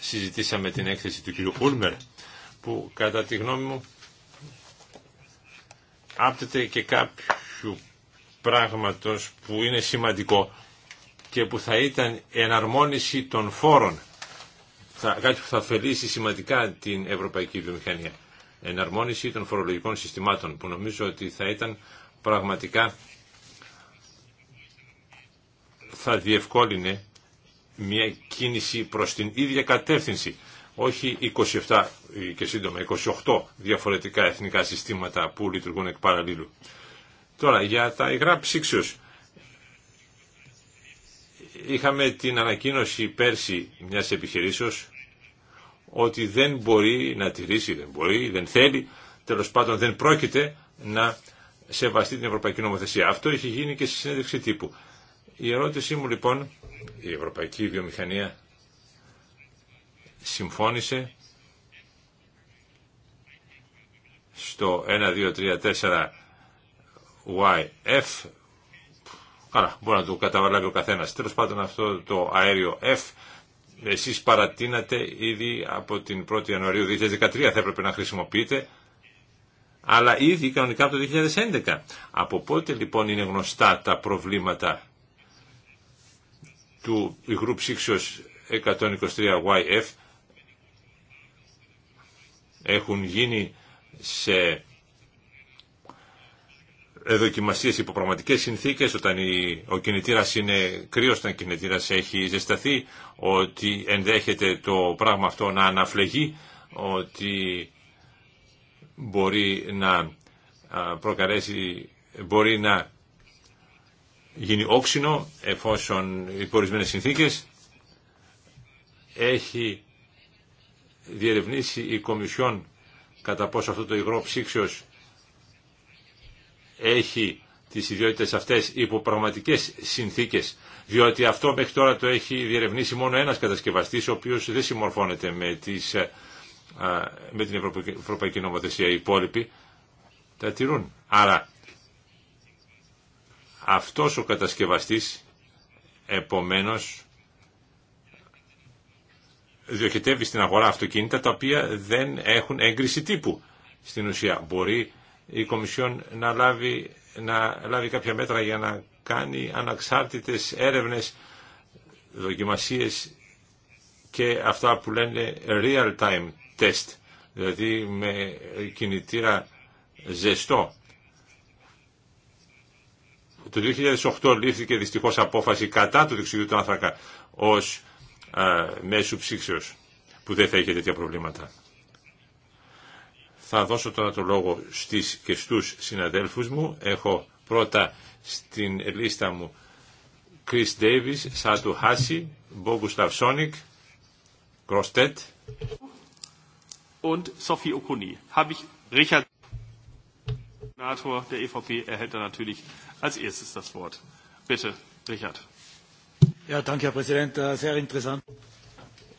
[SPEAKER 2] συζητήσαμε την έκθεση του κ. Ούλμερ που κατά τη γνώμη μου άπτεται και κάποιου πράγματος που είναι σημαντικό και που θα ήταν εναρμόνιση των φόρων. Θα, κάτι που θα ωφελήσει σημαντικά την ευρωπαϊκή βιομηχανία. Εναρμόνιση των φορολογικών συστημάτων που νομίζω ότι θα ήταν πραγματικά θα διευκόλυνε μια κίνηση προς την ίδια κατεύθυνση. Όχι 27 ε, και σύντομα 28 διαφορετικά εθνικά συστήματα που λειτουργούν εκ παραλλήλου. Τώρα για τα υγρά ψήξεως. Είχαμε την ανακοίνωση πέρσι μιας επιχειρήσεως ότι δεν μπορεί να τηρήσει, δεν μπορεί, δεν θέλει, τέλος πάντων δεν πρόκειται να σεβαστεί την Ευρωπαϊκή Νομοθεσία. Αυτό έχει γίνει και στη συνέντευξη τύπου. Η ερώτησή μου λοιπόν η ευρωπαϊκή βιομηχανία συμφώνησε στο 1, 2, 3, 4 YF Άρα μπορεί να το καταβαλάβει ο καθένα. Τέλο πάντων αυτό το αέριο F Εσεί παρατείνατε ήδη από την 1η Ιανουαρίου 2013 θα έπρεπε να χρησιμοποιείτε αλλά ήδη κανονικά από το 2011. Από πότε λοιπόν είναι γνωστά τα προβλήματα του υγρού ψήξεως 123YF έχουν γίνει σε δοκιμασίε υπό πραγματικέ συνθήκε, όταν ο κινητήρα είναι κρύο, όταν ο κινητήρα έχει ζεσταθεί, ότι ενδέχεται το πράγμα αυτό να αναφλεγεί, ότι μπορεί να προκαλέσει, μπορεί να γίνει όξινο εφόσον οι συνθήκες έχει διερευνήσει η Κομισιόν κατά πόσο αυτό το υγρό ψύξιος έχει τις ιδιότητες αυτές υπό πραγματικές συνθήκες διότι αυτό μέχρι τώρα το έχει διερευνήσει μόνο ένας κατασκευαστής ο οποίος δεν συμμορφώνεται με, τις, ε, με την Ευρωπαϊκή Νομοθεσία οι υπόλοιποι τα τηρούν. Άρα αυτός ο κατασκευαστής επομένως διοχετεύει στην αγορά αυτοκίνητα τα οποία δεν έχουν έγκριση τύπου στην ουσία. Μπορεί η Κομισιόν να λάβει, να λάβει κάποια μέτρα για να κάνει αναξάρτητες έρευνες, δοκιμασίες και αυτά που λένε real-time test, δηλαδή με κινητήρα ζεστό το 2008 λήφθηκε δυστυχώ απόφαση κατά του δεξιού του άνθρακα ω ε, μέσου ψήξεω που δεν θα είχε τέτοια προβλήματα. Θα δώσω τώρα το λόγο στις και στους συναδέλφους μου. Έχω πρώτα στην λίστα μου Chris Davis, Σάτου Χάση, Μπόγκουσταυ Sonik, Κροστέτ. und Sophie Okuni. Habe ich Richard
[SPEAKER 1] der EVP erhält er natürlich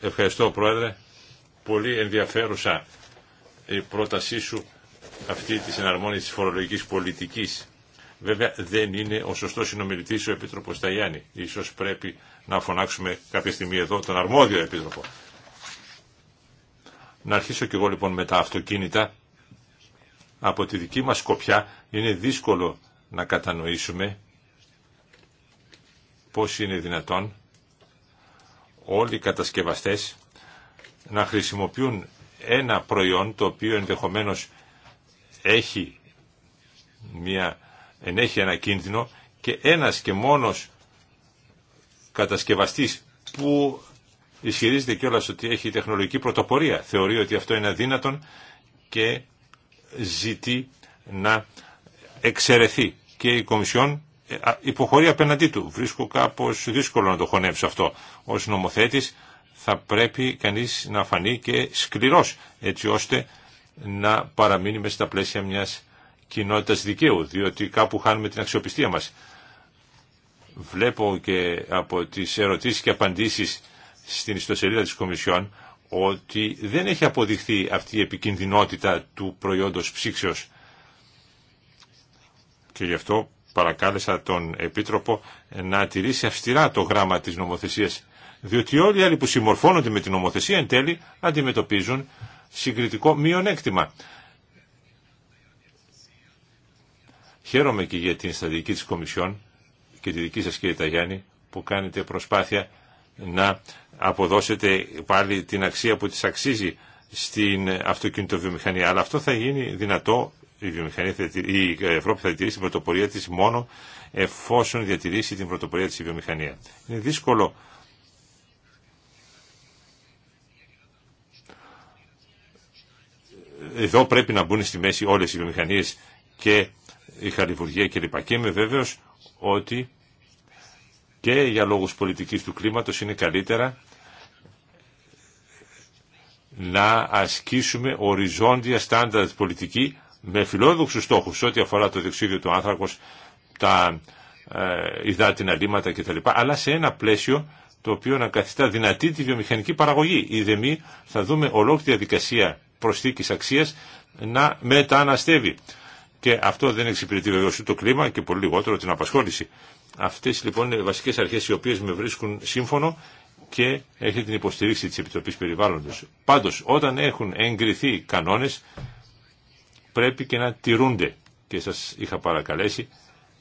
[SPEAKER 2] Ευχαριστώ, Πρόεδρε. Πολύ ενδιαφέρουσα η πρότασή σου αυτή της εναρμόνισης της φορολογικής πολιτικής. Βέβαια δεν είναι ο σωστός συνομιλητής ο Επίτροπος Ταγιάννη. Ίσως πρέπει να φωνάξουμε κάποια στιγμή εδώ τον αρμόδιο Επίτροπο. Να αρχίσω κι εγώ λοιπόν με τα αυτοκίνητα. Από τη δική μας σκοπιά είναι δύσκολο να κατανοήσουμε πώς είναι δυνατόν όλοι οι κατασκευαστές να χρησιμοποιούν ένα προϊόν το οποίο ενδεχομένως έχει, μια, ενέχει ένα κίνδυνο και ένας και μόνος κατασκευαστής που ισχυρίζεται κιόλας ότι έχει τεχνολογική πρωτοπορία. Θεωρεί ότι αυτό είναι αδύνατον και ζητεί να εξαιρεθεί και η Κομισιόν ε, υποχωρεί απέναντί του. Βρίσκω κάπως δύσκολο να το χωνέψω αυτό. Ως νομοθέτης θα πρέπει κανείς να φανεί και σκληρός έτσι ώστε να παραμείνει μέσα στα πλαίσια μιας κοινότητας δικαίου διότι κάπου χάνουμε την αξιοπιστία μας. Βλέπω και από τις ερωτήσεις και απαντήσεις στην ιστοσελίδα της Κομισιόν ότι δεν έχει αποδειχθεί αυτή η επικινδυνότητα του προϊόντος ψήξεως και γι' αυτό παρακάλεσα τον Επίτροπο να τηρήσει αυστηρά το γράμμα της νομοθεσίας, διότι όλοι οι άλλοι που συμμορφώνονται με την νομοθεσία εν τέλει αντιμετωπίζουν συγκριτικό μειονέκτημα. Χαίρομαι και για την στατική της Κομισιόν και τη δική σας κύριε Ταγιάννη που κάνετε προσπάθεια να αποδώσετε πάλι την αξία που της αξίζει στην αυτοκινητοβιομηχανία. Αλλά αυτό θα γίνει δυνατό η, ε, η Ευρώπη θα διατηρήσει την πρωτοπορία της μόνο εφόσον διατηρήσει την πρωτοπορία της η βιομηχανία. Είναι δύσκολο εδώ πρέπει να μπουν στη μέση όλες οι βιομηχανίες και η χαλιβουργία κλπ. Και είμαι βέβαιος ότι και για λόγους πολιτικής του κλίματος είναι καλύτερα να ασκήσουμε οριζόντια στάνταρτ πολιτική με φιλόδοξους στόχους ό,τι αφορά το διοξίδιο του άνθρακος, τα ε, υδάτινα λίμματα κτλ. Αλλά σε ένα πλαίσιο το οποίο να καθιστά δυνατή τη βιομηχανική παραγωγή. η Ιδεμή θα δούμε ολόκληρη διαδικασία προσθήκης αξίας να μεταναστεύει. Και αυτό δεν εξυπηρετεί βεβαίω το κλίμα και πολύ λιγότερο την απασχόληση. Αυτέ λοιπόν είναι οι βασικέ αρχέ οι οποίε με βρίσκουν σύμφωνο και έχει την υποστηρίξη τη Επιτροπή Περιβάλλοντο. Πάντω, όταν έχουν εγκριθεί κανόνε, πρέπει και να τηρούνται και σας είχα παρακαλέσει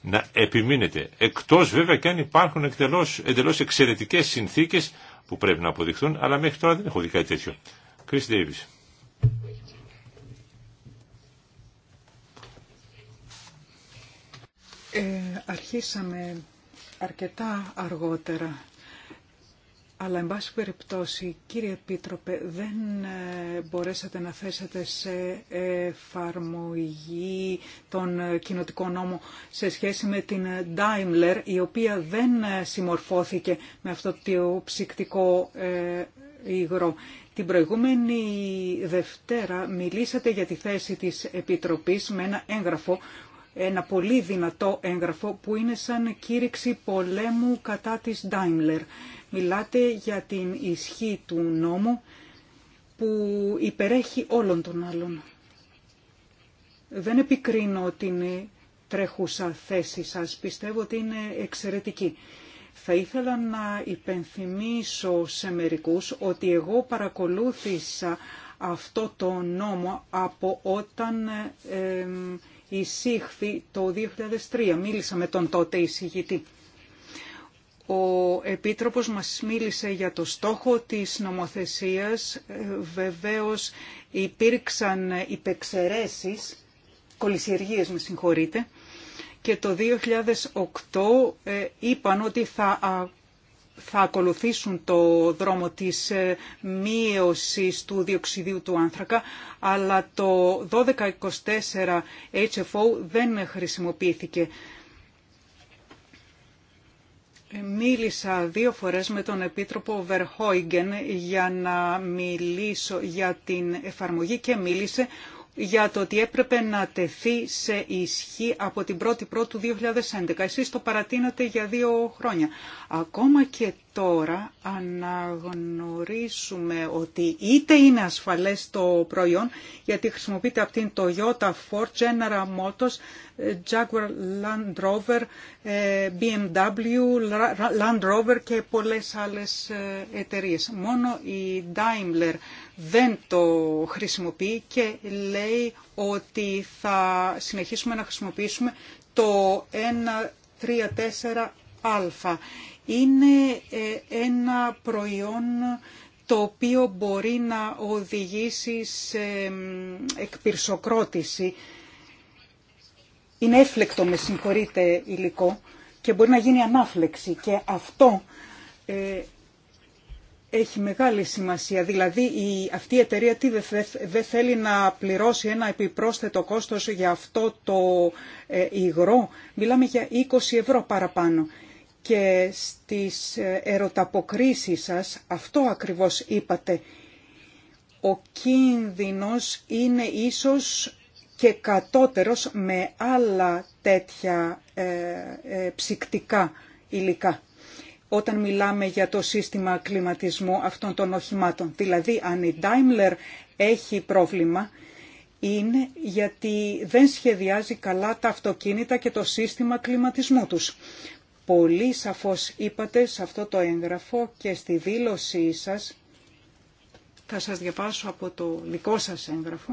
[SPEAKER 2] να επιμείνετε. Εκτός βέβαια και αν υπάρχουν εκτελώς, εντελώς εξαιρετικές συνθήκες που πρέπει να αποδειχθούν, αλλά μέχρι τώρα δεν έχω δει κάτι τέτοιο. Chris Davis.
[SPEAKER 3] Ε, αρχίσαμε αρκετά αργότερα αλλά, εν πάση περιπτώσει, κύριε Επίτροπε, δεν ε, μπορέσατε να θέσετε σε εφαρμογή τον ε, κοινοτικό νόμο σε σχέση με την Daimler, η οποία δεν ε, συμμορφώθηκε με αυτό το ψυκτικό υγρό. Την προηγούμενη Δευτέρα μιλήσατε για τη θέση της Επιτροπής με ένα έγγραφο ένα πολύ δυνατό έγγραφο που είναι σαν κήρυξη πολέμου κατά της Daimler. Μιλάτε για την ισχύ του νόμου που υπερέχει όλων των άλλων. Δεν επικρίνω την τρέχουσα θέση σας. Πιστεύω ότι είναι εξαιρετική. Θα ήθελα να υπενθυμίσω σε μερικούς ότι εγώ παρακολούθησα αυτό το νόμο από όταν ε, εισήχθη το 2003. Μίλησα με τον τότε εισηγητή. Ο Επίτροπος μας μίλησε για το στόχο της νομοθεσίας. Ε, βεβαίως υπήρξαν υπεξαιρέσεις, κολυσιεργίες με συγχωρείτε, και το 2008 ε, είπαν ότι θα, θα ακολουθήσουν το δρόμο της ε, μείωσης του διοξιδίου του άνθρακα, αλλά το 1224 HFO δεν χρησιμοποιήθηκε Μίλησα δύο φορές με τον Επίτροπο Βερχόιγκεν για να μιλήσω για την εφαρμογή και μίλησε για το ότι έπρεπε να τεθεί σε ισχύ από την 1η Πρώτου 2011. Εσείς το παρατείνατε για δύο χρόνια. Ακόμα και τώρα αναγνωρίσουμε ότι είτε είναι ασφαλές το προϊόν, γιατί χρησιμοποιείται από την Toyota, Ford, General Motors, Jaguar Land Rover, ε, BMW, Land Rover και πολλές άλλες ε, εταιρείες. Μόνο η Daimler δεν το χρησιμοποιεί και λέει ότι θα συνεχίσουμε να χρησιμοποιήσουμε το 134α είναι ε, ένα προϊόν το οποίο μπορεί να οδηγήσει σε εκπυρσοκρότηση. Είναι έφλεκτο, με συγχωρείτε, υλικό και μπορεί να γίνει ανάφλεξη και αυτό ε, έχει μεγάλη σημασία. Δηλαδή η, αυτή η εταιρεία δεν δε θέλει να πληρώσει ένα επιπρόσθετο κόστος για αυτό το ε, υγρό. Μιλάμε για 20 ευρώ παραπάνω και στις ε, ερωταποκρίσεις σας αυτό ακριβώς είπατε. Ο κίνδυνος είναι ίσως και κατώτερος με άλλα τέτοια ε, ε, ψυκτικά υλικά. Όταν μιλάμε για το σύστημα κλιματισμού αυτών των οχημάτων, δηλαδή αν η Daimler έχει πρόβλημα, είναι γιατί δεν σχεδιάζει καλά τα αυτοκίνητα και το σύστημα κλιματισμού τους πολύ σαφώς είπατε σε αυτό το έγγραφο και στη δήλωσή σας, θα σας διαβάσω από το δικό σας έγγραφο,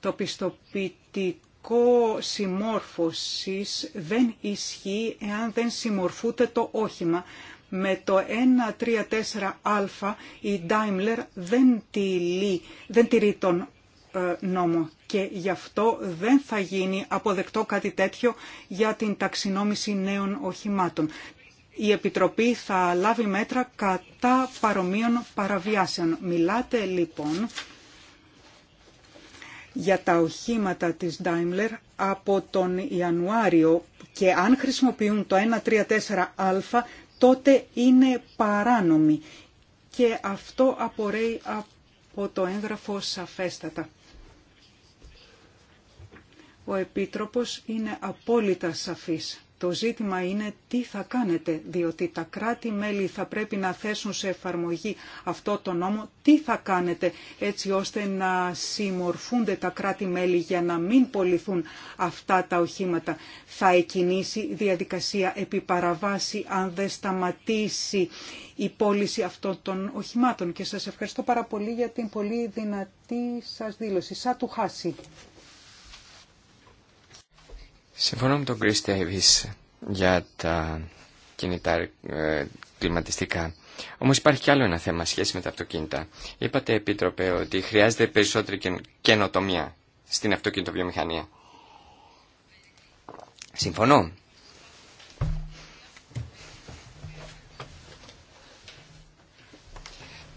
[SPEAKER 3] το πιστοποιητικό συμμόρφωσης δεν ισχύει εάν δεν συμμορφούται το όχημα. Με το 134α η Daimler δεν τηρεί, δεν τηρεί τον ε, νόμο και γι' αυτό δεν θα γίνει αποδεκτό κάτι τέτοιο για την ταξινόμηση νέων οχημάτων. Η Επιτροπή θα λάβει μέτρα κατά παρομοίων παραβιάσεων. Μιλάτε λοιπόν για τα οχήματα της Daimler από τον Ιανουάριο και αν χρησιμοποιούν το 134α τότε είναι παράνομοι και αυτό απορρέει από το έγγραφο σαφέστατα. Ο Επίτροπος είναι απόλυτα σαφής. Το ζήτημα είναι τι θα κάνετε, διότι τα κράτη-μέλη θα πρέπει να θέσουν σε εφαρμογή αυτό το νόμο. Τι θα κάνετε έτσι ώστε να συμμορφούνται τα κράτη-μέλη για να μην πολιθούν αυτά τα οχήματα. Θα εκινήσει διαδικασία επιπαραβάση αν δεν σταματήσει η πώληση αυτών των οχημάτων. Και σας ευχαριστώ πάρα πολύ για την πολύ δυνατή σας δήλωση. Σα του χάσει.
[SPEAKER 4] Συμφωνώ με τον Chris Davis για τα κινητά ε, κλιματιστικά. Όμως υπάρχει κι άλλο ένα θέμα σχέση με τα αυτοκίνητα. Είπατε, Επίτροπε, ότι χρειάζεται περισσότερη καινοτομία στην αυτοκινητοβιομηχανία. Συμφωνώ.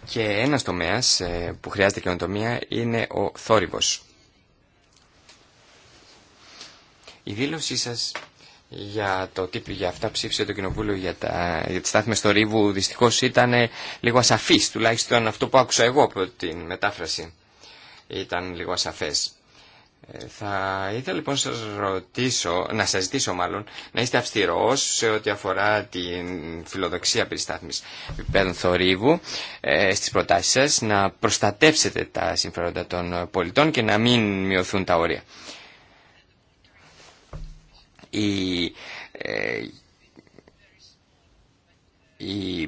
[SPEAKER 4] Και ένας τομέας ε, που χρειάζεται καινοτομία είναι ο θόρυβος. Η δήλωσή σας για το τι για αυτά ψήφισε το Κοινοβούλιο για, τα, για τις στάθμες θορύβου δυστυχώς ήταν ε, λίγο ασαφής, τουλάχιστον αυτό που άκουσα εγώ από την μετάφραση ήταν λίγο ασαφές. Ε, θα ήθελα λοιπόν σας ρωτήσω, να σας ζητήσω μάλλον να είστε αυστηρός σε ό,τι αφορά την φιλοδοξία περιστάθμισης επιπέδων θορύβου ε, στις προτάσεις να προστατεύσετε τα συμφέροντα των πολιτών και να μην μειωθούν τα όρια η, ε, η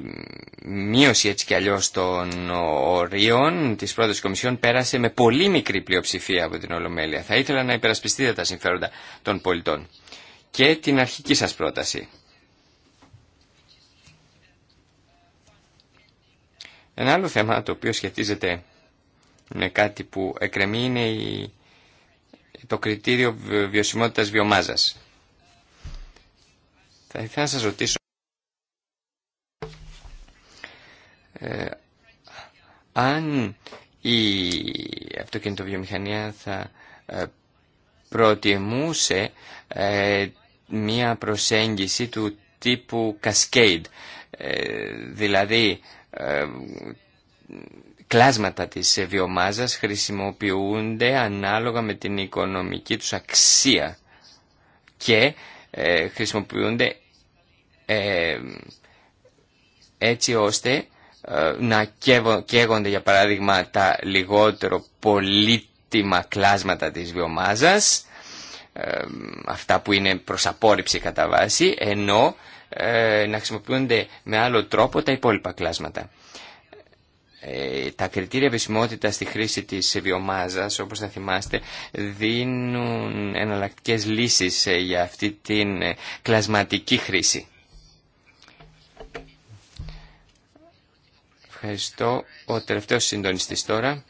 [SPEAKER 4] μείωση έτσι κι αλλιώς των ορίων της πρώτης Κομισιόν πέρασε με πολύ μικρή πλειοψηφία από την Ολομέλεια. Θα ήθελα να υπερασπιστείτε τα συμφέροντα των πολιτών και την αρχική σας πρόταση. Ένα άλλο θέμα το οποίο σχετίζεται με κάτι που εκρεμεί είναι η... το κριτήριο βιωσιμότητας βιομάζας. Θα ήθελα να σας ρωτήσω ε, αν η αυτοκινητοβιομηχανία θα ε, προτιμούσε ε, μία προσέγγιση του τύπου cascade, δηλαδή κλάσματα της βιομάζας χρησιμοποιούνται ανάλογα με την οικονομική τους αξία και ε, χρησιμοποιούνται ε, έτσι ώστε ε, να καίγονται για παράδειγμα τα λιγότερο πολύτιμα κλάσματα της βιομάζας αυτά που είναι προς απόρριψη κατά βάση ενώ να χρησιμοποιούνται με άλλο τρόπο τα υπόλοιπα κλάσματα. Ε, τα κριτήρια επισημότητα στη χρήση της βιομάζας, όπως θα θυμάστε, δίνουν εναλλακτικές λύσεις ε, για αυτή την ε, κλασματική χρήση. Ευχαριστώ. Ο τελευταίος συντονιστής τώρα.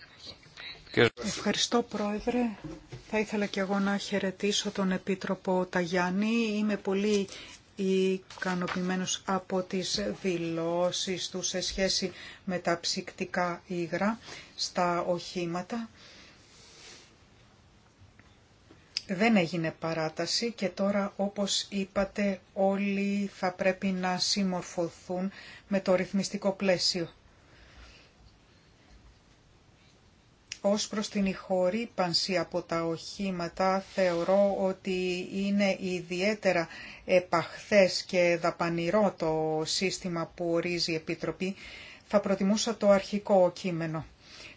[SPEAKER 3] Ευχαριστώ Πρόεδρε. Θα ήθελα και εγώ να χαιρετήσω τον Επίτροπο Ταγιάννη. Είμαι πολύ ικανοποιημένο από τις δηλώσεις του σε σχέση με τα ψυκτικά υγρά στα οχήματα. Δεν έγινε παράταση και τώρα όπως είπατε όλοι θα πρέπει να συμμορφωθούν με το ρυθμιστικό πλαίσιο. Ως προς την ηχορύπανση από τα οχήματα θεωρώ ότι είναι ιδιαίτερα επαχθές και δαπανηρό το σύστημα που ορίζει η Επιτροπή. Θα προτιμούσα το αρχικό κείμενο.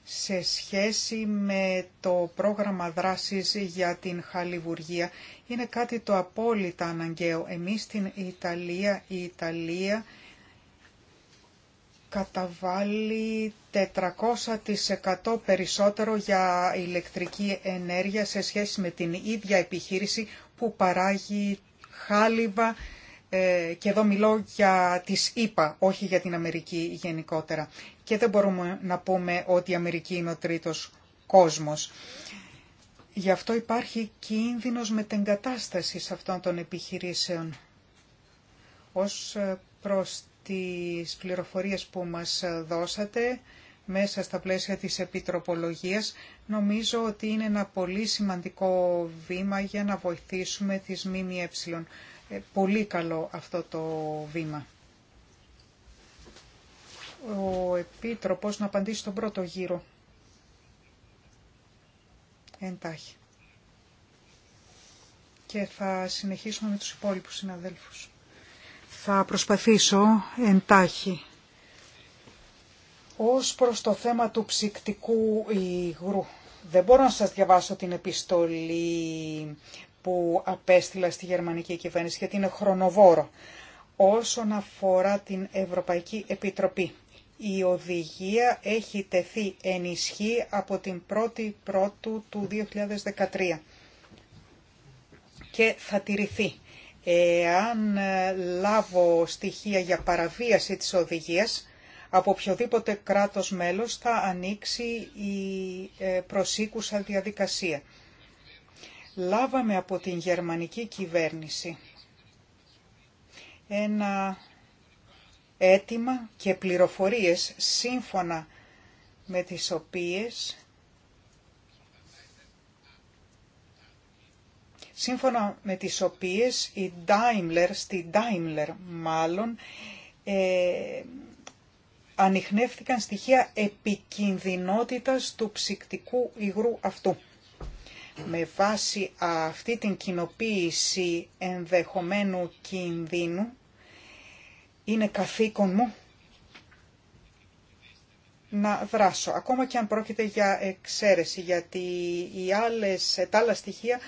[SPEAKER 3] Σε σχέση με το πρόγραμμα δράσης για την χαλιβουργία είναι κάτι το απόλυτα αναγκαίο. Εμείς στην Ιταλία, η Ιταλία καταβάλει 400% περισσότερο για ηλεκτρική ενέργεια σε σχέση με την ίδια επιχείρηση που παράγει χάλιβα ε, και εδώ μιλώ για τις ΗΠΑ, όχι για την Αμερική γενικότερα. Και δεν μπορούμε να πούμε ότι η Αμερική είναι ο τρίτος κόσμος. Γι' αυτό υπάρχει κίνδυνος μετεγκατάστασης αυτών των επιχειρήσεων. Ως ε, προς τις πληροφορίες που μας δώσατε μέσα στα πλαίσια της επιτροπολογίας. Νομίζω ότι είναι ένα πολύ σημαντικό βήμα για να βοηθήσουμε τις ΜΜΕ. Ε, πολύ καλό αυτό το βήμα. Ο Επίτροπος να απαντήσει στον πρώτο γύρο. Εντάχει. Και θα συνεχίσουμε με τους υπόλοιπους συναδέλφους. Θα προσπαθήσω εντάχει. Ως προς το θέμα του ψυκτικού υγρού. Δεν μπορώ να σας διαβάσω την επιστολή που απέστειλα στη γερμανική κυβέρνηση, γιατί είναι χρονοβόρο. Όσον αφορά την Ευρωπαϊκή Επιτροπή, η οδηγία έχει τεθεί ισχύ από την 1η Πρώτου του 2013 και θα τηρηθεί. Εάν ε, λάβω στοιχεία για παραβίαση της οδηγίας, από οποιοδήποτε κράτος μέλος θα ανοίξει η ε, προσήκουσα διαδικασία. Λάβαμε από την γερμανική κυβέρνηση ένα αίτημα και πληροφορίες σύμφωνα με τις οποίες σύμφωνα με τις οποίες η Daimler, στη Daimler μάλλον, ε, ανοιχνεύτηκαν στοιχεία επικινδυνότητας του ψυκτικού υγρού αυτού. Με βάση αυτή την κοινοποίηση ενδεχομένου κινδύνου, είναι καθήκον μου να δράσω, ακόμα και αν πρόκειται για εξαίρεση, γιατί οι άλλες, τα άλλα στοιχεία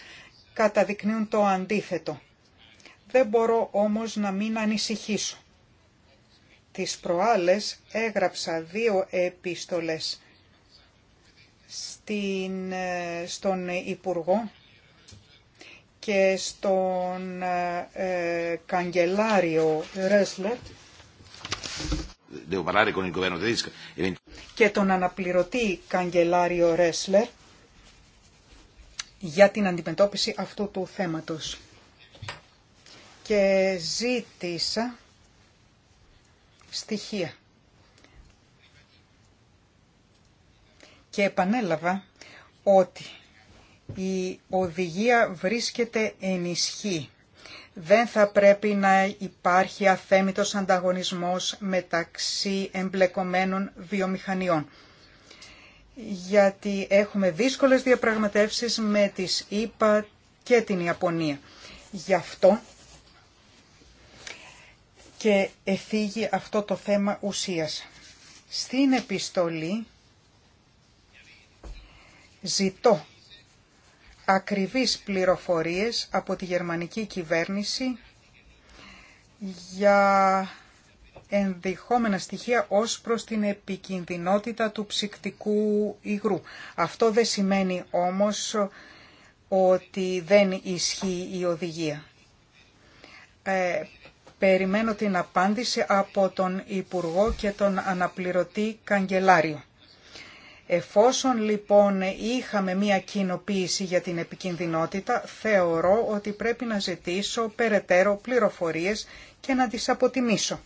[SPEAKER 3] καταδεικνύουν το αντίθετο. Δεν μπορώ όμως να μην ανησυχήσω. Τις προάλλες έγραψα δύο επίστολες στην, ε, στον Υπουργό και στον ε, ε Καγκελάριο Ρέσλετ και τον αναπληρωτή Καγκελάριο Ρέσλερ για την αντιμετώπιση αυτού του θέματος. Και ζήτησα στοιχεία. Και επανέλαβα ότι η οδηγία βρίσκεται ισχύ. Δεν θα πρέπει να υπάρχει αθέμητος ανταγωνισμός μεταξύ εμπλεκομένων βιομηχανιών γιατί έχουμε δύσκολες διαπραγματεύσεις με τις ΗΠΑ και την Ιαπωνία. Γι' αυτό και εφήγει αυτό το θέμα ουσίας. Στην επιστολή ζητώ ακριβείς πληροφορίες από τη γερμανική κυβέρνηση για ενδειχόμενα στοιχεία ως προς την επικινδυνότητα του ψυκτικού υγρού. Αυτό δεν σημαίνει όμως ότι δεν ισχύει η οδηγία. Ε, περιμένω την απάντηση από τον Υπουργό και τον Αναπληρωτή Καγκελάριο. Εφόσον λοιπόν είχαμε μία κοινοποίηση για την επικινδυνότητα, θεωρώ ότι πρέπει να ζητήσω περαιτέρω πληροφορίες και να τις αποτιμήσω.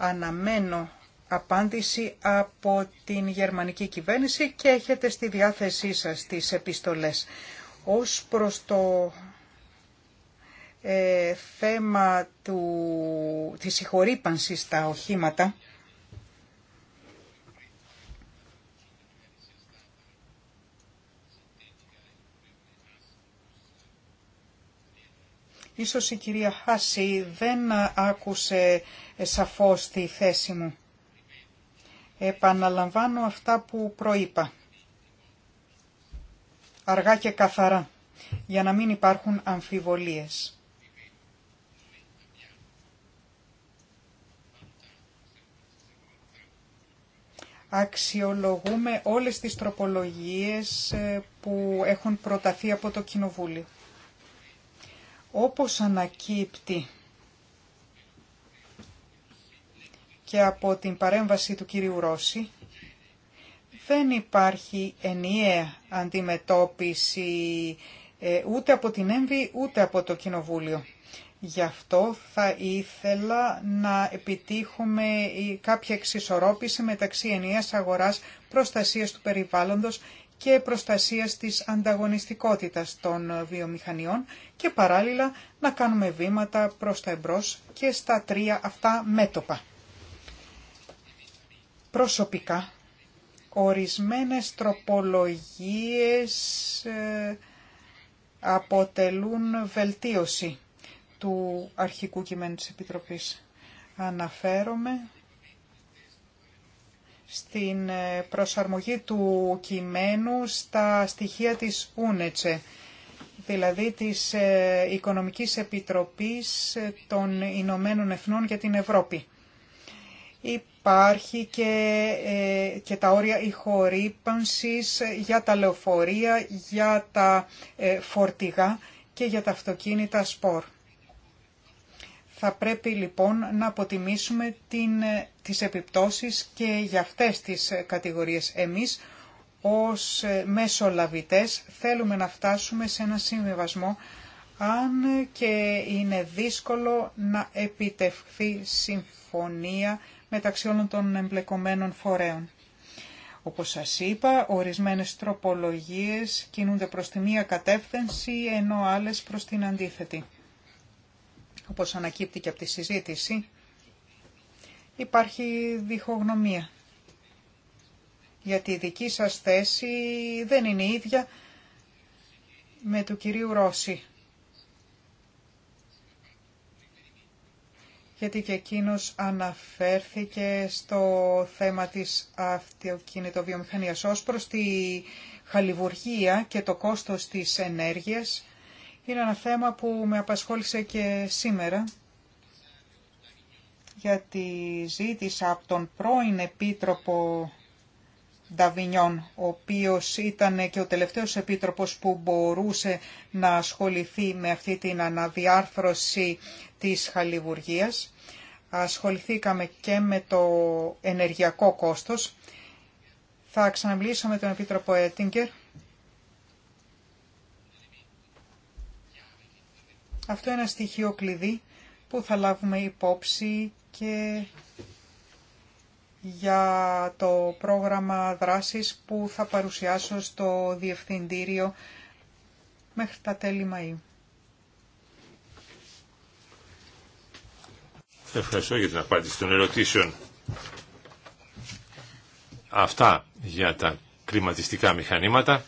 [SPEAKER 3] Αναμένω απάντηση από την γερμανική κυβέρνηση και έχετε στη διάθεσή σας τις επιστολές. Ως προς το ε, θέμα του, της συγχωρήπανσης στα οχήματα, Ίσως η κυρία Χάση δεν άκουσε σαφώς τη θέση μου. Επαναλαμβάνω αυτά που προείπα. Αργά και καθαρά, για να μην υπάρχουν αμφιβολίες. Αξιολογούμε όλες τις τροπολογίες ε, που έχουν προταθεί από το Κοινοβούλιο. Όπως ανακύπτει και από την παρέμβαση του κύριου Ρώση, δεν υπάρχει ενιαία αντιμετώπιση ε, ούτε από την ΕΜΒΗ ούτε από το Κοινοβούλιο. Γι' αυτό θα ήθελα να επιτύχουμε κάποια εξισορρόπηση μεταξύ ενιαίας αγοράς προστασίας του περιβάλλοντος και προστασίας της ανταγωνιστικότητας των βιομηχανιών και παράλληλα να κάνουμε βήματα προς τα εμπρός και στα τρία αυτά μέτωπα. Προσωπικά, ορισμένες τροπολογίες ε, αποτελούν βελτίωση του αρχικού κειμένου της Επιτροπής. Αναφέρομαι στην ε, προσαρμογή του κειμένου στα στοιχεία της ΟΝΕΤΣΕ, δηλαδή της ε, Οικονομικής Επιτροπής ε, των Ηνωμένων Εθνών για την Ευρώπη. Υπάρχει και, και τα όρια ηχορύπανσης για τα λεωφορεία, για τα φορτηγά και για τα αυτοκίνητα σπορ. Θα πρέπει λοιπόν να αποτιμήσουμε την, ε, τις επιπτώσεις και για αυτές τις ε, κατηγορίες. Εμείς ως ε, μεσολαβητές θέλουμε να φτάσουμε σε ένα συμβιβασμό αν και είναι δύσκολο να επιτευχθεί συμφωνία μεταξύ όλων των εμπλεκομένων φορέων. Όπως σας είπα, ορισμένες τροπολογίες κινούνται προς τη μία κατεύθυνση, ενώ άλλες προς την αντίθετη όπως ανακύπτει και από τη συζήτηση, υπάρχει διχογνωμία. Γιατί η δική σας θέση δεν είναι η ίδια με του κυρίου Ρώση. γιατί και εκείνος αναφέρθηκε στο θέμα της αυτοκινητοβιομηχανίας ως προς τη χαλιβουργία και το κόστος της ενέργειας είναι ένα θέμα που με απασχόλησε και σήμερα γιατί ζήτησα από τον πρώην Επίτροπο Νταβινιών, ο οποίος ήταν και ο τελευταίος Επίτροπος που μπορούσε να ασχοληθεί με αυτή την αναδιάρθρωση της χαλιβουργίας. Ασχοληθήκαμε και με το ενεργειακό κόστος. Θα ξαναμιλήσω με τον Επίτροπο Έτιγκερ Αυτό είναι ένα στοιχείο κλειδί που θα λάβουμε υπόψη και για το πρόγραμμα δράσης που θα παρουσιάσω στο Διευθυντήριο μέχρι τα τέλη Μαΐου.
[SPEAKER 2] Ευχαριστώ για την απάντηση των ερωτήσεων. Αυτά για τα κλιματιστικά μηχανήματα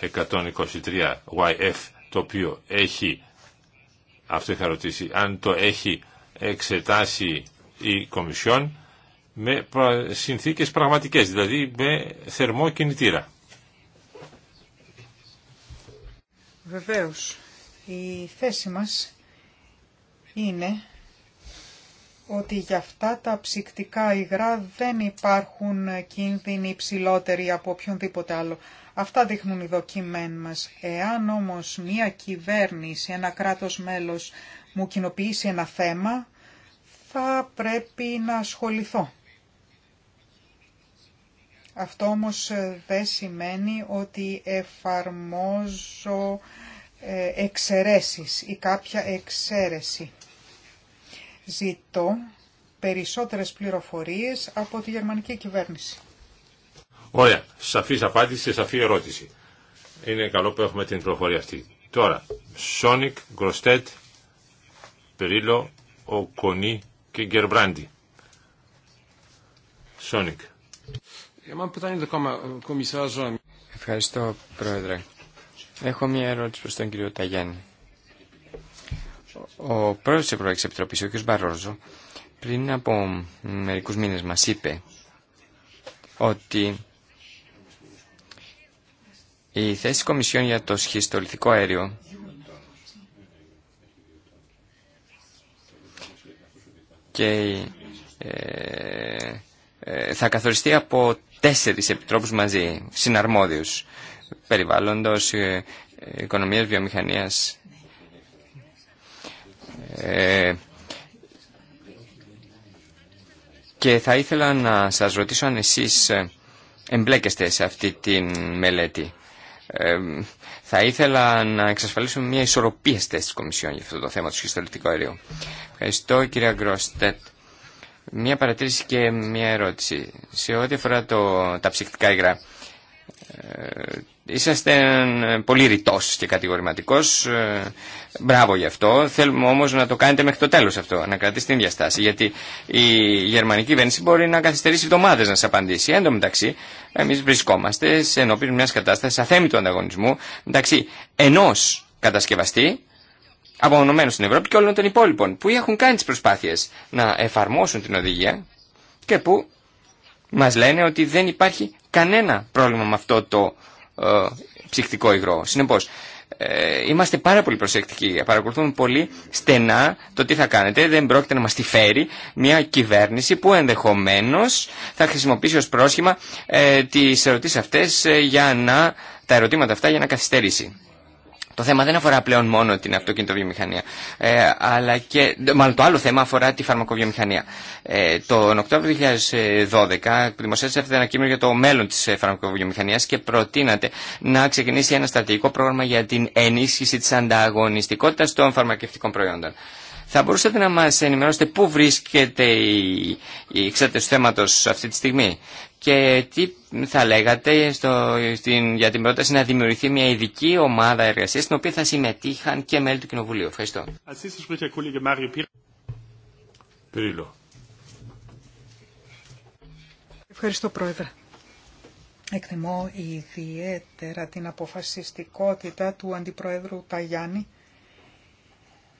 [SPEAKER 2] 123YF το οποίο έχει, αυτό είχα ρωτήσει, αν το έχει εξετάσει η Κομισιόν με συνθήκες πραγματικές, δηλαδή με θερμό κινητήρα.
[SPEAKER 3] Βεβαίως, η θέση μας είναι ότι για αυτά τα ψυκτικά υγρά δεν υπάρχουν κίνδυνοι ψηλότεροι από οποιονδήποτε άλλο. Αυτά δείχνουν οι δοκιμέν μας. Εάν όμως μία κυβέρνηση, ένα κράτος μέλος μου κοινοποιήσει ένα θέμα, θα πρέπει να ασχοληθώ. Αυτό όμως ε, δεν σημαίνει ότι εφαρμόζω ε, εξαιρέσεις ή κάποια εξαίρεση. Ζητώ περισσότερες πληροφορίες από τη γερμανική κυβέρνηση.
[SPEAKER 2] Ωραία, σαφής απάντηση και σαφή ερώτηση. Είναι καλό που έχουμε την πληροφορία αυτή. Τώρα, Σόνικ, Γκροστέτ, Περίλο, Κονί και Γκερμπράντι. Σόνικ. Ε,
[SPEAKER 4] Ευχαριστώ, Πρόεδρε. Έχω μια ερώτηση προς τον κύριο Ταγιάννη. Ο πρόεδρος της Ευρωπαϊκής Επιτροπής, ο κ. Μπαρόζο, πριν από μερικούς μήνες μας είπε ότι η θέση Κομισιόν για το σχιστολιθικό αέριο και ε, ε, θα καθοριστεί από τέσσερις επιτρόπους μαζί, συναρμόδιους, περιβάλλοντος, ε, οικονομίας, βιομηχανίας. και θα ήθελα να σας ρωτήσω αν εσείς εμπλέκεστε σε αυτή τη μελέτη θα ήθελα να εξασφαλίσουμε μια ισορροπία στη θέση τη Κομισιόν για αυτό το θέμα του σχιστολιτικού αερίου. Ευχαριστώ κύριε Γκροστέτ. Μια παρατήρηση και μια ερώτηση. Σε ό,τι αφορά το, τα ψυχτικά υγρά, ε, είσαστε πολύ ρητός και κατηγορηματικός. Ε, μπράβο γι' αυτό. Θέλουμε όμως να το κάνετε μέχρι το τέλος αυτό, να κρατήσετε την διαστάση. Γιατί η γερμανική κυβέρνηση μπορεί να καθυστερήσει εβδομάδε να σα απαντήσει. Εν τω μεταξύ, εμείς βρισκόμαστε σε ενώπιον μιας κατάστασης αθέμητου ανταγωνισμού μεταξύ ενός κατασκευαστή απομονωμένου στην Ευρώπη και όλων των υπόλοιπων που έχουν κάνει τις προσπάθειες να εφαρμόσουν την οδηγία και που μας λένε ότι δεν υπάρχει κανένα πρόβλημα με αυτό το ε, ψυχτικό υγρό. Συνεπώς, ε, είμαστε πάρα πολύ προσεκτικοί, παρακολουθούμε πολύ στενά το τι θα κάνετε. Δεν πρόκειται να μας τη φέρει μια κυβέρνηση που ενδεχομένως θα χρησιμοποιήσει ως πρόσχημα ε, τις ερωτήσεις αυτές ε, για να, τα ερωτήματα αυτά για να καθυστερήσει. Το θέμα δεν αφορά πλέον μόνο την αυτοκινητοβιομηχανία, ε, αλλά και, μάλλον το άλλο θέμα αφορά τη φαρμακοβιομηχανία. Ε, τον Οκτώβριο 2012 δημοσιεύσατε ένα κείμενο για το μέλλον της ε, φαρμακοβιομηχανίας και προτείνατε να ξεκινήσει ένα στρατηγικό πρόγραμμα για την ενίσχυση της ανταγωνιστικότητας των φαρμακευτικών προϊόντων. Θα μπορούσατε να μας ενημερώσετε πού βρίσκεται η, η του θέματος αυτή τη στιγμή και τι θα λέγατε στο, στην, για την πρόταση να δημιουργηθεί μια ειδική ομάδα εργασίας στην οποία θα συμμετείχαν και μέλη του Κοινοβουλίου. Ευχαριστώ.
[SPEAKER 3] Ευχαριστώ Πρόεδρε. Εκτιμώ ιδιαίτερα την αποφασιστικότητα του Αντιπροέδρου Ταγιάννη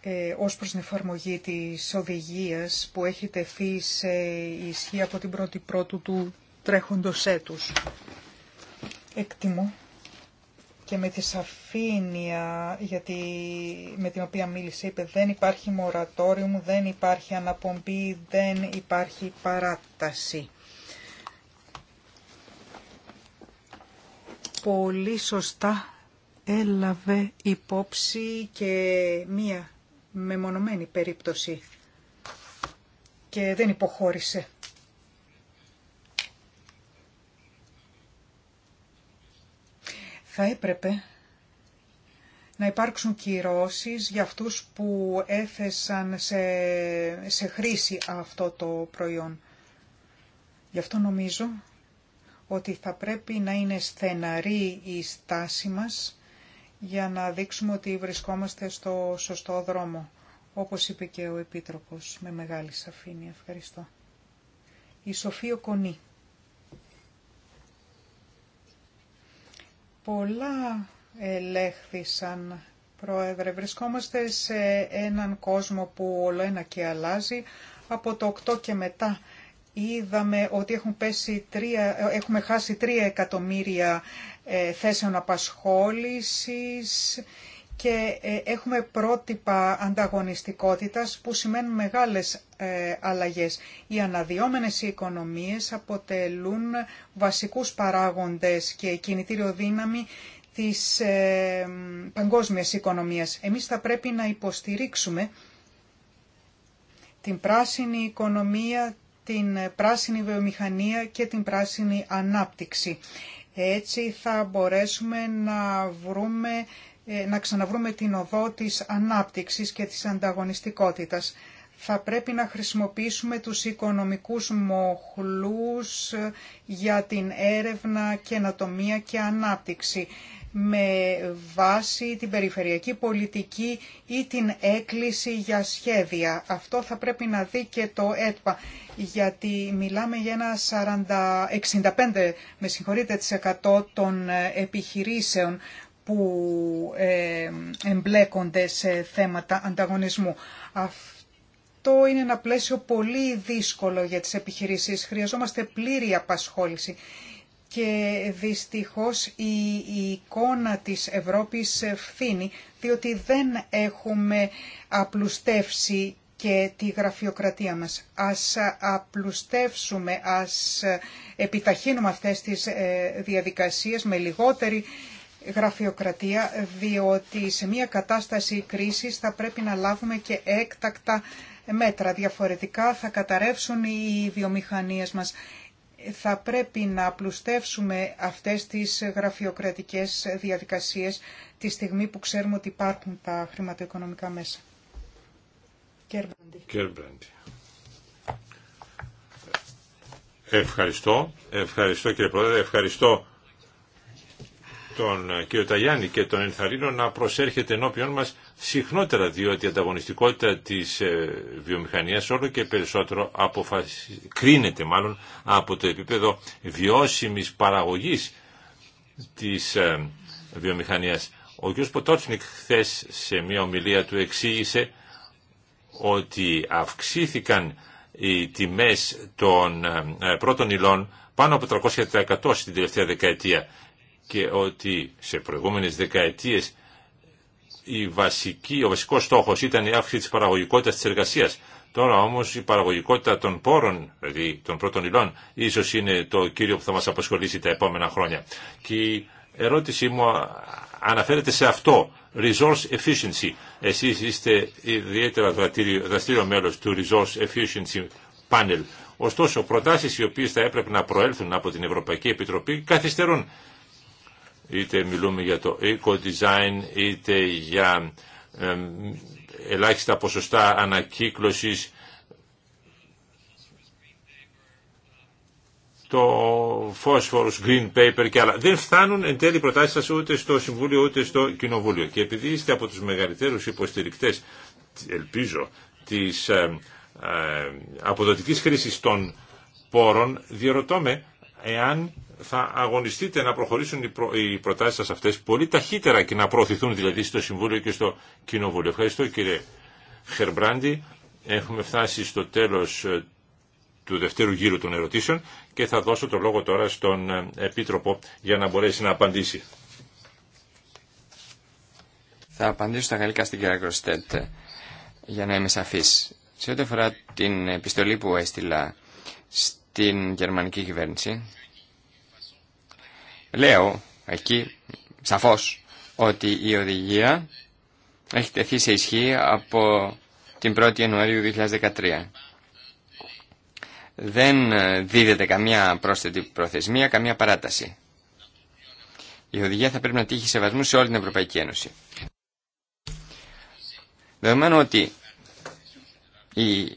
[SPEAKER 3] ε, ως προς την εφαρμογή της οδηγίας που έχει τεθεί σε ισχύ από την πρώτη πρώτου του τρέχοντος έτους. Εκτιμώ και με τη σαφήνεια γιατί με την οποία μίλησε είπε δεν υπάρχει μορατόριο, δεν υπάρχει αναπομπή, δεν υπάρχει παράταση. Πολύ σωστά έλαβε υπόψη και μία μεμονωμένη περίπτωση και δεν υποχώρησε. Θα έπρεπε να υπάρξουν κυρώσεις για αυτούς που έθεσαν σε, σε χρήση αυτό το προϊόν. Γι' αυτό νομίζω ότι θα πρέπει να είναι στεναρή η στάση μας για να δείξουμε ότι βρισκόμαστε στο σωστό δρόμο, όπως είπε και ο Επίτροπος με μεγάλη σαφήνεια. Ευχαριστώ. Η Σοφία Κονή. Πολλά ελέγχθησαν, Πρόεδρε. Βρισκόμαστε σε έναν κόσμο που όλο ένα και αλλάζει. Από το 8 και μετά είδαμε ότι έχουμε χάσει τρία εκατομμύρια ε, θέσεων απασχόλησης και ε, έχουμε πρότυπα ανταγωνιστικότητας που σημαίνουν μεγάλες ε, αλλαγές. Οι αναδιόμενες οικονομίες αποτελούν βασικούς παράγοντες και κινητήριο δύναμη της παγκόσμιας οικονομίας. Εμείς θα πρέπει να υποστηρίξουμε την πράσινη οικονομία, την πράσινη βιομηχανία και την πράσινη ανάπτυξη. Έτσι θα μπορέσουμε να, βρούμε, ε, να ξαναβρούμε την οδό της ανάπτυξης και της ανταγωνιστικότητας. Θα πρέπει να χρησιμοποιήσουμε τους οικονομικούς μοχλούς ε, για την έρευνα, καινοτομία και ανάπτυξη με βάση την περιφερειακή πολιτική ή την έκκληση για σχέδια. Αυτό θα πρέπει να δει και το ΕΤΠΑ, γιατί μιλάμε για ένα 40, 65 με των επιχειρήσεων που ε, εμπλέκονται σε θέματα ανταγωνισμού. Αυτό είναι ένα πλαίσιο πολύ δύσκολο για τις επιχειρήσεις. Χρειαζόμαστε πλήρη απασχόληση και δυστυχώς η, εικόνα της Ευρώπης φθήνει, διότι δεν έχουμε απλουστεύσει και τη γραφειοκρατία μας. Ας απλουστεύσουμε, ας επιταχύνουμε αυτές τις ε, διαδικασίες με λιγότερη γραφειοκρατία, διότι σε μια κατάσταση κρίσης θα πρέπει να λάβουμε και έκτακτα μέτρα. Διαφορετικά θα καταρρεύσουν οι βιομηχανίες μας θα πρέπει να πλουστεύσουμε αυτές τις γραφειοκρατικές διαδικασίες τη στιγμή που ξέρουμε ότι υπάρχουν τα χρηματοοικονομικά μέσα.
[SPEAKER 2] Κέρμπραντι. Ευχαριστώ. Ευχαριστώ κύριε Πρόεδρε. Ευχαριστώ τον κύριο Ταγιάννη και τον Ενθαρρύνω να προσέρχεται ενώπιον μας συχνότερα διότι η ανταγωνιστικότητα της ε, βιομηχανίας όλο και περισσότερο αποφασι... κρίνεται μάλλον από το επίπεδο βιώσιμης παραγωγής της ε, βιομηχανίας. Ο κ. Ποτότσνικ χθε σε μια ομιλία του εξήγησε ότι αυξήθηκαν οι τιμές των ε, πρώτων υλών πάνω από 300% στην τελευταία δεκαετία και ότι σε προηγούμενες δεκαετίες η βασική, ο βασικός στόχος ήταν η αύξηση της παραγωγικότητας της εργασίας. Τώρα όμως η παραγωγικότητα των πόρων, δηλαδή των πρώτων υλών, ίσως είναι το κύριο που θα μας απασχολήσει τα επόμενα χρόνια. Και η ερώτησή μου αναφέρεται σε αυτό, resource efficiency. Εσείς είστε ιδιαίτερα δραστήριο, δραστήριο μέλος του resource efficiency panel. Ωστόσο, προτάσεις οι οποίες θα έπρεπε να προέλθουν από την Ευρωπαϊκή Επιτροπή καθυστερούν είτε μιλούμε για το eco-design, είτε για ελάχιστα ποσοστά ανακύκλωσης. το Phosphorus Green Paper και άλλα. Δεν φτάνουν εν τέλει προτάσεις σας ούτε στο Συμβούλιο ούτε στο Κοινοβούλιο. Και επειδή είστε από τους μεγαλύτερους υποστηρικτές, ελπίζω, της ε, ε, αποδοτικής χρήσης των πόρων, διερωτώ με εάν θα αγωνιστείτε να προχωρήσουν οι, προ... προτάσεις σας αυτές πολύ ταχύτερα και να προωθηθούν δηλαδή στο Συμβούλιο και στο Κοινοβούλιο. Ευχαριστώ κύριε Χερμπράντι. Έχουμε φτάσει στο τέλος ε, του δευτέρου γύρου των ερωτήσεων και θα δώσω το λόγο τώρα στον ε, Επίτροπο για να μπορέσει να απαντήσει. Θα απαντήσω στα γαλλικά στην κυρία Κροστέτ ε, για να είμαι σαφής. Σε
[SPEAKER 4] ό,τι αφορά την επιστολή που έστειλα στην γερμανική κυβέρνηση, Λέω εκεί σαφώς ότι η οδηγία έχει τεθεί σε ισχύ από την 1η Ιανουαρίου 2013. Δεν δίδεται καμία πρόσθετη προθεσμία, καμία παράταση. Η οδηγία θα πρέπει να τύχει σεβασμού σε όλη την Ευρωπαϊκή Ένωση. Δεδομένου ότι η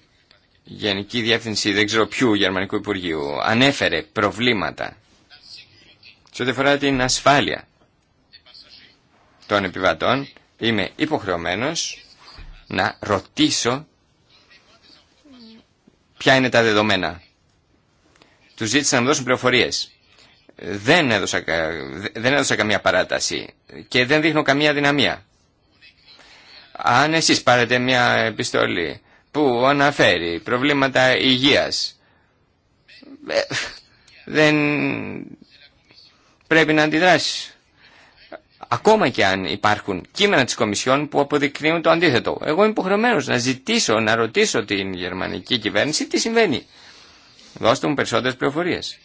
[SPEAKER 4] Γενική Διεύθυνση, δεν ξέρω ποιου Γερμανικού Υπουργείου, ανέφερε προβλήματα σε ό,τι αφορά την ασφάλεια των επιβατών, είμαι υποχρεωμένος να ρωτήσω ποια είναι τα δεδομένα. Τους ζήτησα να μου δώσουν πληροφορίες. Δεν έδωσα, δεν έδωσα καμία παράταση και δεν δείχνω καμία δυναμία. Αν εσείς πάρετε μια επιστολή που αναφέρει προβλήματα υγείας, ε, δεν πρέπει να αντιδράσει. Ακόμα και αν υπάρχουν κείμενα τη Κομισιόν που αποδεικνύουν το αντίθετο. Εγώ είμαι υποχρεωμένο να ζητήσω, να ρωτήσω την γερμανική κυβέρνηση τι συμβαίνει. Δώστε μου περισσότερες πληροφορίες.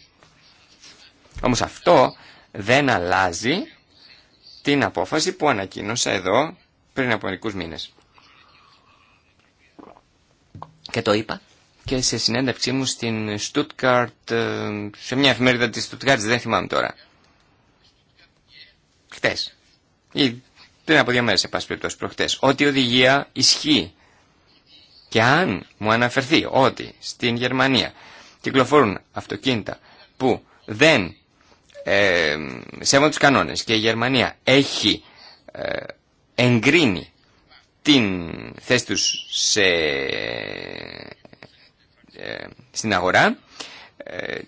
[SPEAKER 4] Όμως αυτό δεν αλλάζει την απόφαση που ανακοίνωσα εδώ πριν από μερικού μήνε. Και το είπα και σε συνέντευξή μου στην Stuttgart, ε, σε μια εφημερίδα της Stuttgart, δεν θυμάμαι τώρα προχτέ. Ή πριν από δύο μέρε, σε πάση περιπτώσει, προχτέ. Ότι η πριν απο δυο μερε σε παση προχτες οτι η οδηγια ισχυει Και αν μου αναφερθεί ότι στην Γερμανία κυκλοφορούν αυτοκίνητα που δεν ε, σέβονται τους κανόνες και η Γερμανία έχει ε, εγκρίνει την θέση τους σε, ε, στην αγορά, ε,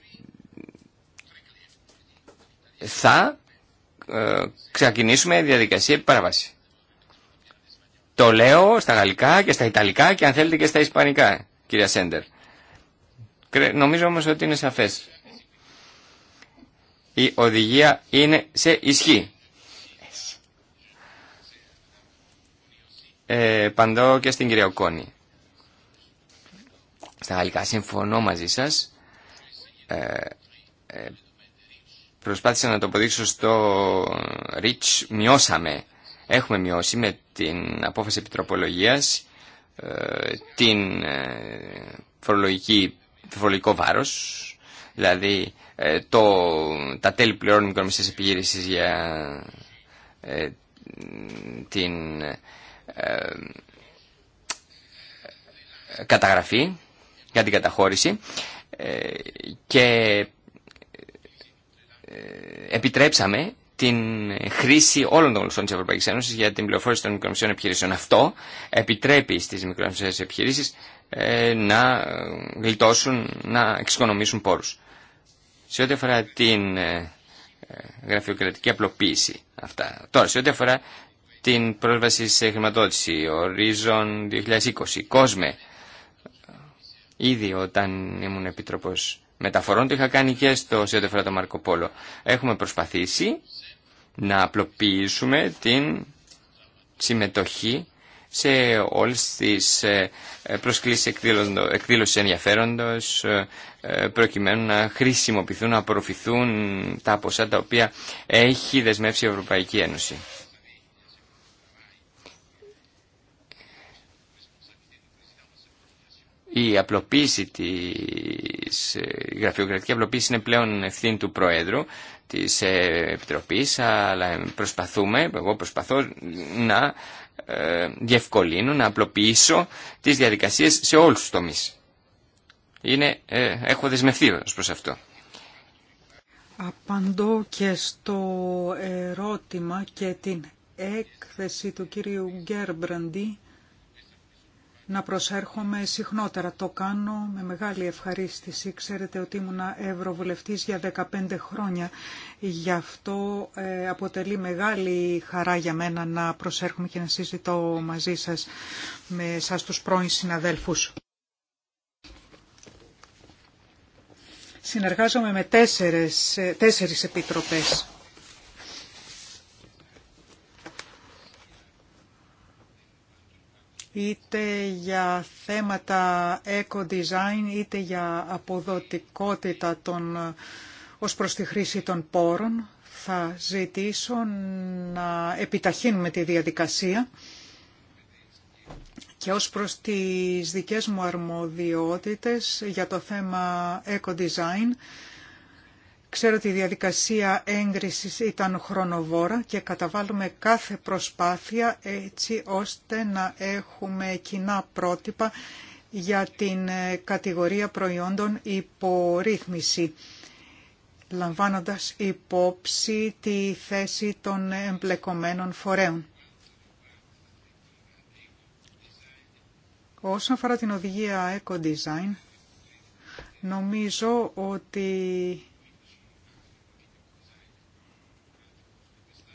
[SPEAKER 4] θα ε, ξεκινήσουμε διαδικασία επί παραβάση. Το λέω στα γαλλικά και στα ιταλικά και αν θέλετε και στα ισπανικά, κυρία Σέντερ. Νομίζω όμως ότι είναι σαφές. Η οδηγία είναι σε ισχύ. Ε, παντώ και στην κυρία Οκόνη. Στα γαλλικά συμφωνώ μαζί σας. Ε, ε, προσπάθησα να το αποδείξω στο REACH, μειώσαμε, έχουμε μειώσει με την απόφαση επιτροπολογίας ε, την ε, φορολογική, φορολογικό βάρος, δηλαδή ε, το, τα τέλη πληρώνουν οικονομικές επιχείρησεις για την καταγραφή, για την καταχώρηση και επιτρέψαμε την χρήση όλων των γλωσσών της Ευρωπαϊκής Ένωσης για την πληροφόρηση των μικρομεσαίων επιχειρήσεων. Αυτό επιτρέπει στις μικρομεσαίες επιχειρήσεις ε, να γλιτώσουν, να εξοικονομήσουν πόρους. Σε ό,τι αφορά την ε, ε, γραφειοκρατική απλοποίηση αυτά. Τώρα, σε ό,τι αφορά την πρόσβαση σε χρηματοδότηση, ορίζον 2020, κόσμε, ήδη όταν ήμουν επιτροπός μεταφορών, το είχα κάνει και στο Σιωτεφρά το Μαρκο Έχουμε προσπαθήσει να απλοποιήσουμε την συμμετοχή σε όλες τις ε, προσκλήσεις εκδήλωση ενδιαφέροντος ε, ε, προκειμένου να χρησιμοποιηθούν, να απορροφηθούν τα ποσά τα οποία έχει δεσμεύσει η Ευρωπαϊκή Ένωση. η απλοποίηση της ε, η γραφειοκρατική απλοποίηση είναι πλέον ευθύνη του Προέδρου της ε, Επιτροπής αλλά προσπαθούμε, εγώ προσπαθώ να ε, διευκολύνω, να απλοποιήσω τις διαδικασίες σε όλους τους τομείς. Είναι, έχω δεσμευτεί ως προς αυτό.
[SPEAKER 3] Απαντώ και στο ερώτημα και την έκθεση του κύριου Γκέρμπραντι να προσέρχομαι συχνότερα. Το κάνω με μεγάλη ευχαρίστηση. Ξέρετε ότι ήμουνα Ευρωβουλευτής για 15 χρόνια. Γι' αυτό ε, αποτελεί μεγάλη χαρά για μένα να προσέρχομαι και να συζητώ μαζί σας με σας τους πρώην συναδέλφους. Συνεργάζομαι με τέσσερις, τέσσερις επιτροπές είτε για θέματα eco-design, είτε για αποδοτικότητα των, ως προς τη χρήση των πόρων. Θα ζητήσω να επιταχύνουμε τη διαδικασία και ως προς τις δικές μου αρμοδιότητες για το θέμα eco-design Ξέρω ότι η διαδικασία έγκρισης ήταν χρονοβόρα και καταβάλουμε κάθε προσπάθεια έτσι ώστε να έχουμε κοινά πρότυπα για την ε, κατηγορία προϊόντων υπορρύθμιση λαμβάνοντας υπόψη τη θέση των εμπλεκομένων φορέων. Όσον αφορά την οδηγία Eco Design, νομίζω ότι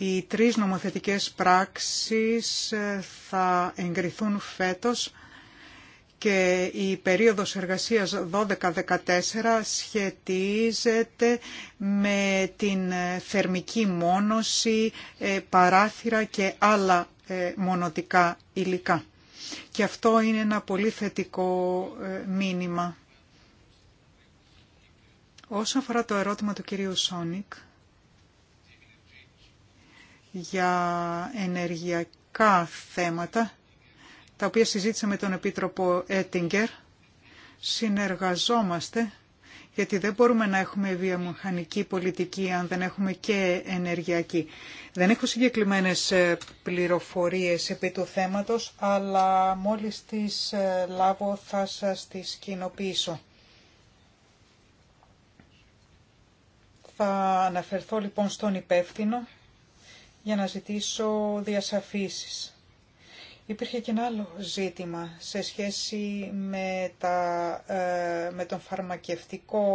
[SPEAKER 3] Οι τρεις νομοθετικές πράξεις ε, θα εγκριθούν φέτος και η περίοδος εργασίας 12-14 σχετίζεται με την ε, θερμική μόνωση, ε, παράθυρα και άλλα μονοτικά υλικά. Και αυτό είναι ένα πολύ θετικό μήνυμα. Όσον αφορά το ερώτημα του κυρίου Σόνικ, για ενεργειακά θέματα, τα οποία συζήτησα με τον Επίτροπο Έτιγκερ. Συνεργαζόμαστε, γιατί δεν μπορούμε να έχουμε βιομηχανική πολιτική αν δεν έχουμε και ενεργειακή. Δεν έχω συγκεκριμένες ε, πληροφορίες επί του θέματος, αλλά μόλις τις ε, λάβω θα σας τις κοινοποιήσω. Θα αναφερθώ λοιπόν στον υπεύθυνο για να ζητήσω διασαφήσεις. Υπήρχε και ένα άλλο ζήτημα σε σχέση με, τα, ε, με τον φαρμακευτικό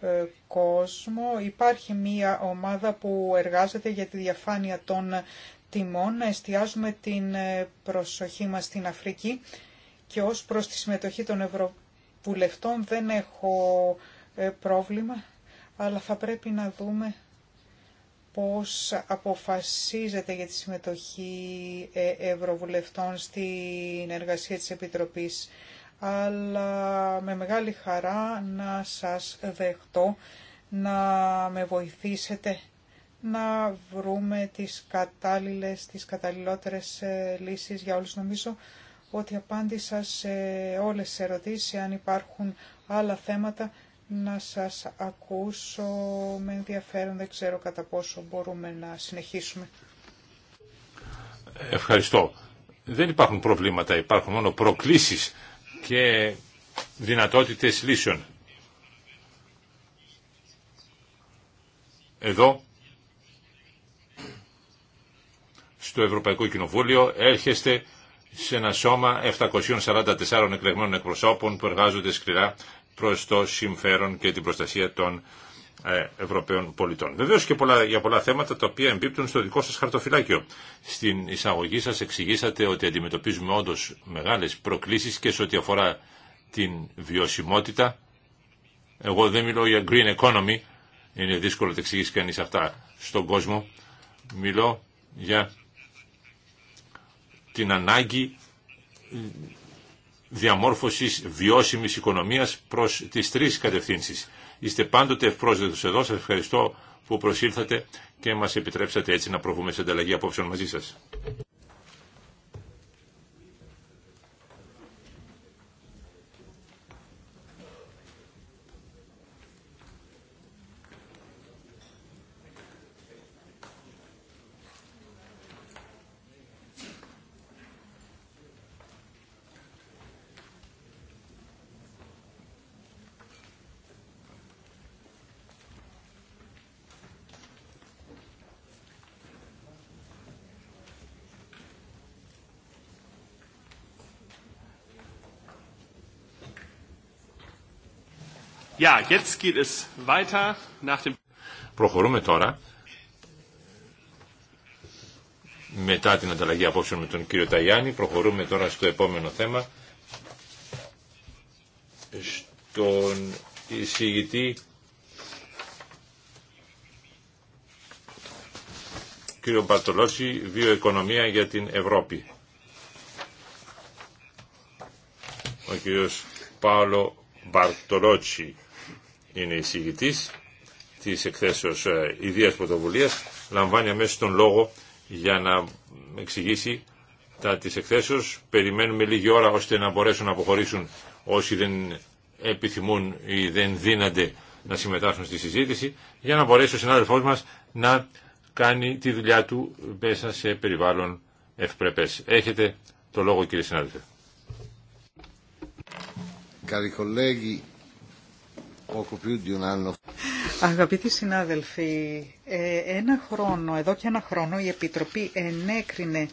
[SPEAKER 3] ε, κόσμο. Υπάρχει μία ομάδα που εργάζεται για τη διαφάνεια των τιμών. Εστιάζουμε την ε, προσοχή μας στην Αφρική και ως προς τη συμμετοχή των Ευρωβουλευτών δεν έχω πρόβλημα, αλλά θα πρέπει να δούμε πώς αποφασίζετε για τη συμμετοχή ε, ευρωβουλευτών στην εργασία της Επιτροπής, αλλά με μεγάλη χαρά να σας δεχτώ να με βοηθήσετε να βρούμε τις κατάλληλες, τις καταλληλότερες ε, λύσεις για όλους. Νομίζω ότι απάντησα σε όλες τις ερωτήσεις, αν υπάρχουν άλλα θέματα να σας ακούσω με ενδιαφέρον. Δεν ξέρω κατά πόσο μπορούμε να συνεχίσουμε.
[SPEAKER 2] Ευχαριστώ. Δεν υπάρχουν προβλήματα, υπάρχουν μόνο προκλήσεις και δυνατότητες λύσεων. Εδώ, στο Ευρωπαϊκό Κοινοβούλιο, έρχεστε σε ένα σώμα 744 εκλεγμένων εκπροσώπων που εργάζονται σκληρά προς το συμφέρον και την προστασία των ε, Ευρωπαίων πολιτών. Βεβαίω και πολλά, για πολλά θέματα τα οποία εμπίπτουν στο δικό σα χαρτοφυλάκιο. Στην εισαγωγή σα εξηγήσατε ότι αντιμετωπίζουμε όντω μεγάλε προκλήσει και σε ό,τι αφορά την βιωσιμότητα. Εγώ δεν μιλώ για green economy, είναι δύσκολο να τα εξηγήσει κανεί αυτά στον κόσμο. Μιλώ για την ανάγκη διαμόρφωσης βιώσιμης οικονομίας προς τις τρεις κατευθύνσεις. Είστε πάντοτε ευπρόσδετος εδώ. Σας ευχαριστώ που προσήλθατε και μας επιτρέψατε έτσι να προβούμε σε ανταλλαγή απόψεων μαζί σας.
[SPEAKER 1] Ja, jetzt geht es weiter nach dem...
[SPEAKER 2] Προχωρούμε τώρα μετά την ανταλλαγή απόψεων με τον κύριο Ταγιάννη. Προχωρούμε τώρα στο επόμενο θέμα στον εισηγητή κύριο Μπαρτολόση βιοοικονομία για την Ευρώπη. Ο κύριος Πάολο Μπαρτολότσι είναι εισηγητής της εκθέσεως ε, ιδίας πρωτοβουλία, λαμβάνει αμέσω τον λόγο για να εξηγήσει τα της εκθέσεω. Περιμένουμε λίγη ώρα ώστε να μπορέσουν να αποχωρήσουν όσοι δεν επιθυμούν ή δεν δύνανται να συμμετάσχουν στη συζήτηση, για να μπορέσει ο συνάδελφό μας να κάνει τη δουλειά του μέσα σε περιβάλλον ευπρεπέ. Έχετε το λόγο κύριε συνάδελφε.
[SPEAKER 3] Αγαπητοί συνάδελφοι, ε, ένα χρόνο, εδώ και ένα χρόνο η Επιτροπή ενέκρινε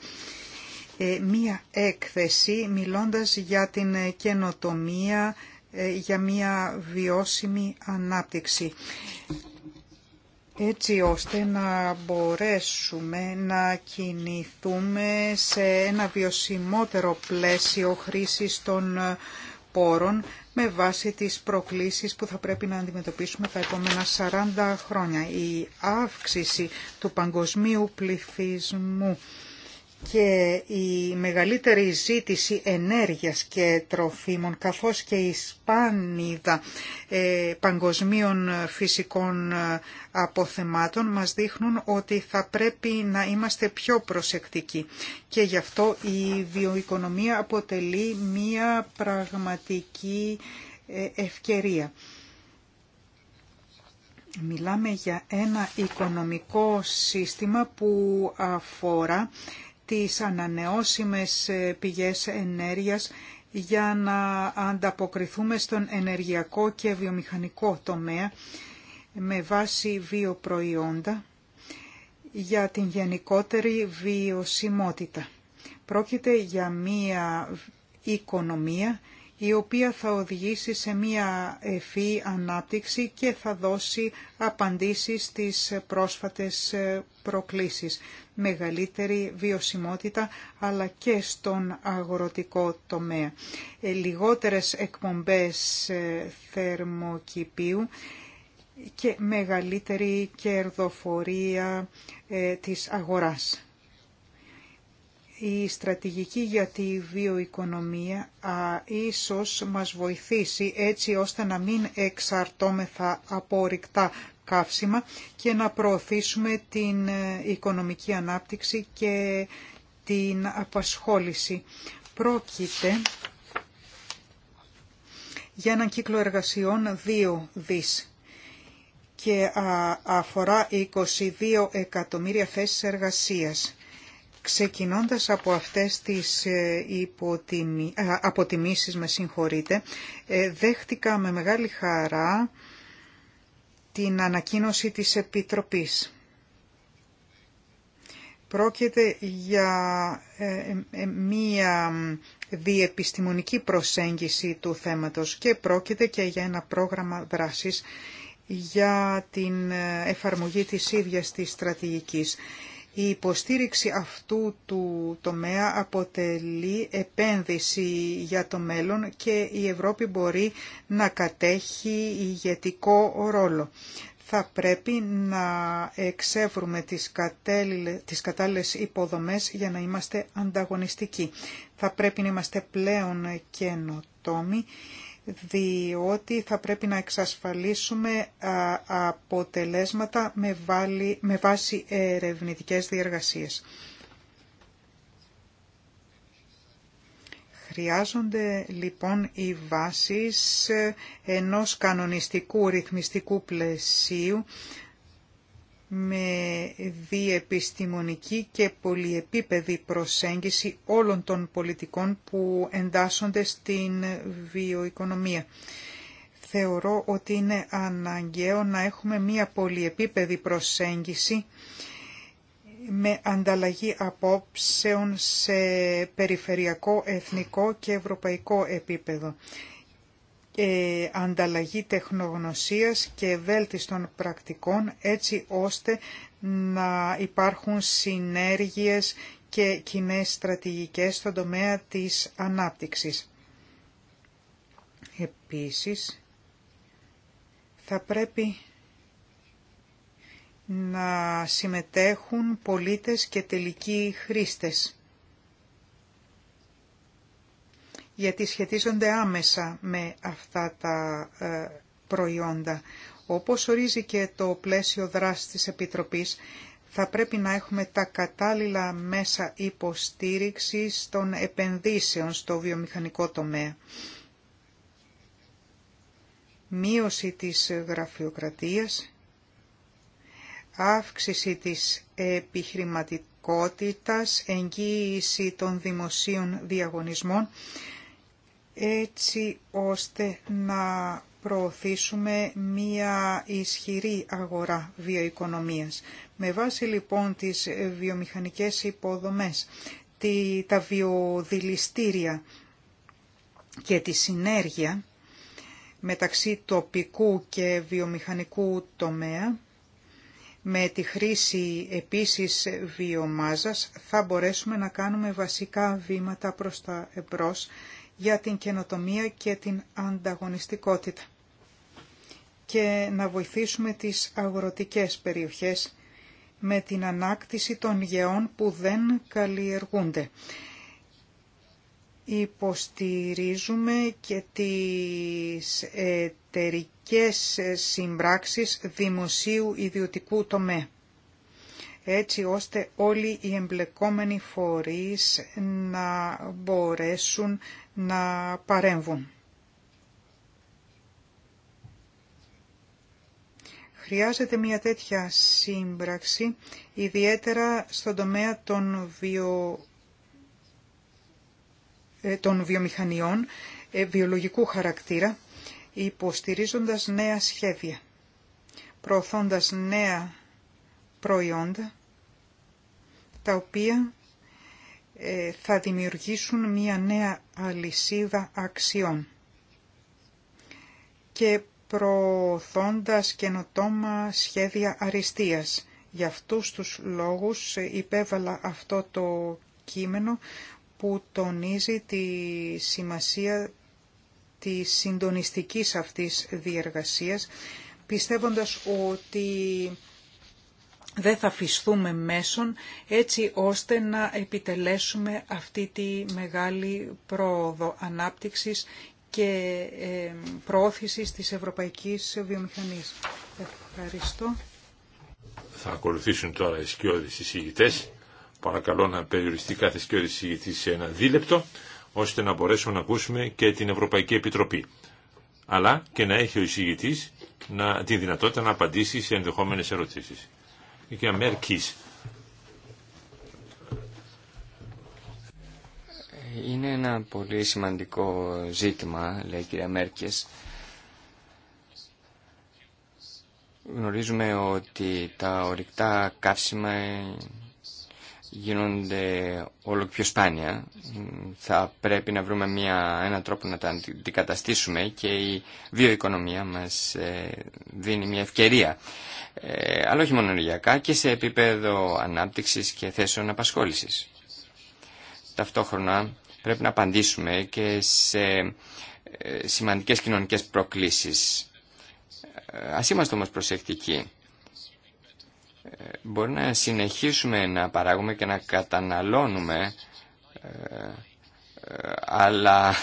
[SPEAKER 3] ε, μία έκθεση μιλώντας για την καινοτομία, ε, για μία βιώσιμη ανάπτυξη έτσι ώστε να μπορέσουμε να κινηθούμε σε ένα βιωσιμότερο πλαίσιο χρήσης των πόρων με βάση τις προκλήσεις που θα πρέπει να αντιμετωπίσουμε τα επόμενα 40 χρόνια. Η αύξηση του παγκοσμίου πληθυσμού και η μεγαλύτερη ζήτηση ενέργειας και τροφίμων καθώς και η σπάνιδα ε, παγκοσμίων φυσικών ε, αποθεμάτων μας δείχνουν ότι θα πρέπει να είμαστε πιο προσεκτικοί και γι' αυτό η βιοοικονομία αποτελεί μία πραγματική ε, ευκαιρία. Μιλάμε για ένα οικονομικό σύστημα που αφορά τις ανανεώσιμες ε, πηγές ενέργειας για να ανταποκριθούμε στον ενεργειακό και βιομηχανικό τομέα με βάση βιοπροϊόντα για την γενικότερη βιωσιμότητα. Πρόκειται για μία οικονομία η οποία θα οδηγήσει σε μια ευφύ ανάπτυξη και θα δώσει απαντήσεις στις πρόσφατες ε, προκλήσεις. Μεγαλύτερη βιωσιμότητα αλλά και στον αγροτικό τομέα. Ε, λιγότερες εκπομπές ε, θερμοκηπίου και μεγαλύτερη κερδοφορία της αγοράς η στρατηγική για τη βιοοικονομία α, ίσως μας βοηθήσει έτσι ώστε να μην εξαρτώμεθα από ορυκτά καύσιμα και να προωθήσουμε την ε, οικονομική ανάπτυξη και την απασχόληση. Πρόκειται για έναν κύκλο εργασιών 2 δις και αφορά 22 εκατομμύρια θέσεις εργασίας ξεκινώντας από αυτές τις ε, υποτιμι... Ε, αποτιμήσεις, με συγχωρείτε, ε, δέχτηκα με μεγάλη χαρά την ανακοίνωση της Επιτροπής. Πρόκειται για μία διεπιστημονική προσέγγιση του θέματος και πρόκειται και για ένα πρόγραμμα δράσης για την εφαρμογή της ίδιας της στρατηγικής. Η υποστήριξη αυτού του τομέα αποτελεί επένδυση για το μέλλον και η Ευρώπη μπορεί να κατέχει ηγετικό ρόλο. Θα πρέπει να εξεύρουμε τις κατάλληλες υποδομές για να είμαστε ανταγωνιστικοί. Θα πρέπει να είμαστε πλέον καινοτόμοι διότι θα πρέπει να εξασφαλίσουμε αποτελέσματα με βάση ερευνητικές διεργασίες. Χρειάζονται λοιπόν οι βάσεις ενός κανονιστικού ρυθμιστικού πλαισίου με διεπιστημονική και πολυεπίπεδη προσέγγιση όλων των πολιτικών που εντάσσονται στην βιοοικονομία. Θεωρώ ότι είναι αναγκαίο να έχουμε μία πολυεπίπεδη προσέγγιση με ανταλλαγή απόψεων σε περιφερειακό, εθνικό και ευρωπαϊκό επίπεδο. Ε, ανταλλαγή τεχνογνωσίας και βέλτιστων πρακτικών έτσι ώστε να υπάρχουν συνέργειες και κοινέ στρατηγικές στον τομέα της ανάπτυξης. Επίσης, θα πρέπει να συμμετέχουν πολίτες και τελικοί χρήστες γιατί σχετίζονται άμεσα με αυτά τα ε, προϊόντα. Όπως ορίζει και το πλαίσιο δράσης της Επιτροπής, θα πρέπει να έχουμε τα κατάλληλα μέσα υποστήριξης των επενδύσεων στο βιομηχανικό τομέα. Μείωση της γραφειοκρατίας, αύξηση της επιχειρηματικότητας, εγγύηση των δημοσίων διαγωνισμών έτσι ώστε να προωθήσουμε μία ισχυρή αγορά βιοοικονομίας. Με βάση λοιπόν τις βιομηχανικές υποδομές, τη, τα βιοδηληστήρια και τη συνέργεια μεταξύ τοπικού και βιομηχανικού τομέα, με τη χρήση επίσης βιομάζας θα μπορέσουμε να κάνουμε βασικά βήματα προς τα εμπρός για την καινοτομία και την ανταγωνιστικότητα και να βοηθήσουμε τις αγροτικές περιοχές με την ανάκτηση των γεών που δεν καλλιεργούνται. Υποστηρίζουμε και τις εταιρικέ συμπράξεις δημοσίου ιδιωτικού τομέα έτσι ώστε όλοι οι εμπλεκόμενοι φορείς να μπορέσουν να παρέμβουν. Χρειάζεται μια τέτοια σύμπραξη, ιδιαίτερα στον τομέα των, βιο... Ε, των βιομηχανιών, ε, βιολογικού χαρακτήρα, υποστηρίζοντας νέα σχέδια, προωθώντας νέα προϊόντα, τα οποία ε, θα δημιουργήσουν μία νέα αλυσίδα αξιών και προωθώντας καινοτόμα σχέδια αριστείας. Για αυτούς τους λόγους ε, υπέβαλα αυτό το κείμενο που τονίζει τη σημασία της συντονιστικής αυτής διεργασίας, πιστεύοντας ότι δεν θα φυσθούμε μέσον έτσι ώστε να επιτελέσουμε αυτή τη μεγάλη πρόοδο ανάπτυξης και ε, προώθησης της ευρωπαϊκής βιομηχανίας. Ευχαριστώ.
[SPEAKER 2] Θα ακολουθήσουν τώρα οι σκιώδεις εισηγητές. Παρακαλώ να περιοριστεί κάθε σκιώδης εισηγητής σε ένα δίλεπτο, ώστε να μπορέσουμε να ακούσουμε και την Ευρωπαϊκή Επιτροπή. Αλλά και να έχει ο εισηγητής να, την δυνατότητα να απαντήσει σε ενδεχόμενες ερωτήσεις.
[SPEAKER 4] Είναι ένα πολύ σημαντικό ζήτημα, λέει η κυρία Μέρκης. Γνωρίζουμε ότι τα ορυκτά καύσιμα γίνονται όλο πιο σπάνια. Θα πρέπει να βρούμε μια, έναν τρόπο να τα αντικαταστήσουμε και η βιοοικονομία μας ε, δίνει μια ευκαιρία. Ε, αλλά όχι μόνο ενεργειακά και σε επίπεδο ανάπτυξης και θέσεων απασχόλησης. Ταυτόχρονα πρέπει να απαντήσουμε και σε ε, σημαντικές κοινωνικές προκλήσεις. Ας είμαστε όμως προσεκτικοί μπορεί να συνεχίσουμε να παράγουμε και να καταναλώνουμε ε, ε, αλλά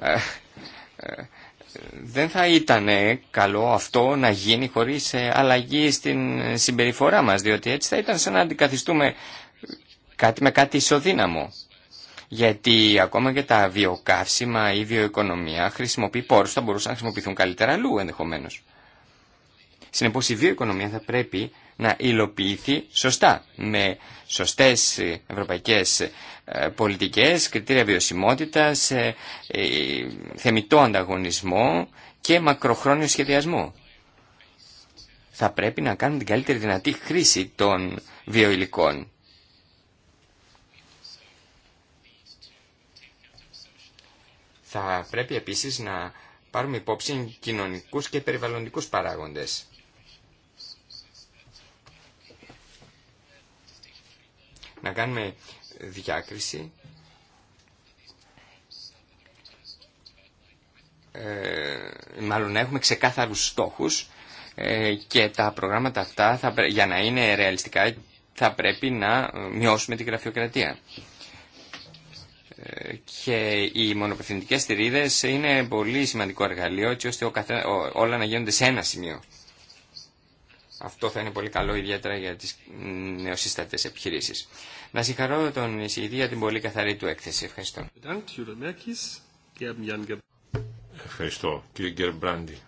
[SPEAKER 4] ε, δεν θα ήταν καλό αυτό να γίνει χωρίς αλλαγή στην συμπεριφορά μας διότι έτσι θα ήταν σαν να αντικαθιστούμε κάτι με κάτι ισοδύναμο γιατί ακόμα και τα βιοκαύσιμα ή βιοοικονομία χρησιμοποιεί πόρους που θα μπορούσαν να χρησιμοποιηθούν καλύτερα αλλού ενδεχομένως. Συνεπώς η βιοοικονομία θα πρέπει να υλοποιηθεί σωστά με σωστές ευρωπαϊκές ε, πολιτικές, κριτήρια βιωσιμότητας, ε, ε, θεμητό ανταγωνισμό και μακροχρόνιο σχεδιασμό. Θα πρέπει να κάνουν την καλύτερη δυνατή χρήση των βιοηλικών. Θα πρέπει επίσης να πάρουμε υπόψη κοινωνικούς και περιβαλλοντικούς παράγοντες. να κάνουμε διάκριση ε, μάλλον να έχουμε ξεκάθαρους στόχους ε, και τα προγράμματα αυτά θα, για να είναι ρεαλιστικά θα πρέπει να ε, μειώσουμε την γραφειοκρατία. Και οι μονοπευθυντικές στηρίδες είναι πολύ σημαντικό εργαλείο έτσι ώστε όλα να γίνονται σε ένα σημείο. Αυτό θα είναι πολύ καλό, ιδιαίτερα για τις νεοσύστατες επιχειρήσεις. Να συγχαρώ τον εισηγητή για την πολύ καθαρή του έκθεση. Ευχαριστώ.
[SPEAKER 2] Ευχαριστώ, κύριε Γκερμπράντι.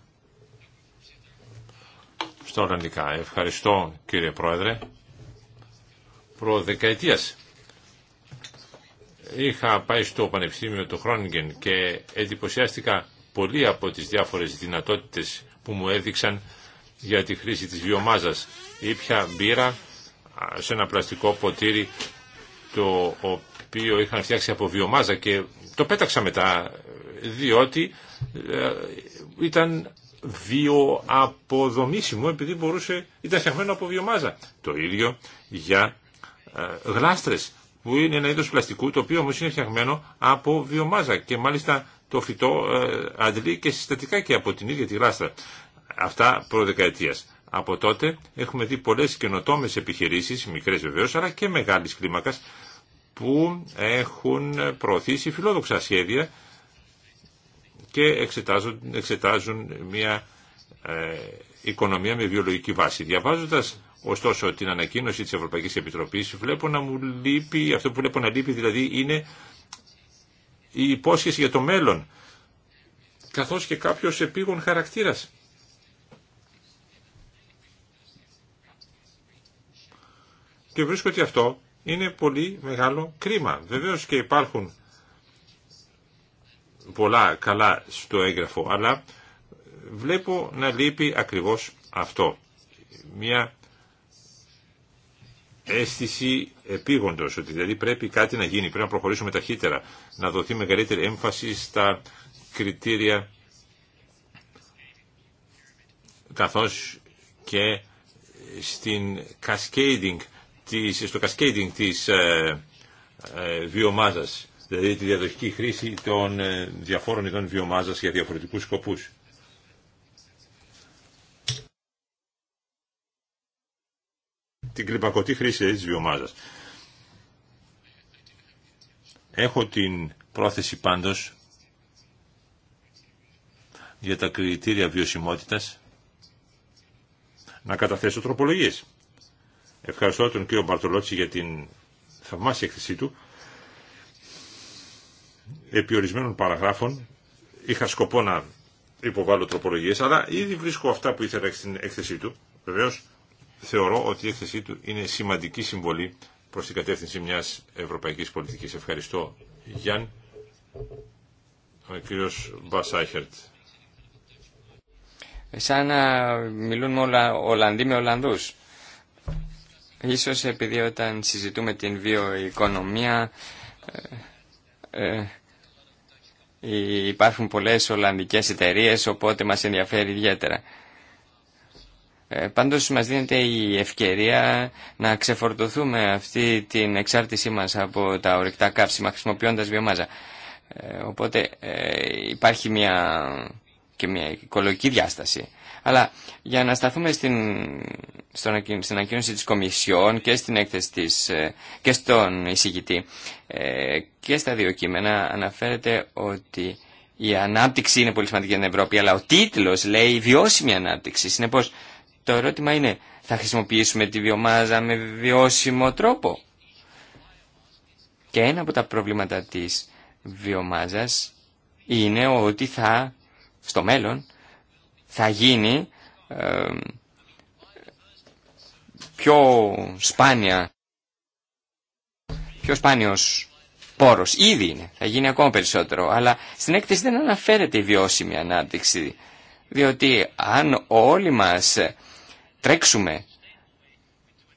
[SPEAKER 2] Στα Ολλανδικά. Ευχαριστώ, κύριε Πρόεδρε. Προ είχα πάει στο Πανεπιστήμιο του Χρόνιγκεν και εντυπωσιάστηκα πολύ από τις διάφορες δυνατότητες που μου έδειξαν για τη χρήση της βιομάζας ή πια μπύρα σε ένα πλαστικό ποτήρι το οποίο είχαν φτιάξει από βιομάζα και το πέταξα μετά διότι ε, ήταν βιοαποδομήσιμο επειδή μπορούσε, ήταν φτιαγμένο από βιομάζα. Το ίδιο για ε, γλάστρες που είναι ένα είδος πλαστικού το οποίο όμως είναι φτιαγμένο από βιομάζα και μάλιστα το φυτό ε, αντλεί και συστατικά και από την ίδια τη γλάστρα. Αυτά προδεκαετίας. Από τότε έχουμε δει πολλέ καινοτόμε επιχειρήσεις, μικρές βεβαίω, αλλά και μεγάλη κλίμακα που έχουν προωθήσει φιλόδοξα σχέδια και εξετάζουν, εξετάζουν μια ε, οικονομία με βιολογική βάση. Διαβάζοντας ωστόσο την ανακοίνωση της Ευρωπαϊκής Επιτροπής βλέπω να μου αυτό που βλέπω να λείπει δηλαδή είναι η υπόσχεση για το μέλλον καθώς και κάποιος επίγον χαρακτήρας. Και βρίσκω ότι αυτό είναι πολύ μεγάλο κρίμα. Βεβαίω και υπάρχουν πολλά καλά στο έγγραφο, αλλά βλέπω να λείπει ακριβώς αυτό. Μια αίσθηση επίγοντος, ότι δηλαδή πρέπει κάτι να γίνει, πρέπει να προχωρήσουμε ταχύτερα, να δοθεί μεγαλύτερη έμφαση στα κριτήρια καθώς και στην cascading της, στο cascading της ε, ε, βιομάζας, δηλαδή τη διαδοχική χρήση των ε, διαφόρων ειδών βιομάζας για διαφορετικούς σκοπούς. Την κλιμακωτή χρήση της βιομάζας. Έχω την πρόθεση πάντως για τα κριτήρια βιωσιμότητας να καταθέσω τροπολογίες. Ευχαριστώ τον κύριο Μπαρτολότσι για την θαυμάσια εκθεσή του. Επί ορισμένων παραγράφων είχα σκοπό να υποβάλω τροπολογίες, αλλά ήδη βρίσκω αυτά που ήθελα στην έκθεσή του. Βεβαίω, θεωρώ ότι η έκθεσή του είναι σημαντική συμβολή προς την κατεύθυνση μιας ευρωπαϊκής πολιτικής. Ευχαριστώ Γιάννη. Ο κύριο Μπασάχερτ.
[SPEAKER 4] Σαν να μιλούν όλα Ολλανδοί με Ολλανδούς. Ίσως επειδή όταν συζητούμε την βιοοικονομία ε, ε, ε, υπάρχουν πολλές Ολλανδικές εταιρείες οπότε μας ενδιαφέρει ιδιαίτερα. Ε, πάντως μας δίνεται η ευκαιρία να ξεφορτωθούμε αυτή την εξάρτησή μας από τα ορυκτά καύσιμα χρησιμοποιώντας βιομάζα. Ε, οπότε ε, υπάρχει μια, και μια οικολογική διάσταση αλλά για να σταθούμε στην, στον, στην ανακοίνωση της Κομισιόν και στην έκθεση ε, και στον εισηγητή ε, και στα δύο κείμενα αναφέρεται ότι η ανάπτυξη είναι πολύ σημαντική για την Ευρώπη, αλλά ο τίτλος λέει βιώσιμη ανάπτυξη. Συνεπώς το ερώτημα είναι θα χρησιμοποιήσουμε τη βιομάζα με βιώσιμο τρόπο. Και ένα από τα προβλήματα της βιομάζας είναι ότι θα, στο μέλλον, θα γίνει πιο σπάνια, πιο σπάνιος πόρος. Ήδη είναι, θα γίνει ακόμα περισσότερο, αλλά στην έκθεση δεν αναφέρεται η βιώσιμη ανάπτυξη, διότι αν όλοι μας τρέξουμε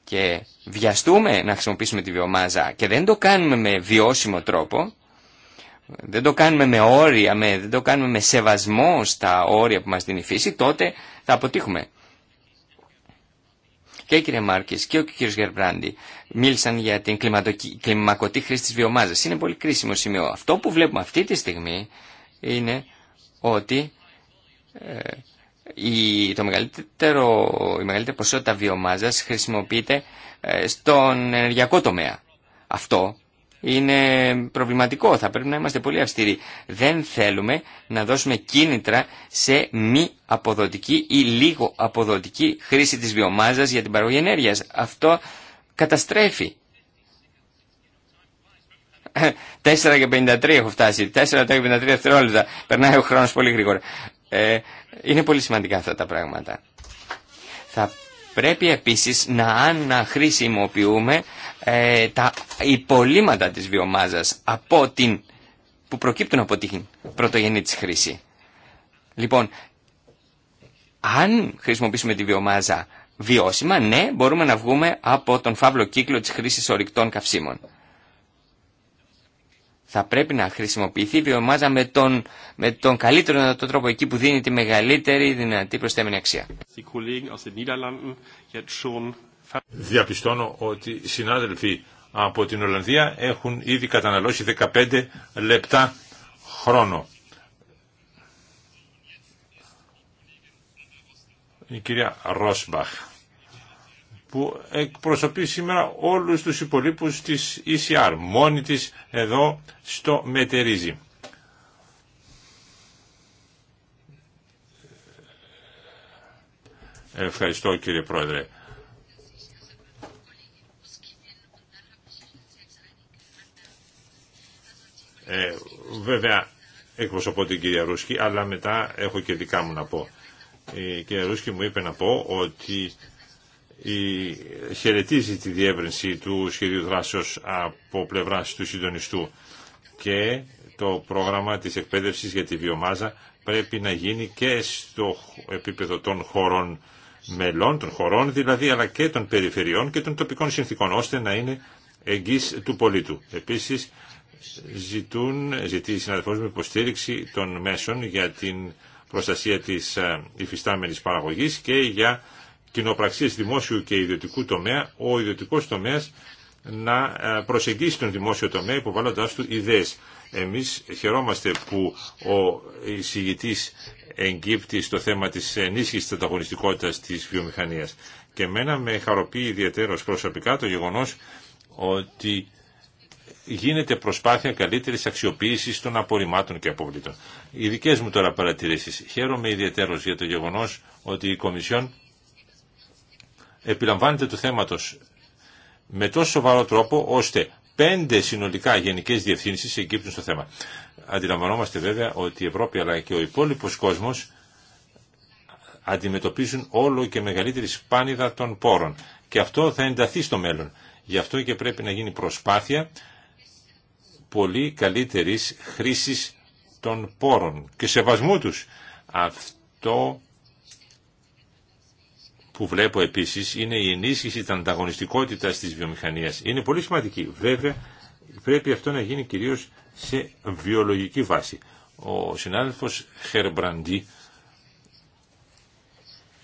[SPEAKER 4] και βιαστούμε να χρησιμοποιήσουμε τη βιομάζα και δεν το κάνουμε με βιώσιμο τρόπο, δεν το κάνουμε με όρια, με, δεν το κάνουμε με σεβασμό στα όρια που μας δίνει η φύση, τότε θα αποτύχουμε. Και η κυρία Μάρκη και ο κύριος Γερμπράντη μίλησαν για την κλιμακωτή χρήση τη βιομάζα. Είναι πολύ κρίσιμο σημείο. Αυτό που βλέπουμε αυτή τη στιγμή είναι ότι ε, η, το μεγαλύτερο, η μεγαλύτερη ποσότητα βιομάζα χρησιμοποιείται ε, στον ενεργειακό τομέα. Αυτό είναι προβληματικό. Θα πρέπει να είμαστε πολύ αυστηροί. Δεν θέλουμε να δώσουμε κίνητρα σε μη αποδοτική ή λίγο αποδοτική χρήση της βιομάζας για την παραγωγή ενέργειας. Αυτό καταστρέφει. 4 και 53 έχω φτάσει. 4 και 53 Περνάει ο χρόνος πολύ γρήγορα. Ε, είναι πολύ σημαντικά αυτά τα πράγματα. Θα πρέπει επίσης να αναχρησιμοποιούμε ε, τα υπολείμματα της βιομάζας από την, που προκύπτουν από την πρωτογενή της χρήση. Λοιπόν, αν χρησιμοποιήσουμε τη βιομάζα βιώσιμα, ναι, μπορούμε να βγούμε από τον φαύλο κύκλο της χρήσης ορυκτών καυσίμων. Θα πρέπει να χρησιμοποιηθεί η βιομάζα με τον, με τον καλύτερο δυνατό τρόπο εκεί που δίνει
[SPEAKER 2] τη μεγαλύτερη δυνατή προσθέμενη αξία. Διαπιστώνω ότι συνάδελφοι από την Ολλανδία έχουν ήδη καταναλώσει 15 λεπτά χρόνο. Η κυρία Ρόσμπαχ που εκπροσωπεί σήμερα όλους τους υπολείπους της ECR, μόνη της εδώ στο Μετερίζι. Ευχαριστώ κύριε Πρόεδρε. Ε, βέβαια εκπροσωπώ την κυρία Ρούσκη, αλλά μετά έχω και δικά μου να πω. Η κυρία Ρούσκη μου είπε να πω ότι η, χαιρετίζει τη διεύρυνση του σχεδίου δράσεως από πλευράς του συντονιστού και το πρόγραμμα της εκπαίδευσης για τη βιομάζα πρέπει να γίνει και στο επίπεδο των χωρών μελών, των χωρών δηλαδή, αλλά και των περιφερειών και των τοπικών συνθήκων, ώστε να είναι εγγύς του πολίτου. Επίσης, ζητούν, ζητεί η συναδελφός μου υποστήριξη των μέσων για την προστασία της ε, υφιστάμενης παραγωγής και για κοινοπραξίες δημόσιου και ιδιωτικού τομέα, ο ιδιωτικός τομέας να ε, προσεγγίσει τον δημόσιο τομέα υποβάλλοντάς του ιδέες. Εμείς χαιρόμαστε που ο εισηγητής εγκύπτει στο θέμα της ενίσχυσης της ανταγωνιστικότητας της βιομηχανίας. Και μένα με χαροποιεί ιδιαίτερος προσωπικά το γεγονός ότι γίνεται προσπάθεια καλύτερη αξιοποίησης των απορριμμάτων και αποβλήτων. Οι δικέ μου τώρα παρατηρήσει. Χαίρομαι ιδιαίτερω για το γεγονό ότι η Κομισιόν επιλαμβάνεται του θέματο με τόσο σοβαρό τρόπο ώστε πέντε συνολικά γενικέ διευθύνσει εγκύπτουν στο θέμα. Αντιλαμβανόμαστε βέβαια ότι η Ευρώπη αλλά και ο υπόλοιπο κόσμο αντιμετωπίζουν όλο και μεγαλύτερη σπάνιδα των πόρων και αυτό θα ενταθεί στο μέλλον. Γι' αυτό και πρέπει να γίνει προσπάθεια πολύ καλύτερης χρήσης των πόρων και σεβασμού τους. Αυτό που βλέπω επίσης είναι η ενίσχυση της ανταγωνιστικότητας της βιομηχανίας. Είναι πολύ σημαντική. Βέβαια πρέπει αυτό να γίνει κυρίως σε βιολογική βάση. Ο συνάδελφος Χερμπραντή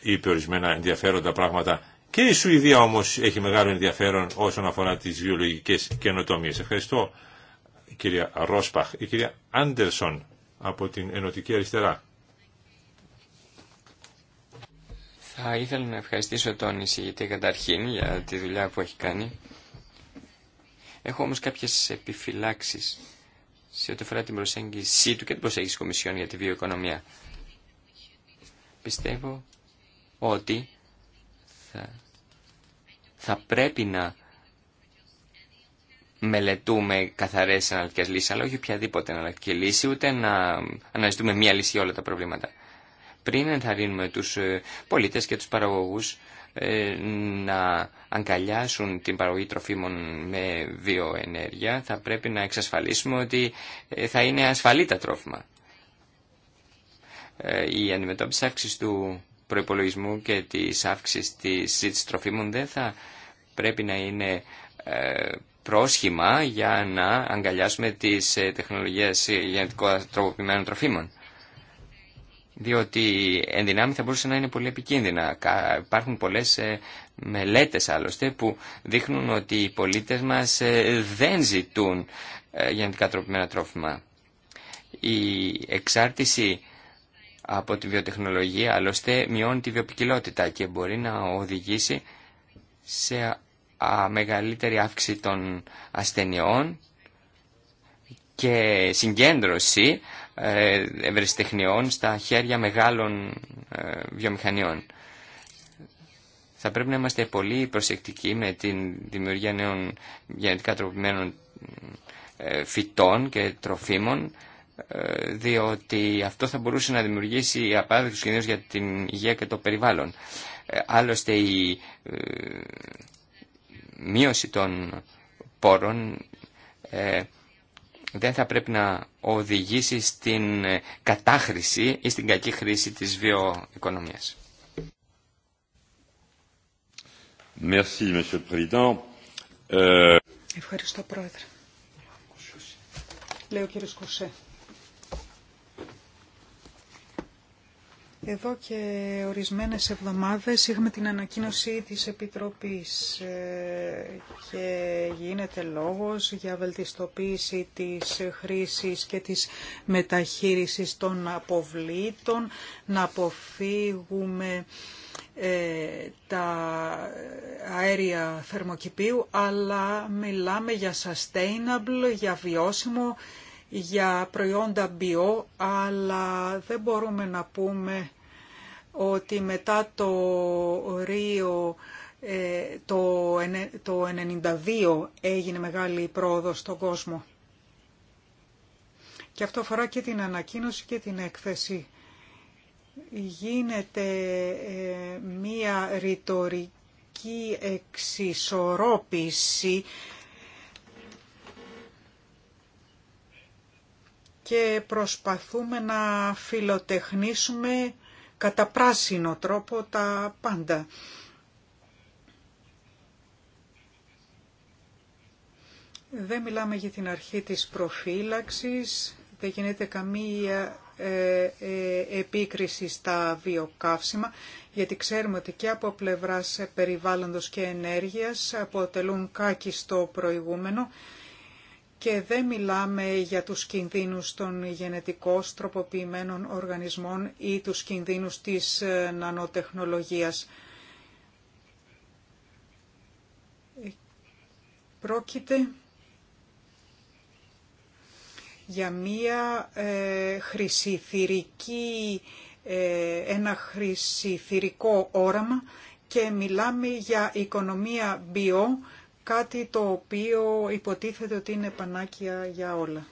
[SPEAKER 2] είπε ορισμένα ενδιαφέροντα πράγματα και η Σουηδία όμως έχει μεγάλο ενδιαφέρον όσον αφορά τις βιολογικές καινοτομίες. Ευχαριστώ κυρία Ρόσπαχ, η κυρία Άντερσον από την Ενωτική Αριστερά. Θα ήθελα να ευχαριστήσω τον εισηγητή καταρχήν
[SPEAKER 4] για τη δουλειά που έχει κάνει. Έχω όμως κάποιες επιφυλάξεις σε ό,τι αφορά την προσέγγιση του και την προσέγγιση της Κομισιόν για τη βιοοικονομία. Πιστεύω ότι θα, θα πρέπει να μελετούμε καθαρέ εναλλακτικέ λύσει αλλά όχι οποιαδήποτε εναλλακτική λύση, ούτε να αναζητούμε μία λύση για όλα τα προβλήματα. Πριν ενθαρρύνουμε του ε, πολίτε και του παραγωγού ε, να αγκαλιάσουν την παραγωγή τροφίμων με βιοενέργεια, θα πρέπει να εξασφαλίσουμε ότι ε, θα είναι ασφαλή τα τρόφιμα. Η αντιμετώπιση αύξηση του προπολογισμού και τη αύξηση τη ζήτησης τροφίμων δεν θα πρέπει να είναι πρόσχημα για να αγκαλιάσουμε τις ε, τεχνολογίες γενετικών τροποποιημένων τροφίμων. Διότι εν δυνάμει θα μπορούσε να είναι πολύ επικίνδυνα. Υπάρχουν πολλές ε, μελέτες άλλωστε που δείχνουν ότι οι πολίτες μας ε, δεν ζητούν γενετικά τροποποιημένα τρόφιμα. Η εξάρτηση από τη βιοτεχνολογία άλλωστε μειώνει τη βιοπικιλότητα και μπορεί να οδηγήσει σε α, μεγαλύτερη αύξηση των ασθενειών και συγκέντρωση ε, ευρεσιτεχνιών στα χέρια μεγάλων ε, βιομηχανιών. Θα πρέπει να είμαστε πολύ προσεκτικοί με την δημιουργία νέων γενετικά τροποποιημένων ε, φυτών και τροφίμων, ε, διότι αυτό θα μπορούσε να δημιουργήσει απαράδεκτους κινδύνους για την υγεία και το περιβάλλον. Άλλωστε η μείωση των πόρων ε, δεν θα πρέπει να οδηγήσει στην ε, κατάχρηση ή στην κακή χρήση της βιοοικονομίας.
[SPEAKER 2] Ε,
[SPEAKER 3] Ευχαριστώ, Πρόεδρε. Λέω κουσέ. Εδώ και ορισμένες εβδομάδες είχαμε την ανακοίνωση της Επιτροπής ε, και γίνεται λόγος για βελτιστοποίηση της χρήσης και της μεταχείρισης των αποβλήτων, να αποφύγουμε ε, τα αέρια θερμοκηπίου, αλλά μιλάμε για sustainable, για βιώσιμο για προϊόντα bio, αλλά δεν μπορούμε να πούμε ότι μετά το Ρίο ε, το, το 92 έγινε μεγάλη πρόοδος στον κόσμο. Και αυτό αφορά και την ανακοίνωση και την έκθεση. Γίνεται ε, μία ρητορική εξισορρόπηση και προσπαθούμε να φιλοτεχνίσουμε κατά πράσινο τρόπο τα πάντα. Δεν μιλάμε για την αρχή της προφύλαξης, δεν γίνεται καμία ε, ε, επίκριση στα βιοκαύσιμα, γιατί ξέρουμε ότι και από πλευράς περιβάλλοντος και ενέργειας αποτελούν κάκιστο προηγούμενο και δεν μιλάμε για τους κινδύνους των γενετικώς τροποποιημένων οργανισμών ή τους κινδύνους της ε, νανοτεχνολογίας. Πρόκειται για μία ε, ε, ένα χρυσιθυρικό όραμα και μιλάμε για οικονομία bio κάτι το οποίο υποτίθεται ότι είναι πανάκια για όλα.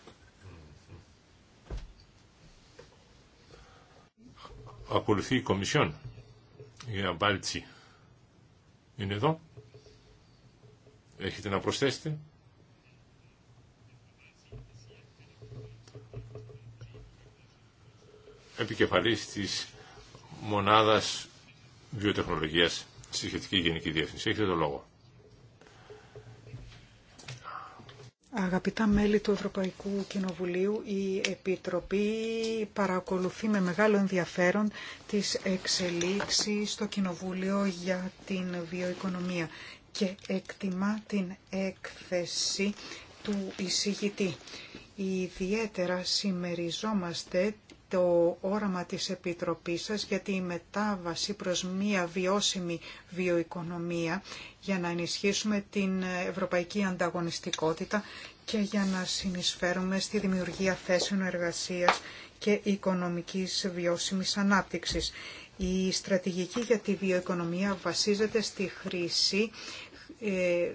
[SPEAKER 2] Ακολουθεί η Κομισιόν. Η Αμπάλτσι. Είναι εδώ. Έχετε να προσθέσετε. Επικεφαλής της Μονάδας Βιοτεχνολογίας στη Σχετική Γενική Διεύθυνση. Έχετε το λόγο.
[SPEAKER 3] Αγαπητά μέλη του Ευρωπαϊκού Κοινοβουλίου, η Επιτροπή παρακολουθεί με μεγάλο ενδιαφέρον τις εξελίξεις στο Κοινοβούλιο για την βιοοικονομία και εκτιμά την έκθεση του εισηγητή. Ιδιαίτερα συμμεριζόμαστε το όραμα της Επιτροπής σας για τη μετάβαση προς μία βιώσιμη βιοοικονομία για να ενισχύσουμε την ευρωπαϊκή ανταγωνιστικότητα και για να συνεισφέρουμε στη δημιουργία θέσεων εργασίας και οικονομικής βιώσιμης ανάπτυξης. Η στρατηγική για τη βιοοικονομία βασίζεται στη χρήση ε,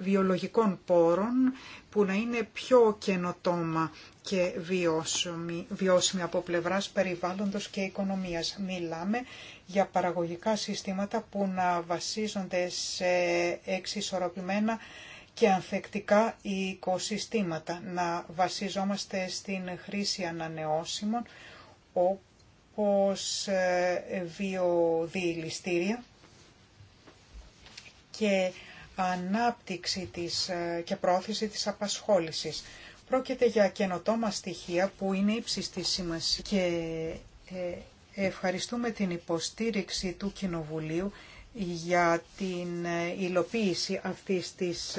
[SPEAKER 3] βιολογικών πόρων που να είναι πιο καινοτόμα και βιώσιμη, βιώσιμη από πλευράς περιβάλλοντος και οικονομίας. Μιλάμε για παραγωγικά συστήματα που να βασίζονται σε εξισορροπημένα και ανθεκτικά οικοσυστήματα. Να βασιζόμαστε στην χρήση ανανεώσιμων όπως ε, βιοδιηληστήρια και ανάπτυξη της, ε, και πρόθεση της απασχόλησης. Πρόκειται για καινοτόμα στοιχεία που είναι ύψης της σημασίας και ε, ευχαριστούμε την υποστήριξη του Κοινοβουλίου για την ε, υλοποίηση αυτής της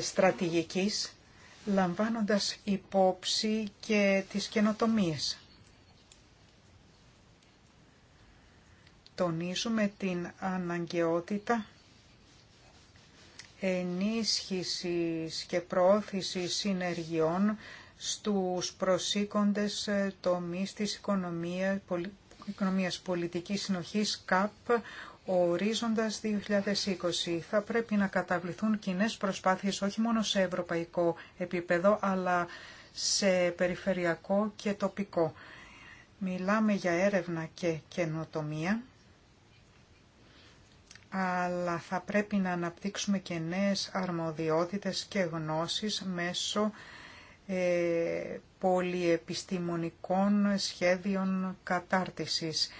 [SPEAKER 3] στρατηγικής λαμβάνοντας υπόψη και τις καινοτομίες. Τονίζουμε την αναγκαιότητα ενίσχυσης και προώθησης συνεργειών στους προσήκοντες τομείς της οικονομίας, οικονομίας πολιτικής συνοχής ΚΑΠ ορίζοντας 2020. Θα πρέπει να καταβληθούν κοινέ προσπάθειες όχι μόνο σε ευρωπαϊκό επίπεδο αλλά σε περιφερειακό και τοπικό. Μιλάμε για έρευνα και καινοτομία αλλά θα πρέπει να αναπτύξουμε και νέες αρμοδιότητες και γνώσεις μέσω ε, πολυεπιστημονικών σχέδιων κατάρτισης.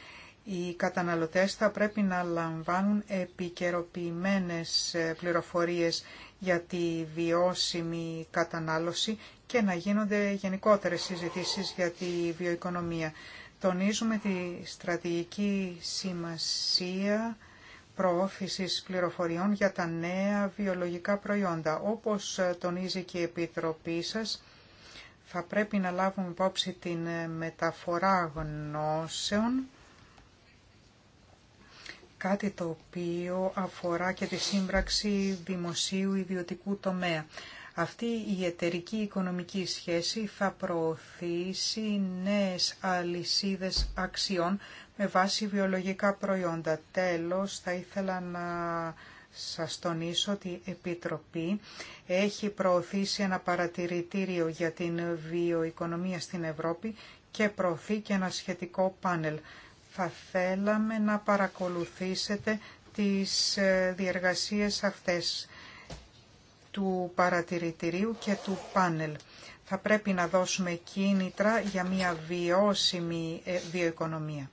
[SPEAKER 3] Οι καταναλωτές θα πρέπει να λαμβάνουν επικαιροποιημένες ε, πληροφορίες για τη βιώσιμη κατανάλωση και να γίνονται γενικότερες συζητήσεις για τη βιοοικονομία. Τονίζουμε τη στρατηγική σημασία προώθησης πληροφοριών για τα νέα βιολογικά προϊόντα. Όπως ε, τονίζει και η Επιτροπή σας, θα πρέπει να λάβουμε υπόψη την ε, μεταφορά γνώσεων, κάτι το οποίο αφορά και τη σύμπραξη δημοσίου ιδιωτικού τομέα. Αυτή η εταιρική οικονομική σχέση θα προωθήσει νέες αλυσίδες αξιών με βάση βιολογικά προϊόντα. Τέλος, θα ήθελα να σας τονίσω ότι η Επιτροπή έχει προωθήσει ένα παρατηρητήριο για την βιοοικονομία στην Ευρώπη και προωθεί και ένα σχετικό πάνελ. Θα θέλαμε να παρακολουθήσετε τις ε, διεργασίες αυτές του παρατηρητηρίου και του πάνελ. Θα πρέπει να δώσουμε κίνητρα για μια βιώσιμη ε, βιοοικονομία.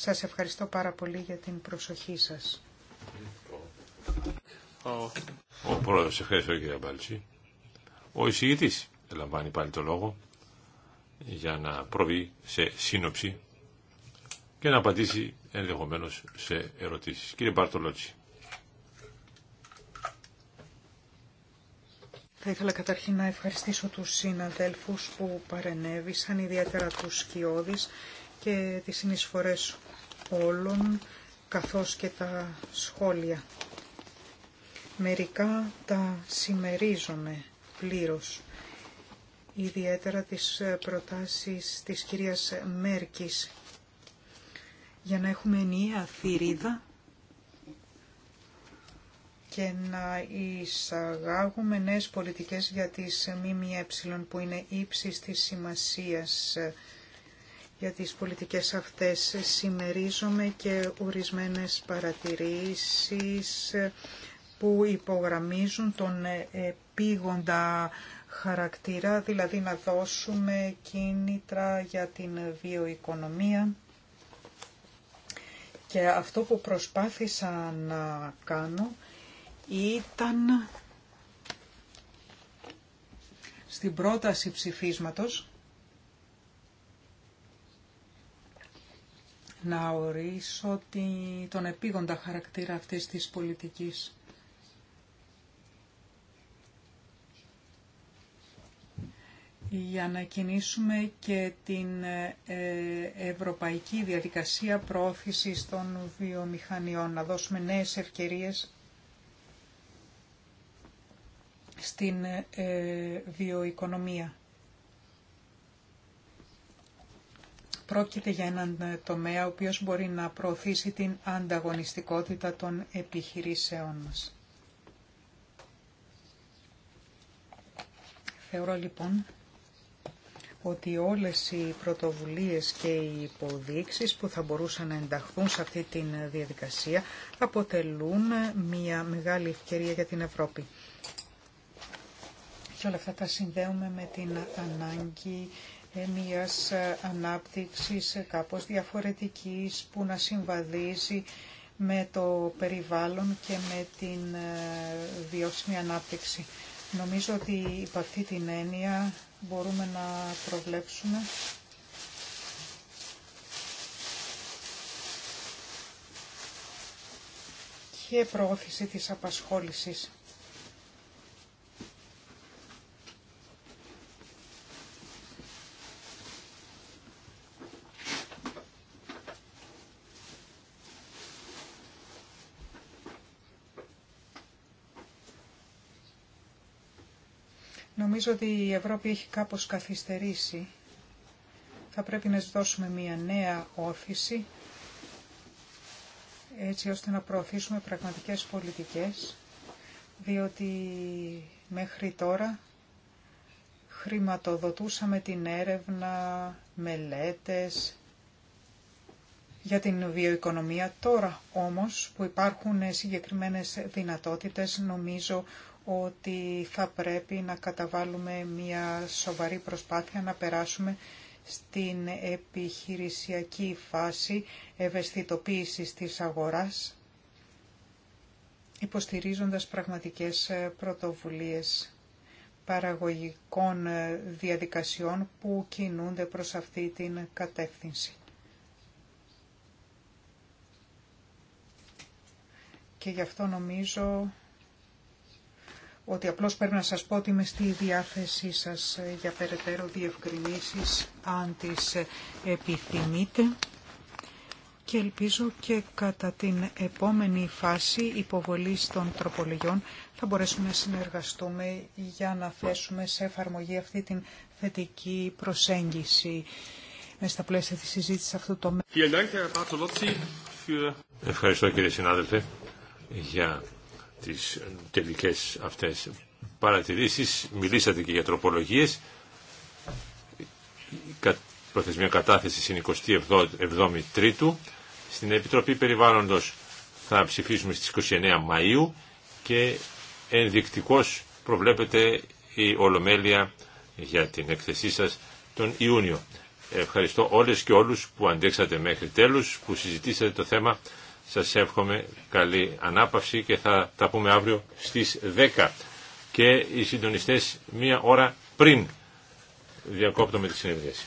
[SPEAKER 3] Σας ευχαριστώ πάρα πολύ για την προσοχή σας.
[SPEAKER 2] Ο πρόεδρος, ευχαριστώ κύριε Μπαλτσί. Ο εισηγητής λαμβάνει πάλι το λόγο για να προβεί σε σύνοψη και να απαντήσει ενδεχομένως σε ερωτήσεις. Κύριε Μπαρτολότσι.
[SPEAKER 3] Θα ήθελα καταρχήν να ευχαριστήσω τους συναδέλφους που παρενέβησαν, ιδιαίτερα τους σκιώδεις και τις συνεισφορές όλων καθώς και τα σχόλια. Μερικά τα συμμερίζομαι πλήρως, ιδιαίτερα τις προτάσεις της κυρίας Μέρκης, για να έχουμε ενιαία θηρίδα και να εισαγάγουμε νέες πολιτικές για τις ΜΜΕ που είναι ύψης της σημασίας για τις πολιτικές αυτές. συμμερίζομαι και ορισμένες παρατηρήσεις που υπογραμμίζουν τον επίγοντα χαρακτήρα, δηλαδή να δώσουμε κίνητρα για την βιοοικονομία. Και αυτό που προσπάθησα να κάνω ήταν στην πρόταση ψηφίσματος να ορίσω τον επίγοντα χαρακτήρα αυτής της πολιτικής. για να κινήσουμε και την ε, ευρωπαϊκή διαδικασία προώθησης των βιομηχανιών, να δώσουμε νέες ευκαιρίες στην ε, βιοοικονομία. Πρόκειται για έναν τομέα ο οποίος μπορεί να προωθήσει την ανταγωνιστικότητα των επιχειρήσεών μας. Θεωρώ λοιπόν ότι όλες οι πρωτοβουλίες και οι υποδείξεις που θα μπορούσαν να ενταχθούν σε αυτή τη διαδικασία αποτελούν μια μεγάλη ευκαιρία για την Ευρώπη. Και όλα αυτά τα συνδέουμε με την ανάγκη μιας ε, ανάπτυξης ε, κάπως διαφορετικής που να συμβαδίζει με το περιβάλλον και με την ε, βιώσιμη ανάπτυξη. Νομίζω ότι υπ' αυτή την έννοια μπορούμε να προβλέψουμε και προώθηση της απασχόλησης. Νομίζω ότι η Ευρώπη έχει κάπως καθυστερήσει. Θα πρέπει να δώσουμε μια νέα όθηση έτσι ώστε να προωθήσουμε πραγματικές πολιτικές, διότι μέχρι τώρα χρηματοδοτούσαμε την έρευνα, μελέτες για την βιοοικονομία. Τώρα όμως που υπάρχουν συγκεκριμένες δυνατότητες νομίζω ότι θα πρέπει να καταβάλουμε μια σοβαρή προσπάθεια να περάσουμε στην επιχειρησιακή φάση ευαισθητοποίησης της αγοράς, υποστηρίζοντας πραγματικές πρωτοβουλίες παραγωγικών διαδικασιών που κινούνται προς αυτή την κατεύθυνση. Και γι' αυτό νομίζω ότι απλώς πρέπει να σας πω ότι είμαι στη διάθεσή σας ε, για περαιτέρω διευκρινήσεις αν τις ε, επιθυμείτε και ελπίζω και κατά την επόμενη φάση υποβολής των τροπολογιών θα μπορέσουμε να συνεργαστούμε για να θέσουμε σε εφαρμογή αυτή την θετική προσέγγιση μέσα στα πλαίσια της συζήτησης αυτού το
[SPEAKER 1] μέλλον.
[SPEAKER 2] Ευχαριστώ κύριε συνάδελφε τις τελικές αυτές παρατηρήσεις. Μιλήσατε και για τροπολογίες. Η προθεσμία κατάθεση είναι 27η Τρίτου. Στην Επιτροπή Περιβάλλοντος θα ψηφίσουμε στις 29 Μαΐου και ενδεικτικώς προβλέπεται η Ολομέλεια για την εκθεσή σας τον Ιούνιο. Ευχαριστώ όλες και όλους που αντέξατε μέχρι τέλους, που συζητήσατε το θέμα σας εύχομαι καλή ανάπαυση και θα τα πούμε αύριο στις 10 και οι συντονιστές μία ώρα πριν διακόπτουμε τη συνεδρίαση.